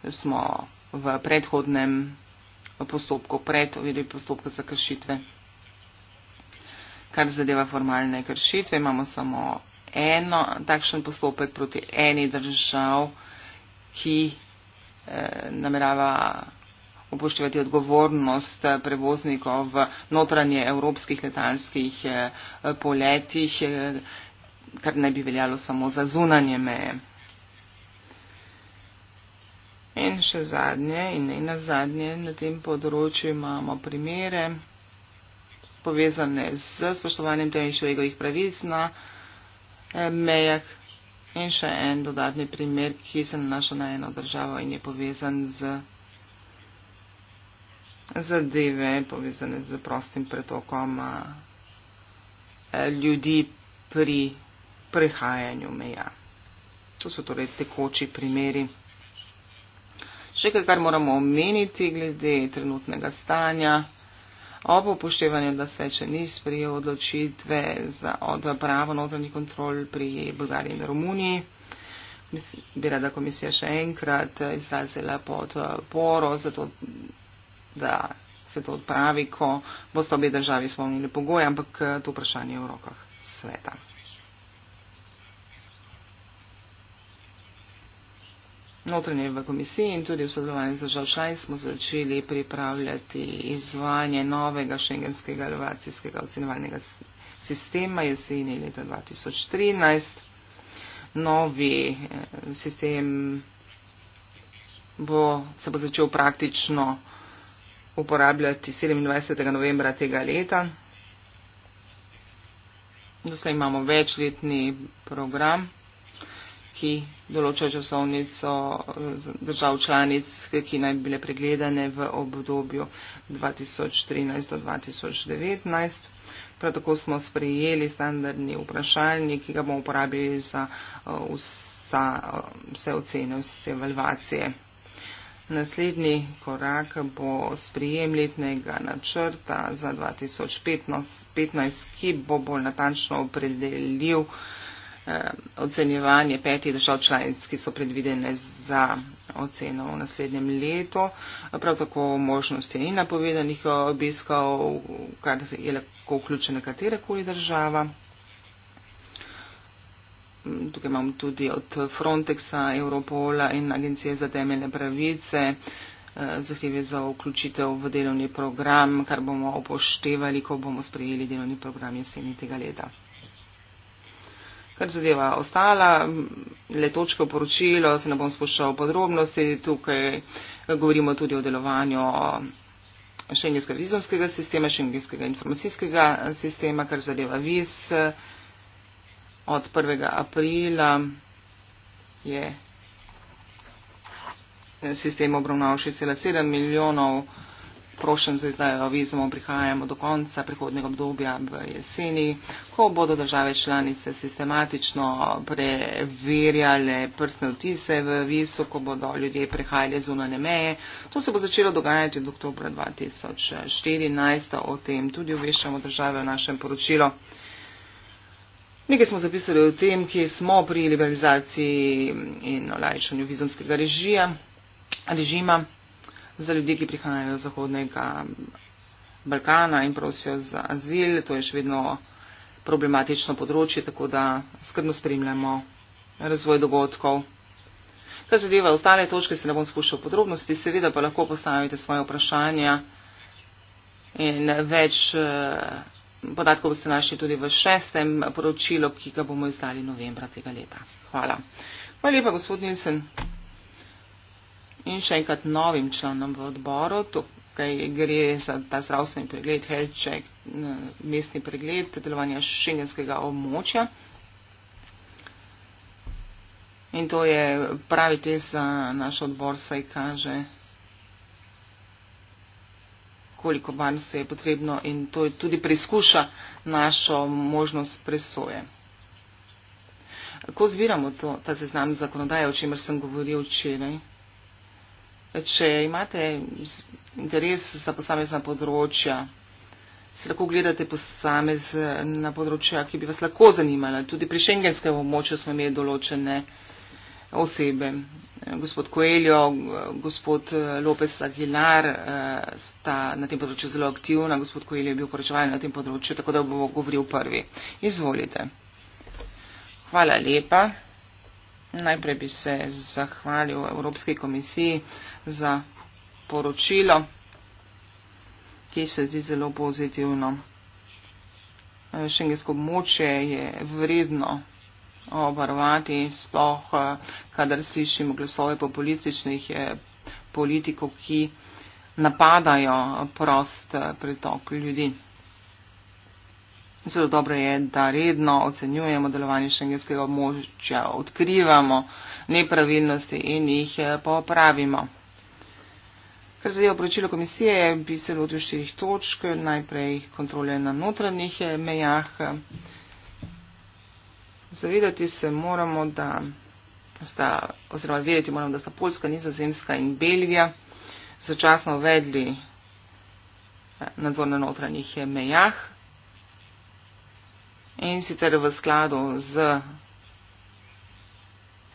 Speaker 1: Smo v predhodnem postopku pred ovire postopka za kršitve. Kar zadeva formalne kršitve, imamo samo eno, takšen postopek proti eni držav, ki eh, namerava upoštevati odgovornost eh, prevoznikov v notranje evropskih letalskih eh, poletih, eh, kar ne bi veljalo samo za zunanje meje. In še zadnje in ne na zadnje, na tem področju imamo primere povezane z spoštovanjem temeljih človekovih pravic na mejah. In še en dodatni primer, ki se nanaša na eno državo in je povezan z zadeve, povezane z prostim pretokom ljudi pri prehajanju meja. To so torej tekoči primeri. Še kaj, kar moramo omeniti glede trenutnega stanja ob upoštevanju, da se še ni sprijel odločitve za odpravo notranji kontrol pri Bulgariji in Romuniji. Bi rada komisija še enkrat izrazila podporo za to, da se to odpravi, ko boste obe državi spomnili pogoje, ampak to vprašanje je v rokah sveta. notranje v komisiji in tudi v sodelovanju z držav članic smo začeli pripravljati izvajanje novega šengenskega elevacijskega ocenjevalnega sistema jeseni leta 2013. Novi eh, sistem bo, se bo začel praktično uporabljati 27. novembra tega leta. Doslej imamo večletni program ki določa časovnico eh, držav članic, ki naj bi bile pregledane v obdobju 2013 do 2019. Prav tako smo sprejeli standardni vprašalnik, ki ga bomo uporabili za eh, vsa, eh, vse ocene, vse evalvacije. Naslednji korak bo sprijem letnega načrta za 2015, ki bo bolj natančno opredelil eh, ocenjevanje petih držav članic, ki so predvidene za oceno v naslednjem letu. Prav tako možnosti ni napovedanih obiskov, kar je lahko vključena katerekoli država. Tukaj imam tudi od Frontexa, Europola in Agencije za temeljne pravice eh, zahteve za vključitev v delovni program, kar bomo upoštevali, ko bomo sprejeli delovni program jeseni tega leta. Kar zadeva ostala, letočko poročilo, se ne bom spuščal v podrobnosti, tukaj govorimo tudi o delovanju šengenskega vizumskega sistema, šengenskega informacijskega sistema, kar zadeva viz. Od 1. aprila je sistem obravnaval 6,7 milijonov prošen za izdajo vizumo, prihajamo do konca prihodnega obdobja v jeseni, ko bodo države članice sistematično preverjale prstne otise v visu, ko bodo ljudje prihajali zunane meje. To se bo začelo dogajati od oktobra 2014, o tem tudi obveščamo države v našem poročilu. Nekaj smo zapisali o tem, kje smo pri liberalizaciji in olajšanju vizumskega režija, režima za ljudi, ki prihajajo iz Zahodnega Balkana in prosijo za azil. To je še vedno problematično področje, tako da skrbno spremljamo razvoj dogodkov. Kar zadeva ostale točke, se ne bom spuščal podrobnosti, seveda pa lahko postavite svoje vprašanja in več eh, podatkov boste našli tudi v šestem poročilu, ki ga bomo izdali novembra tega leta. Hvala. Hvala lepa, gospod Nilsen. In še enkrat novim članom v odboru, tukaj gre za ta zdravstveni pregled, health check, mestni pregled, delovanja šengenskega območja. In to je pravi test za naš odbor, saj kaže, koliko manj se je potrebno in to je tudi preizkuša našo možnost presoje. Ko zbiramo to, ta seznam zakonodaje, o čemer sem govoril včeraj, Če imate interes za posamezna področja, se lahko gledate posamezna področja, ki bi vas lahko zanimala. Tudi pri šengenskem območju smo imeli določene osebe. Gospod Koeljo, gospod Lopes Aguilar eh, sta na tem področju zelo aktivna, gospod Koeljo je bil poročevalen na tem področju, tako da bo govoril prvi. Izvolite. Hvala lepa. Najprej bi se zahvalil Evropski komisiji za poročilo, ki se zdi zelo pozitivno. Šengensko območje je vredno obarvati, sploh eh, kadar slišimo glasove populističnih eh, politikov, ki napadajo prost eh, pretok ljudi. Zelo dobro je, da redno ocenjujemo delovanje šengenskega območja, odkrivamo nepravilnosti in jih eh, popravimo. Kar zdaj je opročilo komisije, bi se lotil štirih točk. Najprej kontrole na notranjih eh, mejah. Zavedati se moramo, da sta, oziroma vedeti moramo, da sta Poljska, Nizozemska in Belgija začasno uvedli eh, nadzor na notranjih mejah in sicer v skladu z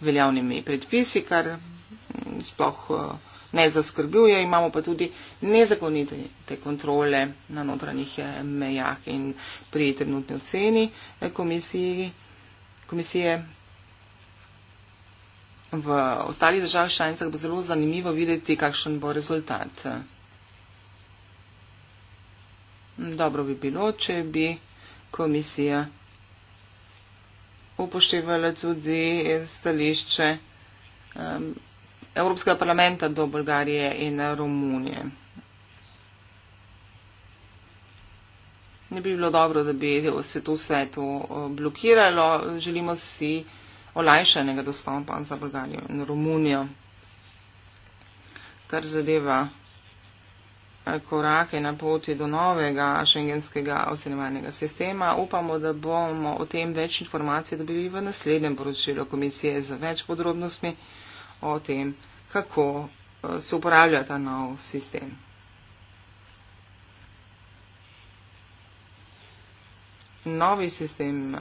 Speaker 1: veljavnimi predpisi, kar mm, sploh eh, ne zaskrbljuje. Imamo pa tudi nezakonite kontrole na notranjih eh, mejah in pri trenutni oceni eh, komisiji, komisije. V ostalih državah članicah bo zelo zanimivo videti, kakšen bo rezultat. Dobro bi bilo, če bi komisija upoštevala tudi stališče um, Evropskega parlamenta do Bolgarije in Romunije. Ne bi bilo dobro, da bi se to svetu uh, blokiralo. Želimo si olajšanega dostopa za Bolgarijo in Romunijo, kar zadeva korake na poti do novega šengenskega ocenjevalnega sistema. Upamo, da bomo o tem več informacij dobili v naslednjem poročilu komisije z več podrobnostmi o tem, kako eh, se uporablja ta nov sistem. Novi sistem eh,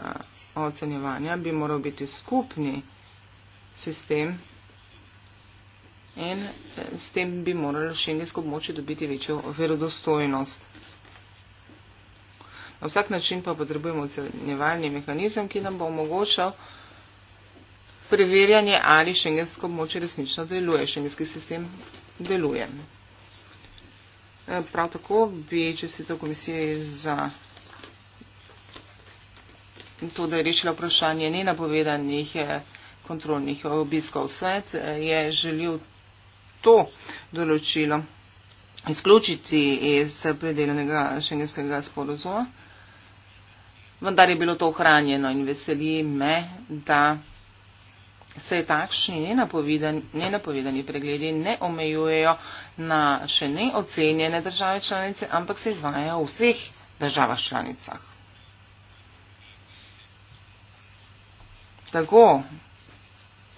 Speaker 1: ocenjevanja bi moral biti skupni sistem in eh, s tem bi moralo šengensko območje dobiti večjo verodostojnost. Na vsak način pa potrebujemo ocenjevalni mehanizem, ki nam bo omogočal preverjanje, ali šengensko območje resnično deluje, šengenski sistem deluje. Eh, prav tako bi čestito komisiji za to, da je rešila vprašanje nenapovedanih eh, kontrolnih obiskov. Svet je želil to določilo izključiti iz predelanega šengenskega sporozuma. Vendar je bilo to ohranjeno in veseli me, da se takšni nenapovedani, nenapovedani pregledi ne omejujejo na še ne ocenjene države članice, ampak se izvajajo v vseh državah članicah. Tako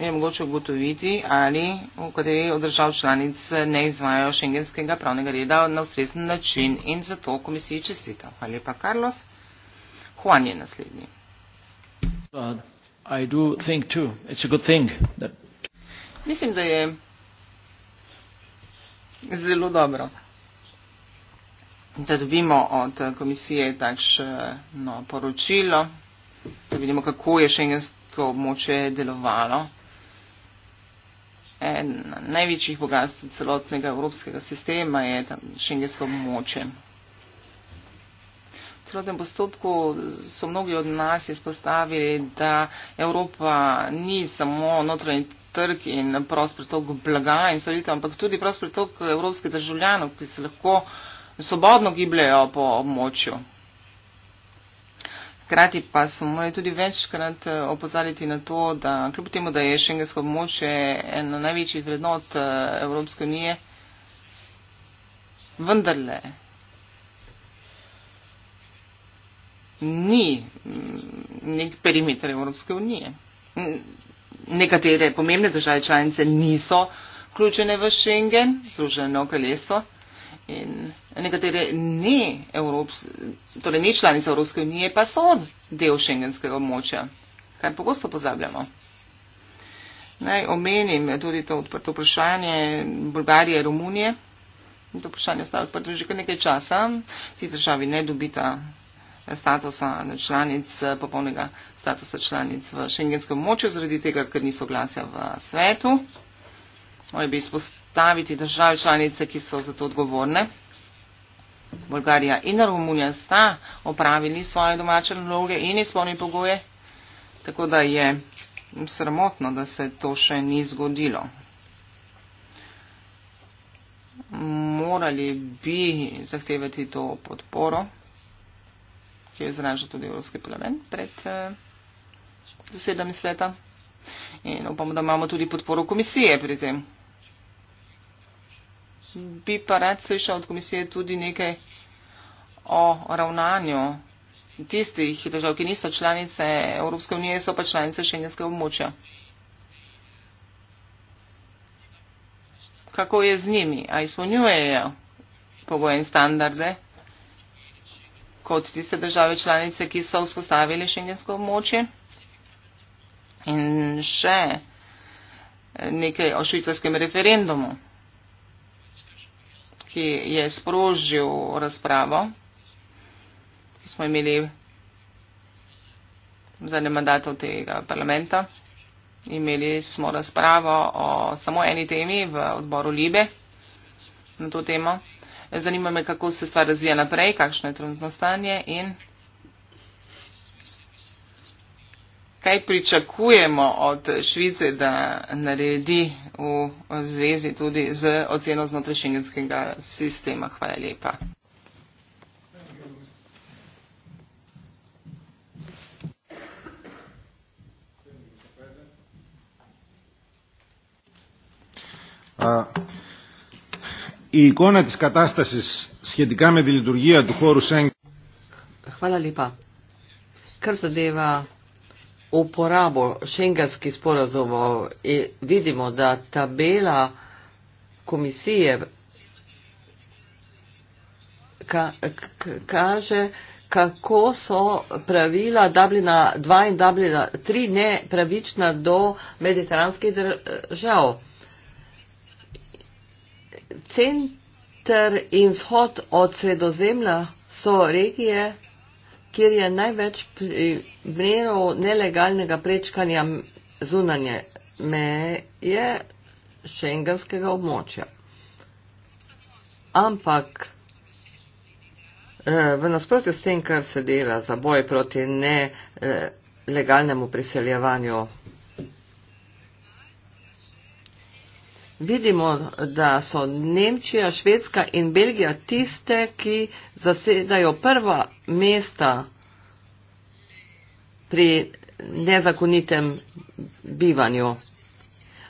Speaker 1: je mogoče ugotoviti, ali v kateri od držav članic ne izvajo šengenskega pravnega reda na ustrezen način in zato komisiji čestita. Hvala lepa, Carlos. Juan je naslednji.
Speaker 3: Uh,
Speaker 1: Mislim, da je zelo dobro, da dobimo od komisije takšno poročilo, da vidimo, kako je šengensko območje delovalo en največjih bogatstv celotnega evropskega sistema je tam šengensko območje. V celotnem postopku so mnogi od nas izpostavili, da Evropa ni samo notranji trg in prost pretok blaga in storitev, ampak tudi prost pretok evropskih državljanov, ki se lahko svobodno gibljajo po območju. Hkrati pa smo morali tudi večkrat eh, opozarjati na to, da kljub temu, da je šengensko območje ena največjih vrednot eh, Evropske unije, vendarle ni mm, nek perimeter Evropske unije. Nekatere pomembne države članice niso vključene v šengen, služene na okoljestvo in nekatere ne, Evropske, torej ne članice Evropske unije pa so del šengenskega območja, kar pogosto pozabljamo. Naj omenim tudi to odprto vprašanje Bulgarije in Romunije. To vprašanje ostaje odprto že kar nekaj časa. Ti državi ne dobita statusa članic, popolnega statusa članic v šengenskem območju, zaradi tega, ker ni soglasja v svetu. Moje bi izpostavili staviti države članice, ki so za to odgovorne. Bolgarija in Romunija sta opravili svoje domače naloge in izpolnili pogoje, tako da je sramotno, da se to še ni zgodilo. Morali bi zahtevati to podporo, ki jo je izražal tudi Evropski parlament pred eh, zasedami sveta. In upamo, da imamo tudi podporo komisije pri tem bi pa rad slišal od komisije tudi nekaj o ravnanju tistih držav, ki niso članice Evropske unije, so pa članice šengenskega območja. Kako je z njimi? A izpolnjujejo pogoje in standarde kot tiste države članice, ki so vzpostavili šengensko območje? In še nekaj o švicarskem referendumu ki je sprožil razpravo, ki smo imeli v zadnjem mandatu tega parlamenta. Imeli smo razpravo o samo eni temi v odboru Libe na to temo. Zanima me, kako se stvar razvija naprej, kakšno je trenutno stanje in kaj pričakujemo od Švice, da naredi v zvezi tudi z oceno znotraj šengenskega sistema. Hvala lepa. Η εικόνα της κατάστασης σχετικά με τη λειτουργία του χώρου Σέγγεν.
Speaker 2: Σεν... Χαλαλίπα. Καρσαντεύα uporabo šengenskih sporazumov in vidimo, da tabela komisije ka, kaže, kako so pravila Dublina 2 in Dublina 3 nepravična do mediteranskih držav. Center in vzhod od sredozemlja so regije, kjer je največ primerov nelegalnega prečkanja zunanje meje šengenskega območja. Ampak eh, v nasprotju s tem, kar se dela za boj proti nelegalnemu priseljevanju vidimo, da so Nemčija, Švedska in Belgija tiste, ki zasedajo prva mesta pri nezakonitem bivanju.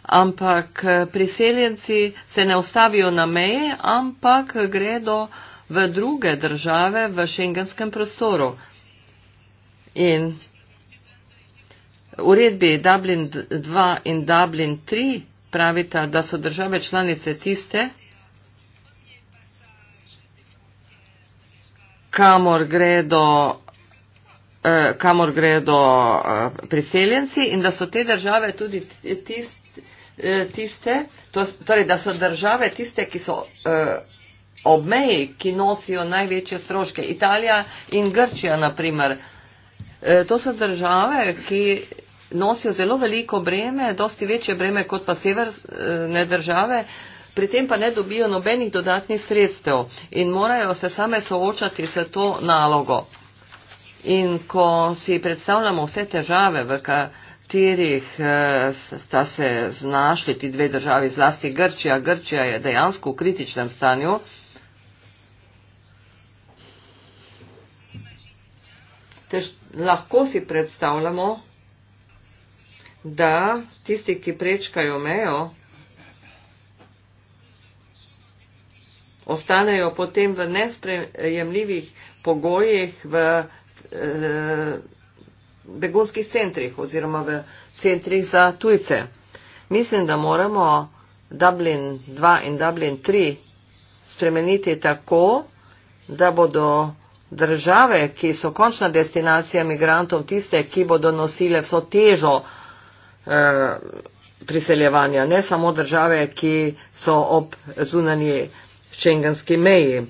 Speaker 2: Ampak eh, priseljenci se ne ostavijo na meji, ampak gredo v druge države v šengenskem prostoru. In uredbi Dublin 2 in Dublin 3 pravita, da so države članice tiste, kamor gredo eh, kamor gredo eh, priseljenci in da so te države tudi eh, tiste, torej da so države tiste, ki so ob meji, ki nosijo največje stroške. Italija in Grčija, naprimer, to so države, ki nosijo zelo veliko breme, dosti večje breme kot pa severne eh, države, pri tem pa ne dobijo nobenih dodatnih sredstev in morajo se same soočati s to nalogo. In ko si predstavljamo vse težave, v katerih eh, sta se znašli ti dve državi, zlasti Grčija, Grčija je dejansko v kritičnem stanju, Tež, lahko si predstavljamo, da tisti, ki prečkajo mejo, ostanejo potem v nesprejemljivih pogojih v e, begunskih centrih oziroma v centrih za tujce. Mislim, da moramo Dublin 2 in Dublin 3 spremeniti tako, da bodo države, ki so končna destinacija migrantov, tiste, ki bodo nosile vso težo, Eh, priseljevanja, ne samo države, ki so ob zunanji šengenski meji.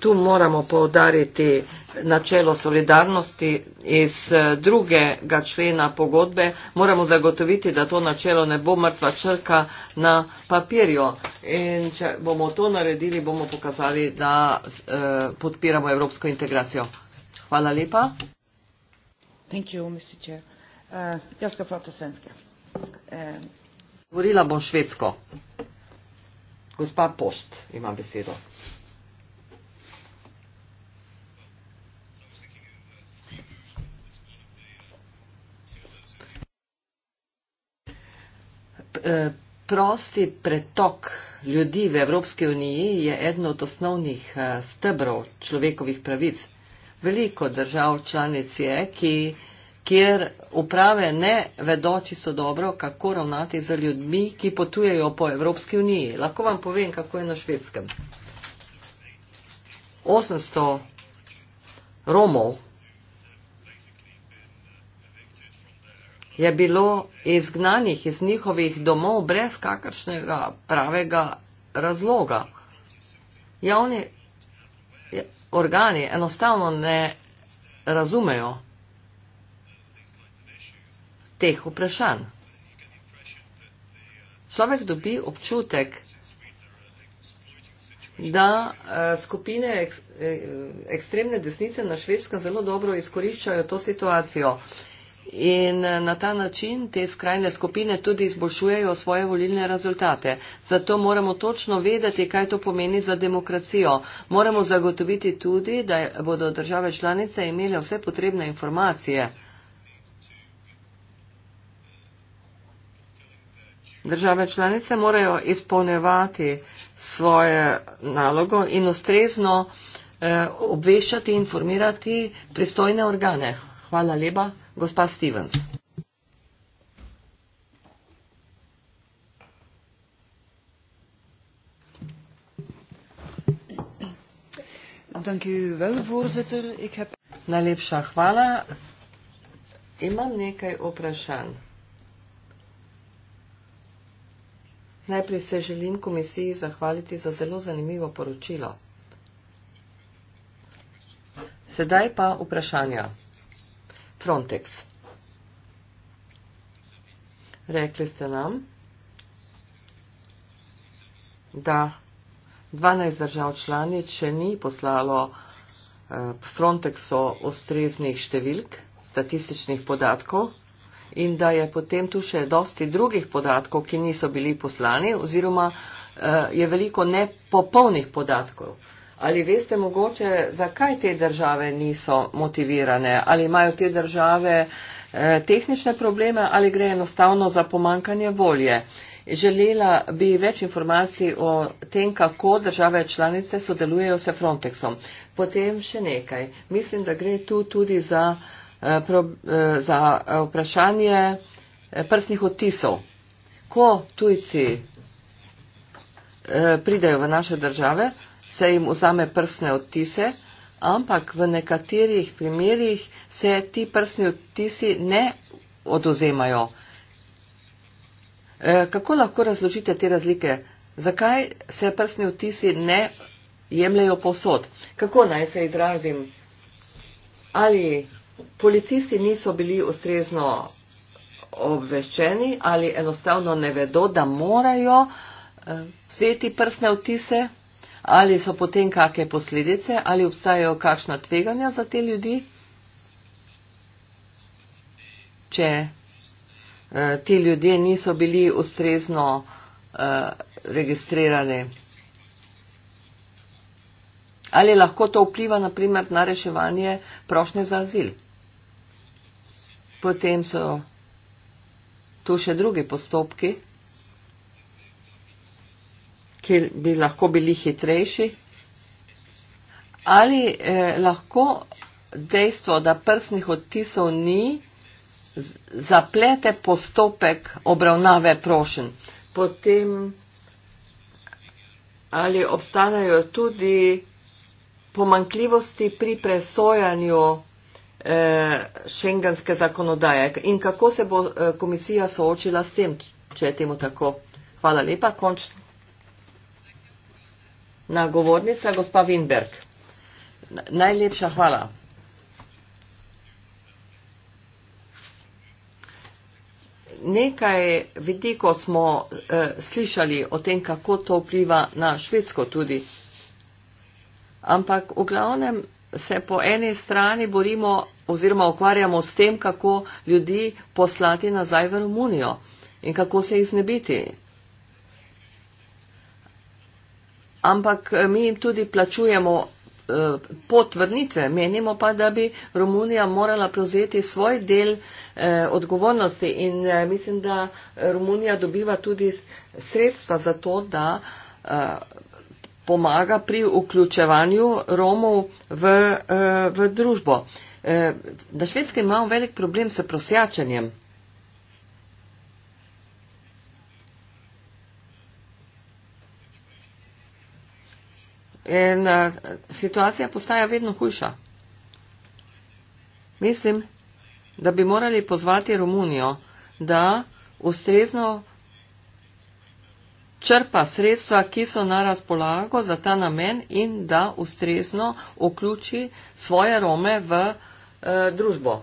Speaker 2: Tu moramo povdariti načelo solidarnosti iz eh, drugega člena pogodbe. Moramo zagotoviti, da to načelo ne bo mrtva črka na papirju. In če bomo to naredili, bomo pokazali, da eh, podpiramo evropsko integracijo. Hvala lepa. Thank you, Mr. Chair.
Speaker 1: Uh, jag ska prata svenska.
Speaker 2: Uh. Govorila bom švedsko. Gospa Post ima besedo. Eh, prosti pretok ljudi v Evropski uniji je eden od osnovnih stebrov človekovih pravic. Veliko držav članic je, ki kjer uprave ne vedoči so dobro, kako ravnati z ljudmi, ki potujejo po Evropski uniji. Lahko vam povem, kako je na švedskem. 800 Romov je bilo izgnanih iz njihovih domov brez kakršnega pravega razloga. Javni organi enostavno ne razumejo teh vprašanj. Človek dobi občutek, da eh, skupine eh, ekstremne desnice na Švedskem zelo dobro izkoriščajo to situacijo in eh, na ta način te skrajne skupine tudi izboljšujejo svoje volilne rezultate. Zato moramo točno vedeti, kaj to pomeni za demokracijo. Moramo zagotoviti tudi, da bodo države članice imele vse potrebne informacije. Države članice morajo izpolnevati svoje nalogo in ustrezno eh, obveščati in informirati pristojne organe. Hvala lepa, gospa Stevens. Dank u wel, voorzitter. Ik heb... Najlepša hvala. Imam nekaj vprašanj. Najprej se želim komisiji zahvaliti za zelo zanimivo poročilo. Sedaj pa vprašanja. Frontex. Rekli ste nam, da 12 držav članic še ni poslalo eh, Frontexu ustreznih številk, statističnih podatkov in da je potem tu še dosti drugih podatkov, ki niso bili poslani oziroma eh, je veliko nepopolnih podatkov. Ali veste mogoče, zakaj te države niso motivirane? Ali imajo te države eh, tehnične probleme ali gre enostavno za pomankanje volje? Želela bi več informacij o tem, kako države članice sodelujejo s Frontexom. Potem še nekaj. Mislim, da gre tu tudi za. Eh, eh, za eh, vprašanje prstnih odtisov. Ko tujci pridejo v naše države, se jim vzame prstne odtise, ampak v nekaterih primerjih se ti prstni odtisi ne oduzemajo. Kako lahko razložite te razlike? Zakaj se prstni odtisi ne jemljajo posod? Kako naj se izrazim? Ali policisti niso bili ustrezno obveščeni ali enostavno ne vedo, da morajo eh, vzeti prsne vtise ali so potem kakšne posledice ali obstajajo kakšna tveganja za te ljudi, če eh, ti ljudje niso bili ustrezno eh, registrirani. Ali lahko to vpliva naprimer na reševanje prošnje za azil? Potem so tu še drugi postopki, ki bi lahko bili hitrejši. Ali eh, lahko dejstvo, da prsnih odtisov ni, zaplete postopek obravnave prošen. Potem ali obstanejo tudi pomankljivosti pri presojanju Eh, šengenske zakonodaje in kako se bo eh, komisija soočila s tem, če je temu tako. Hvala lepa. Končno. Nagovornica, gospa Winberg. Najlepša hvala. Nekaj vidiko smo eh, slišali o tem, kako to vpliva na švedsko tudi. Ampak v glavnem se po eni strani borimo oziroma ukvarjamo s tem, kako ljudi poslati nazaj v Romunijo in kako se jih znebiti. Ampak eh, mi jim tudi plačujemo eh, pot vrnitve. Menimo pa, da bi Romunija morala prevzeti svoj del eh, odgovornosti in eh, mislim, da Romunija dobiva tudi sredstva za to, da eh, pomaga pri vključevanju Romov v, eh, v družbo. Eh, na švedskem imamo velik problem s prosjačanjem. In uh, situacija postaja vedno hujša. Mislim, da bi morali pozvati Romunijo, da ustrezno črpa sredstva, ki so na razpolago za ta namen in da ustrezno vključi svoje Rome v e, družbo.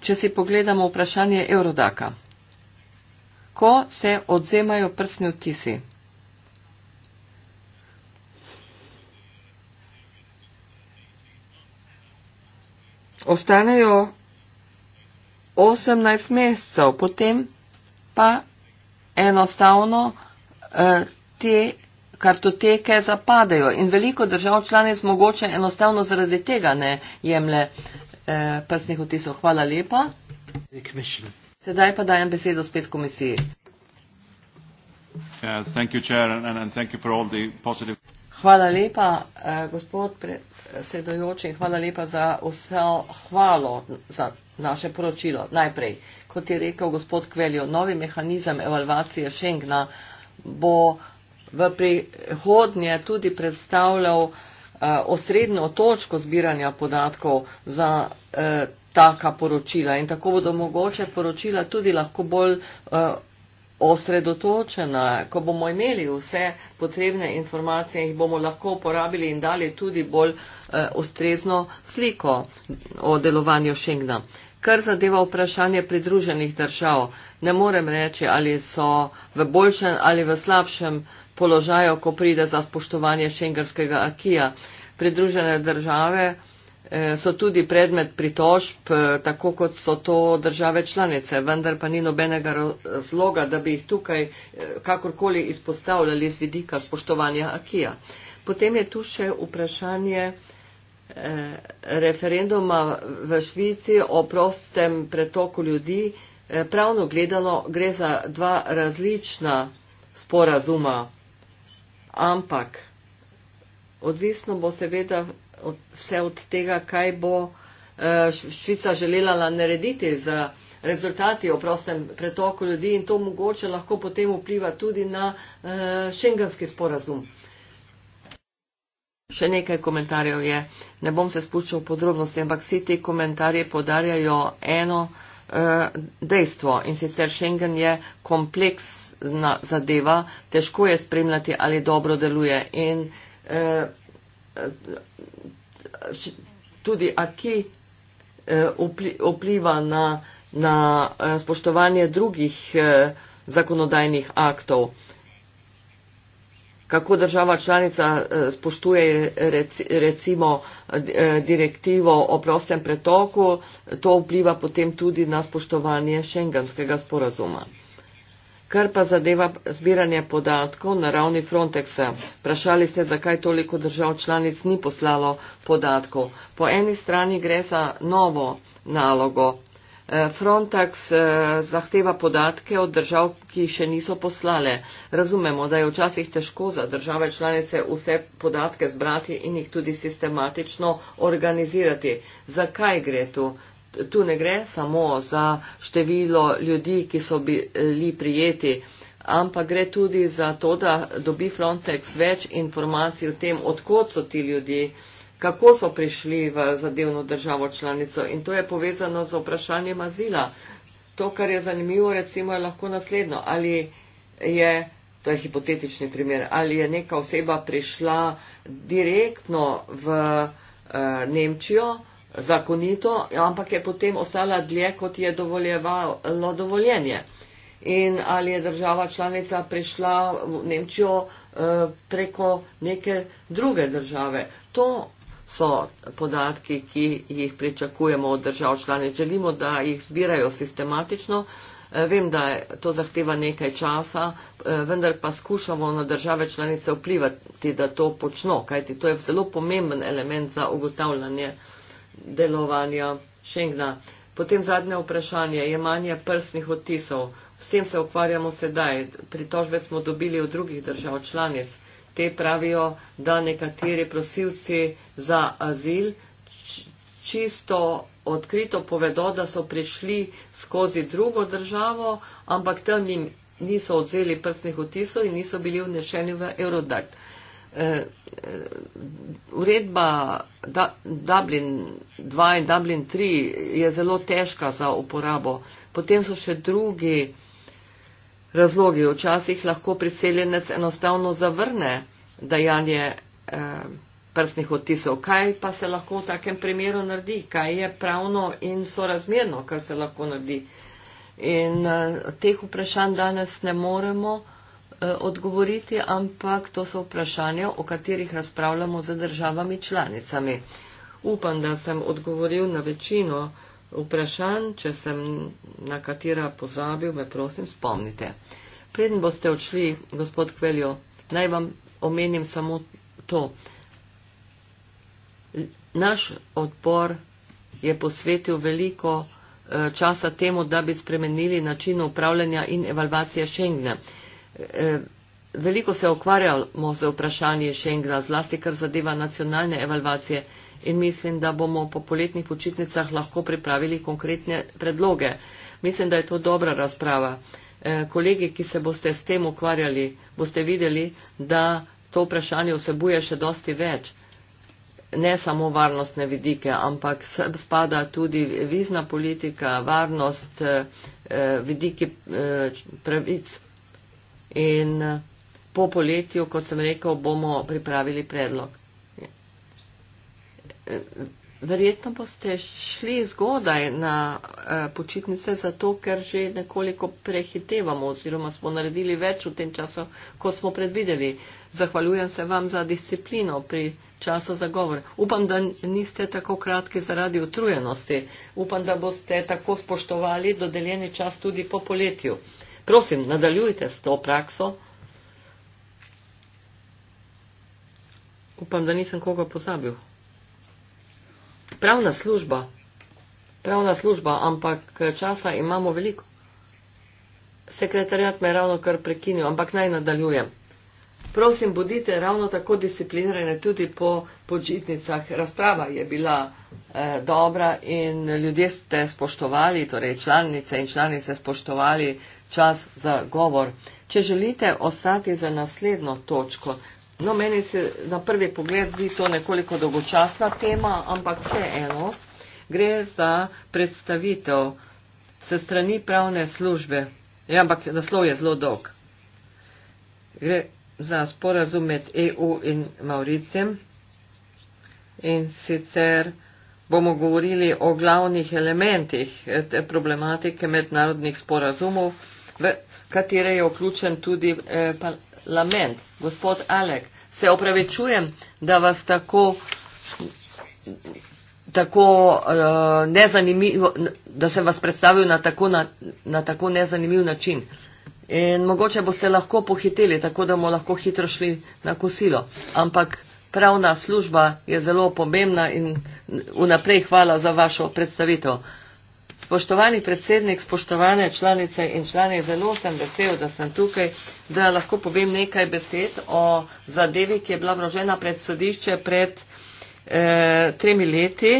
Speaker 2: Če si pogledamo vprašanje Eurodaka. Ko se odzemajo prsni odtisi? Ostanejo 18 mesecev, potem pa enostavno Eh, te kartoteke zapadajo in veliko držav članic mogoče enostavno zaradi tega ne jemlje eh, prstnih otisov. Hvala lepa. Sedaj pa dajem besedo spet komisiji.
Speaker 3: Uh,
Speaker 2: hvala lepa, eh, gospod predsedojoči, hvala lepa za vse hvalo za naše poročilo. Najprej, kot je rekel gospod Kveljo, novi mehanizem evalvacije Schengna bo v prihodnje tudi predstavljal eh, osrednjo točko zbiranja podatkov za eh, taka poročila in tako bodo mogoče poročila tudi lahko bolj eh, osredotočena. Ko bomo imeli vse potrebne informacije, jih bomo lahko uporabili in dali tudi bolj ustrezno sliko o delovanju Schengna. Kar zadeva vprašanje pridruženih držav, ne morem reči, ali so v boljšem ali v slabšem položaju, ko pride za spoštovanje šengerskega akija. Pridružene države eh, so tudi predmet pritožb, eh, tako kot so to države članice, vendar pa ni nobenega razloga, da bi jih tukaj eh, kakorkoli izpostavljali z vidika spoštovanja akija. Potem je tu še vprašanje referenduma v Švici o prostem pretoku ljudi, eh, pravno gledano gre za dva različna sporazuma, ampak odvisno bo seveda vse od tega, kaj bo eh, Švica želela narediti za rezultati o prostem pretoku ljudi in to mogoče lahko potem vpliva tudi na eh, šengenski sporazum. Še nekaj komentarjev je, ne bom se spuščal v podrobnosti, ampak vsi ti komentarje podarjajo eno eh, dejstvo in sicer Schengen je kompleksna zadeva, težko je spremljati, ali dobro deluje. In eh, eh tudi aki eh, vpliva na, na eh, spoštovanje drugih eh, zakonodajnih aktov kako država članica eh, spoštuje recimo eh, direktivo o prostem pretoku, to vpliva potem tudi na spoštovanje šengenskega sporazuma. Kar pa zadeva zbiranje podatkov na ravni Frontexa, vprašali ste, zakaj toliko držav članic ni poslalo podatkov. Po eni strani gre za novo nalogo, Frontex eh, zahteva podatke od držav, ki še niso poslale. Razumemo, da je včasih težko za države članice vse podatke zbrati in jih tudi sistematično organizirati. Zakaj gre tu? Tu ne gre samo za število ljudi, ki so bili prijeti, ampak gre tudi za to, da dobi Frontex več informacij o tem, odkot so ti ljudje kako so prišli v zadevno državo članico in to je povezano z vprašanjem azila. To, kar je zanimivo, recimo, je lahko naslednjo. Ali je, to je hipotetični primer, ali je neka oseba prišla direktno v eh, Nemčijo zakonito, ampak je potem ostala dlje, kot je dovoljevalo dovoljenje. In ali je država članica prišla v Nemčijo eh, preko neke druge države. To so podatki, ki jih pričakujemo od držav članic. Želimo, da jih zbirajo sistematično. Eh, vem, da to zahteva nekaj časa, eh, vendar pa skušamo na države članice vplivati, da to počno, kajti to je zelo pomemben element za ugotavljanje delovanja Schengna. Potem zadnje vprašanje je manje prsnih odtisov. S tem se ukvarjamo sedaj. Pritožbe smo dobili od drugih držav članic te pravijo, da nekateri prosilci za azil čisto odkrito povedo, da so prišli skozi drugo državo, ampak tam jim niso odzeli prstnih otisov in niso bili vnešeni v Eurodakt. E, e, uredba Dublin 2 in Dublin 3 je zelo težka za uporabo. Potem so še drugi razlogi. Včasih lahko priseljenec enostavno zavrne dajanje eh, prstnih odtisov. Kaj pa se lahko v takem primeru naredi? Kaj je pravno in sorazmerno, kar se lahko naredi? In eh, teh vprašanj danes ne moremo eh, odgovoriti, ampak to so vprašanja, o katerih razpravljamo z državami članicami. Upam, da sem odgovoril na večino vprašanj, če sem na katera pozabil, me prosim spomnite. Preden boste odšli, gospod Kveljo, naj vam omenim samo to. Naš odpor je posvetil veliko eh, časa temu, da bi spremenili način upravljanja in evalvacije Schengna. Eh, veliko se ukvarjamo z vprašanji Schengna, zlasti kar zadeva nacionalne evalvacije in mislim, da bomo po poletnih počitnicah lahko pripravili konkretne predloge. Mislim, da je to dobra razprava. E, kolegi, ki se boste s tem ukvarjali, boste videli, da to vprašanje vsebuje še dosti več. Ne samo varnostne vidike, ampak spada tudi vizna politika, varnost, e, e, vidiki pravic. In po poletju, kot sem rekel, bomo pripravili predlog verjetno boste šli zgodaj na eh, počitnice, zato ker že nekoliko prehitevamo oziroma smo naredili več v tem času, kot smo predvideli. Zahvaljujem se vam za disciplino pri času za govor. Upam, da niste tako kratki zaradi utrujenosti. Upam, da boste tako spoštovali dodeljeni čas tudi po poletju. Prosim, nadaljujte s to prakso. Upam, da nisem koga pozabil pravna služba, pravna služba, ampak eh, časa imamo veliko. Sekretarjat me je ravno kar prekinil, ampak naj nadaljujem. Prosim, bodite ravno tako disciplinirani tudi po počitnicah. Razprava je bila eh, dobra in ljudje ste spoštovali, torej članice in članice spoštovali čas za govor. Če želite ostati za naslednjo točko, No, meni se na prvi pogled zdi to nekoliko dolgočasna tema, ampak vseeno gre za predstavitev se strani pravne službe. Ja, ampak naslov je zelo dolg. Gre za sporazum med EU in Mauricem. In sicer bomo govorili o glavnih elementih te problematike mednarodnih sporazumov, v katere je vključen tudi eh, parlament. Gospod Alek, se opravičujem, da vas tako, tako uh, nezanimivo, da sem vas predstavil na tako, na, na tako nezanimiv način. In mogoče boste lahko pohiteli, tako da bomo lahko hitro šli na kosilo. Ampak pravna služba je zelo pomembna in vnaprej hvala za vašo predstavitev. Uh, Spoštovani predsednik, spoštovane članice in člani, zelo sem vesel, da sem tukaj, da lahko povem nekaj besed o zadevi, ki je bila vrožena pred sodišče pred eh, tremi leti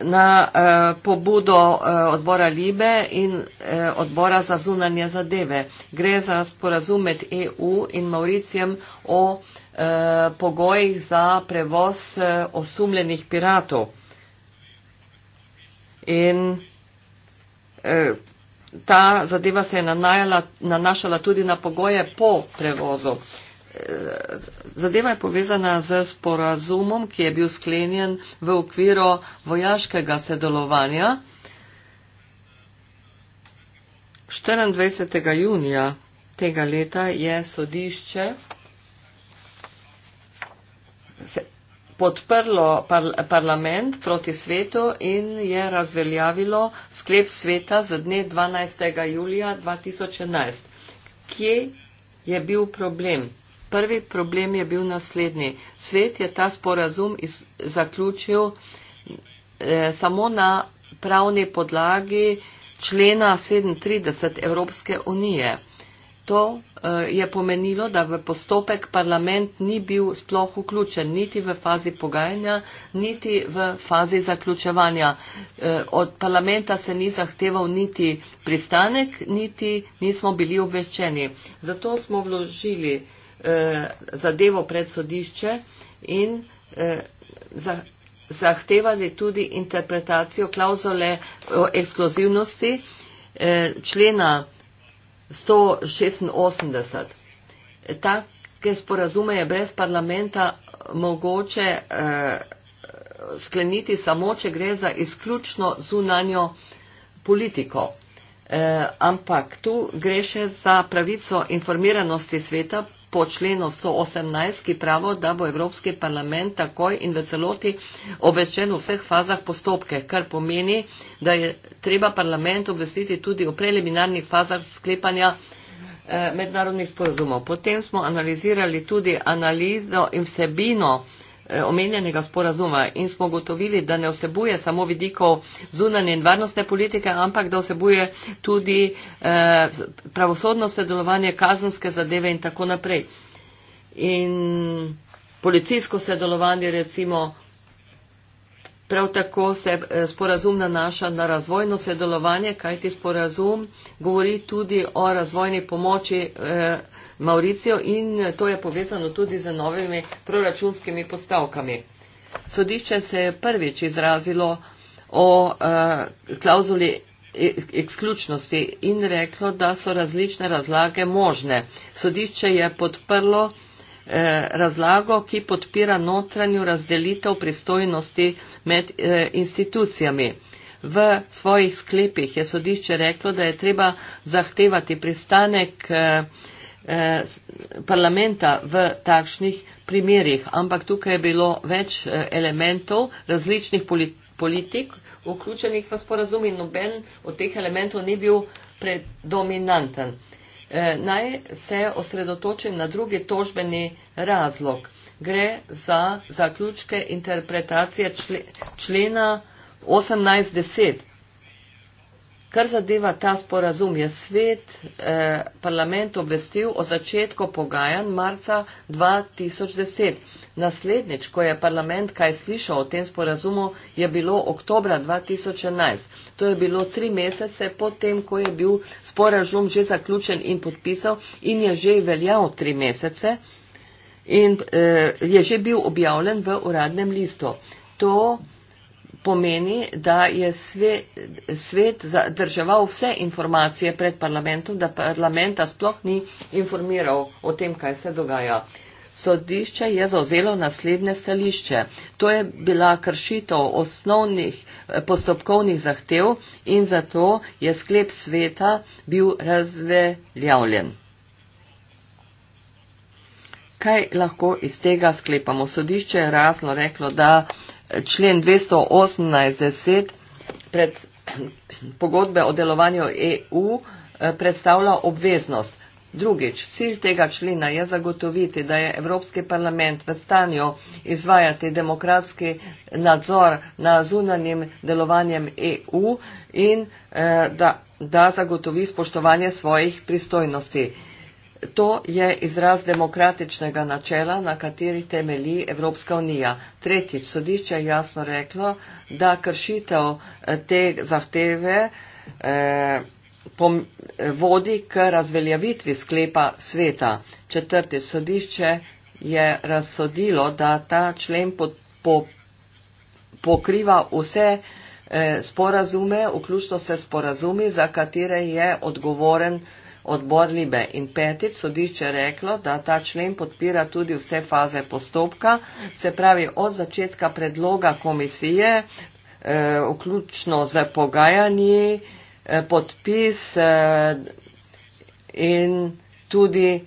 Speaker 2: na eh, pobudo eh, odbora Libe in eh, odbora za zunanje zadeve. Gre za sporazum med EU in Mauricijem o eh, pogojih za prevoz eh, osumljenih piratov. In Eh, ta zadeva se je nanajala, nanašala tudi na pogoje po prevozu. Eh, zadeva je povezana z sporazumom, ki je bil sklenjen v okviru vojaškega sedelovanja 24. junija tega leta je sodišče podprlo par parlament proti svetu in je razveljavilo sklep sveta z dne 12. julija 2011. Kje je bil problem? Prvi problem je bil naslednji. Svet je ta sporazum zaključil eh, samo na pravni podlagi člena 37 Evropske unije. To uh, je pomenilo, da v postopek parlament ni bil sploh vključen, niti v fazi pogajanja, niti v fazi zaključevanja. Uh, od parlamenta se ni zahteval niti pristanek, niti nismo bili obveščeni. Zato smo vložili uh, zadevo pred sodišče in uh, za, zahtevali tudi interpretacijo klauzole o ekskluzivnosti uh, člena. 186. Take sporazume je brez parlamenta mogoče eh, skleniti samo, če gre za izključno zunanjo politiko. Eh, ampak tu gre še za pravico informiranosti sveta, po členu 118, ki pravo, da bo Evropski parlament takoj in v celoti obvečen v vseh fazah postopke, kar pomeni, da je treba parlament obvestiti tudi o preliminarnih fazah sklepanja eh, mednarodnih sporozumov. Potem smo analizirali tudi analizo in vsebino Eh, omenjenega sporazuma in smo gotovili, da ne vsebuje samo vidikov zunanje in varnostne politike, ampak da vsebuje tudi eh, pravosodno sodelovanje, kazenske zadeve in tako naprej. In policijsko sodelovanje recimo. Prav tako se eh, sporazum nanaša na razvojno sodelovanje, kajti sporazum eh, govori tudi o razvojni pomoči eh, Mauricijo in to je povezano tudi z novimi proračunskimi postavkami. Sodišče se je prvič izrazilo o eh, klauzuli izključnosti e, in reklo, da so različne razlage možne. Sodišče je podprlo eh, razlago, ki podpira notranju razdelitev pristojnosti med eh, institucijami v svojih sklepih je sodišče reklo, da je treba zahtevati pristanek eh, eh, parlamenta v takšnih primerjih, ampak tukaj je bilo več eh, elementov različnih politik vključenih v sporazum in noben od teh elementov ni bil predominanten. Naj se osredotočim na drugi tožbeni razlog. Gre za zaključke interpretacije člena 18.10. Kar zadeva ta sporazum, je svet eh, parlament obvestil o začetku pogajanj marca 2010. Naslednjič, ko je parlament kaj slišal o tem sporazumu, je bilo oktobra 2011. To je bilo tri mesece potem, ko je bil sporazum že zaključen in podpisal in je že veljal tri mesece in eh, je že bil objavljen v uradnem listu. To pomeni, da je svet, svet zadrževal vse informacije pred parlamentom, da parlamenta sploh ni informiral o tem, kaj se dogaja. Sodišče je zauzelo naslednje stališče. To je bila kršitev osnovnih eh, postopkovnih zahtev in zato je sklep sveta bil razveljavljen. Kaj lahko iz tega sklepamo? Sodišče je razno reklo, da uh, člen 218 pred [CLEARS THROAT] pogodbe o delovanju EU eh, predstavlja obveznost. Drugič, cilj tega člena je zagotoviti, da je Evropski parlament v stanju izvajati demokratski nadzor na zunanjem delovanjem EU in eh, da, da zagotovi spoštovanje svojih pristojnosti. To je izraz demokratičnega načela, na kateri temelji Evropska unija. Tretjič, sodišče je jasno reklo, da kršitev eh, te zahteve eh, eh, vodi k razveljavitvi sklepa sveta. Četrtič, sodišče je razsodilo, da ta člen po, po, pokriva vse eh, sporazume, vključno se sporazumi, za katere je odgovoren odbor Libe in petic sodišče reklo, da ta člen podpira tudi vse faze postopka, se pravi od začetka predloga komisije, eh, vključno z pogajanji, eh, podpis eh, in tudi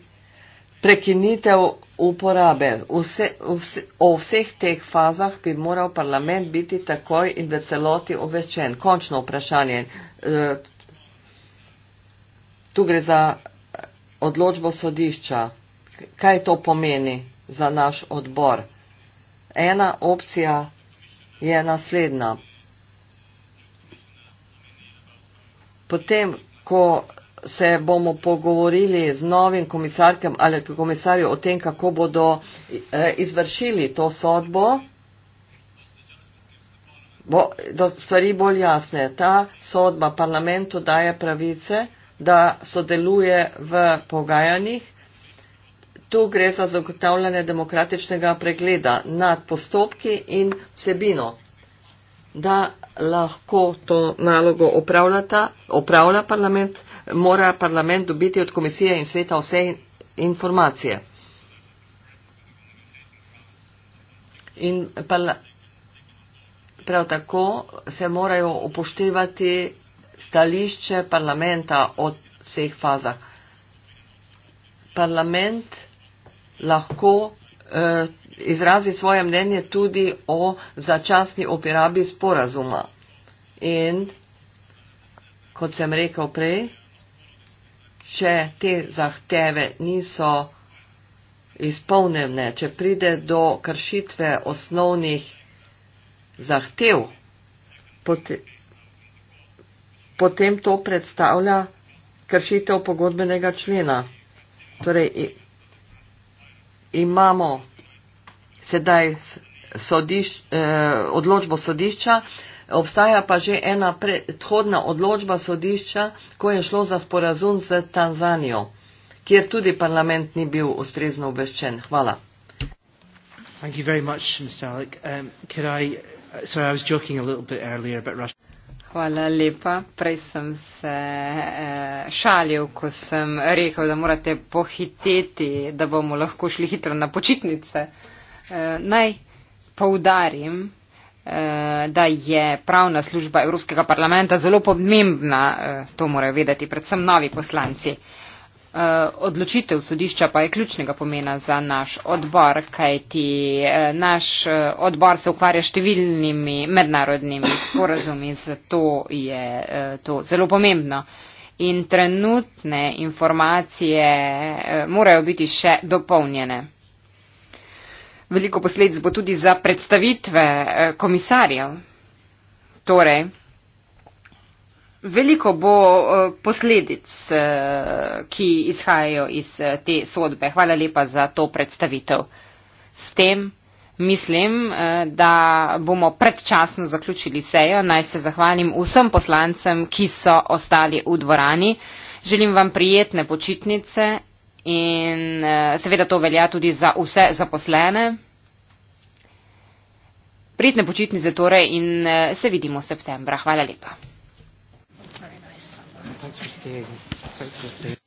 Speaker 2: prekinitev uporabe. Vse, vse, o vseh teh fazah bi moral parlament biti takoj in v celoti obveščen. Končno vprašanje. Eh, tu gre za odločbo sodišča. Kaj to pomeni za naš odbor? Ena opcija je naslednja. Potem, ko se bomo pogovorili z novim komisarkem ali komisarjem o tem, kako bodo eh, izvršili to sodbo, bo stvari bolj jasne. Ta sodba parlamentu daje pravice, da sodeluje v pogajanjih. Tu gre za zagotavljanje demokratičnega pregleda nad postopki in vsebino, da lahko to nalogo opravlja parlament, mora parlament dobiti od komisije in sveta vse informacije. In prav tako se morajo upoštevati stališče parlamenta o vseh fazah. Parlament lahko eh, izrazi svoje mnenje tudi o začasni operabi sporazuma. In kot sem rekel prej, če te zahteve niso izpolnjene, če pride do kršitve osnovnih zahtev, potem potem to predstavlja kršitev pogodbenega člena. Torej imamo sedaj sodiš, eh, odločbo sodišča, obstaja pa že ena predhodna odločba sodišča, ko je šlo za sporazum z Tanzanijo, kjer tudi parlament ni bil ustrezno obveščen. Hvala.
Speaker 3: Thank you very much, Mr. Alec. Um, could I, uh,
Speaker 2: sorry, I was joking a little bit earlier about Russia.
Speaker 3: Hvala lepa. Prej sem se eh, šalil, ko sem rekel, da morate pohiteti, da bomo lahko šli hitro na počitnice. Eh, naj poudarim, eh, da je pravna služba Evropskega parlamenta zelo pomembna, eh, to morajo vedeti predvsem novi poslanci. Eh, Eh, odločitev sodišča pa je ključnega pomena za naš odbor, kajti eh, naš eh, odbor se ukvarja številnimi mednarodnimi sporazumi, zato je to zelo pomembno. In trenutne informacije morajo biti še dopolnjene. Veliko posledic bo tudi za predstavitve komisarjev. Torej, veliko bo eh, posledic, eh, ki izhajajo iz eh, te sodbe. Hvala lepa za to predstavitev. S tem mislim, da bomo predčasno zaključili sejo. Naj se zahvalim vsem poslancem, ki so ostali v dvorani. Želim vam prijetne počitnice in seveda to velja tudi za vse zaposlene. Prijetne počitnice torej in se vidimo v septembra. Hvala lepa thanks
Speaker 1: for staying. Thanks for staying.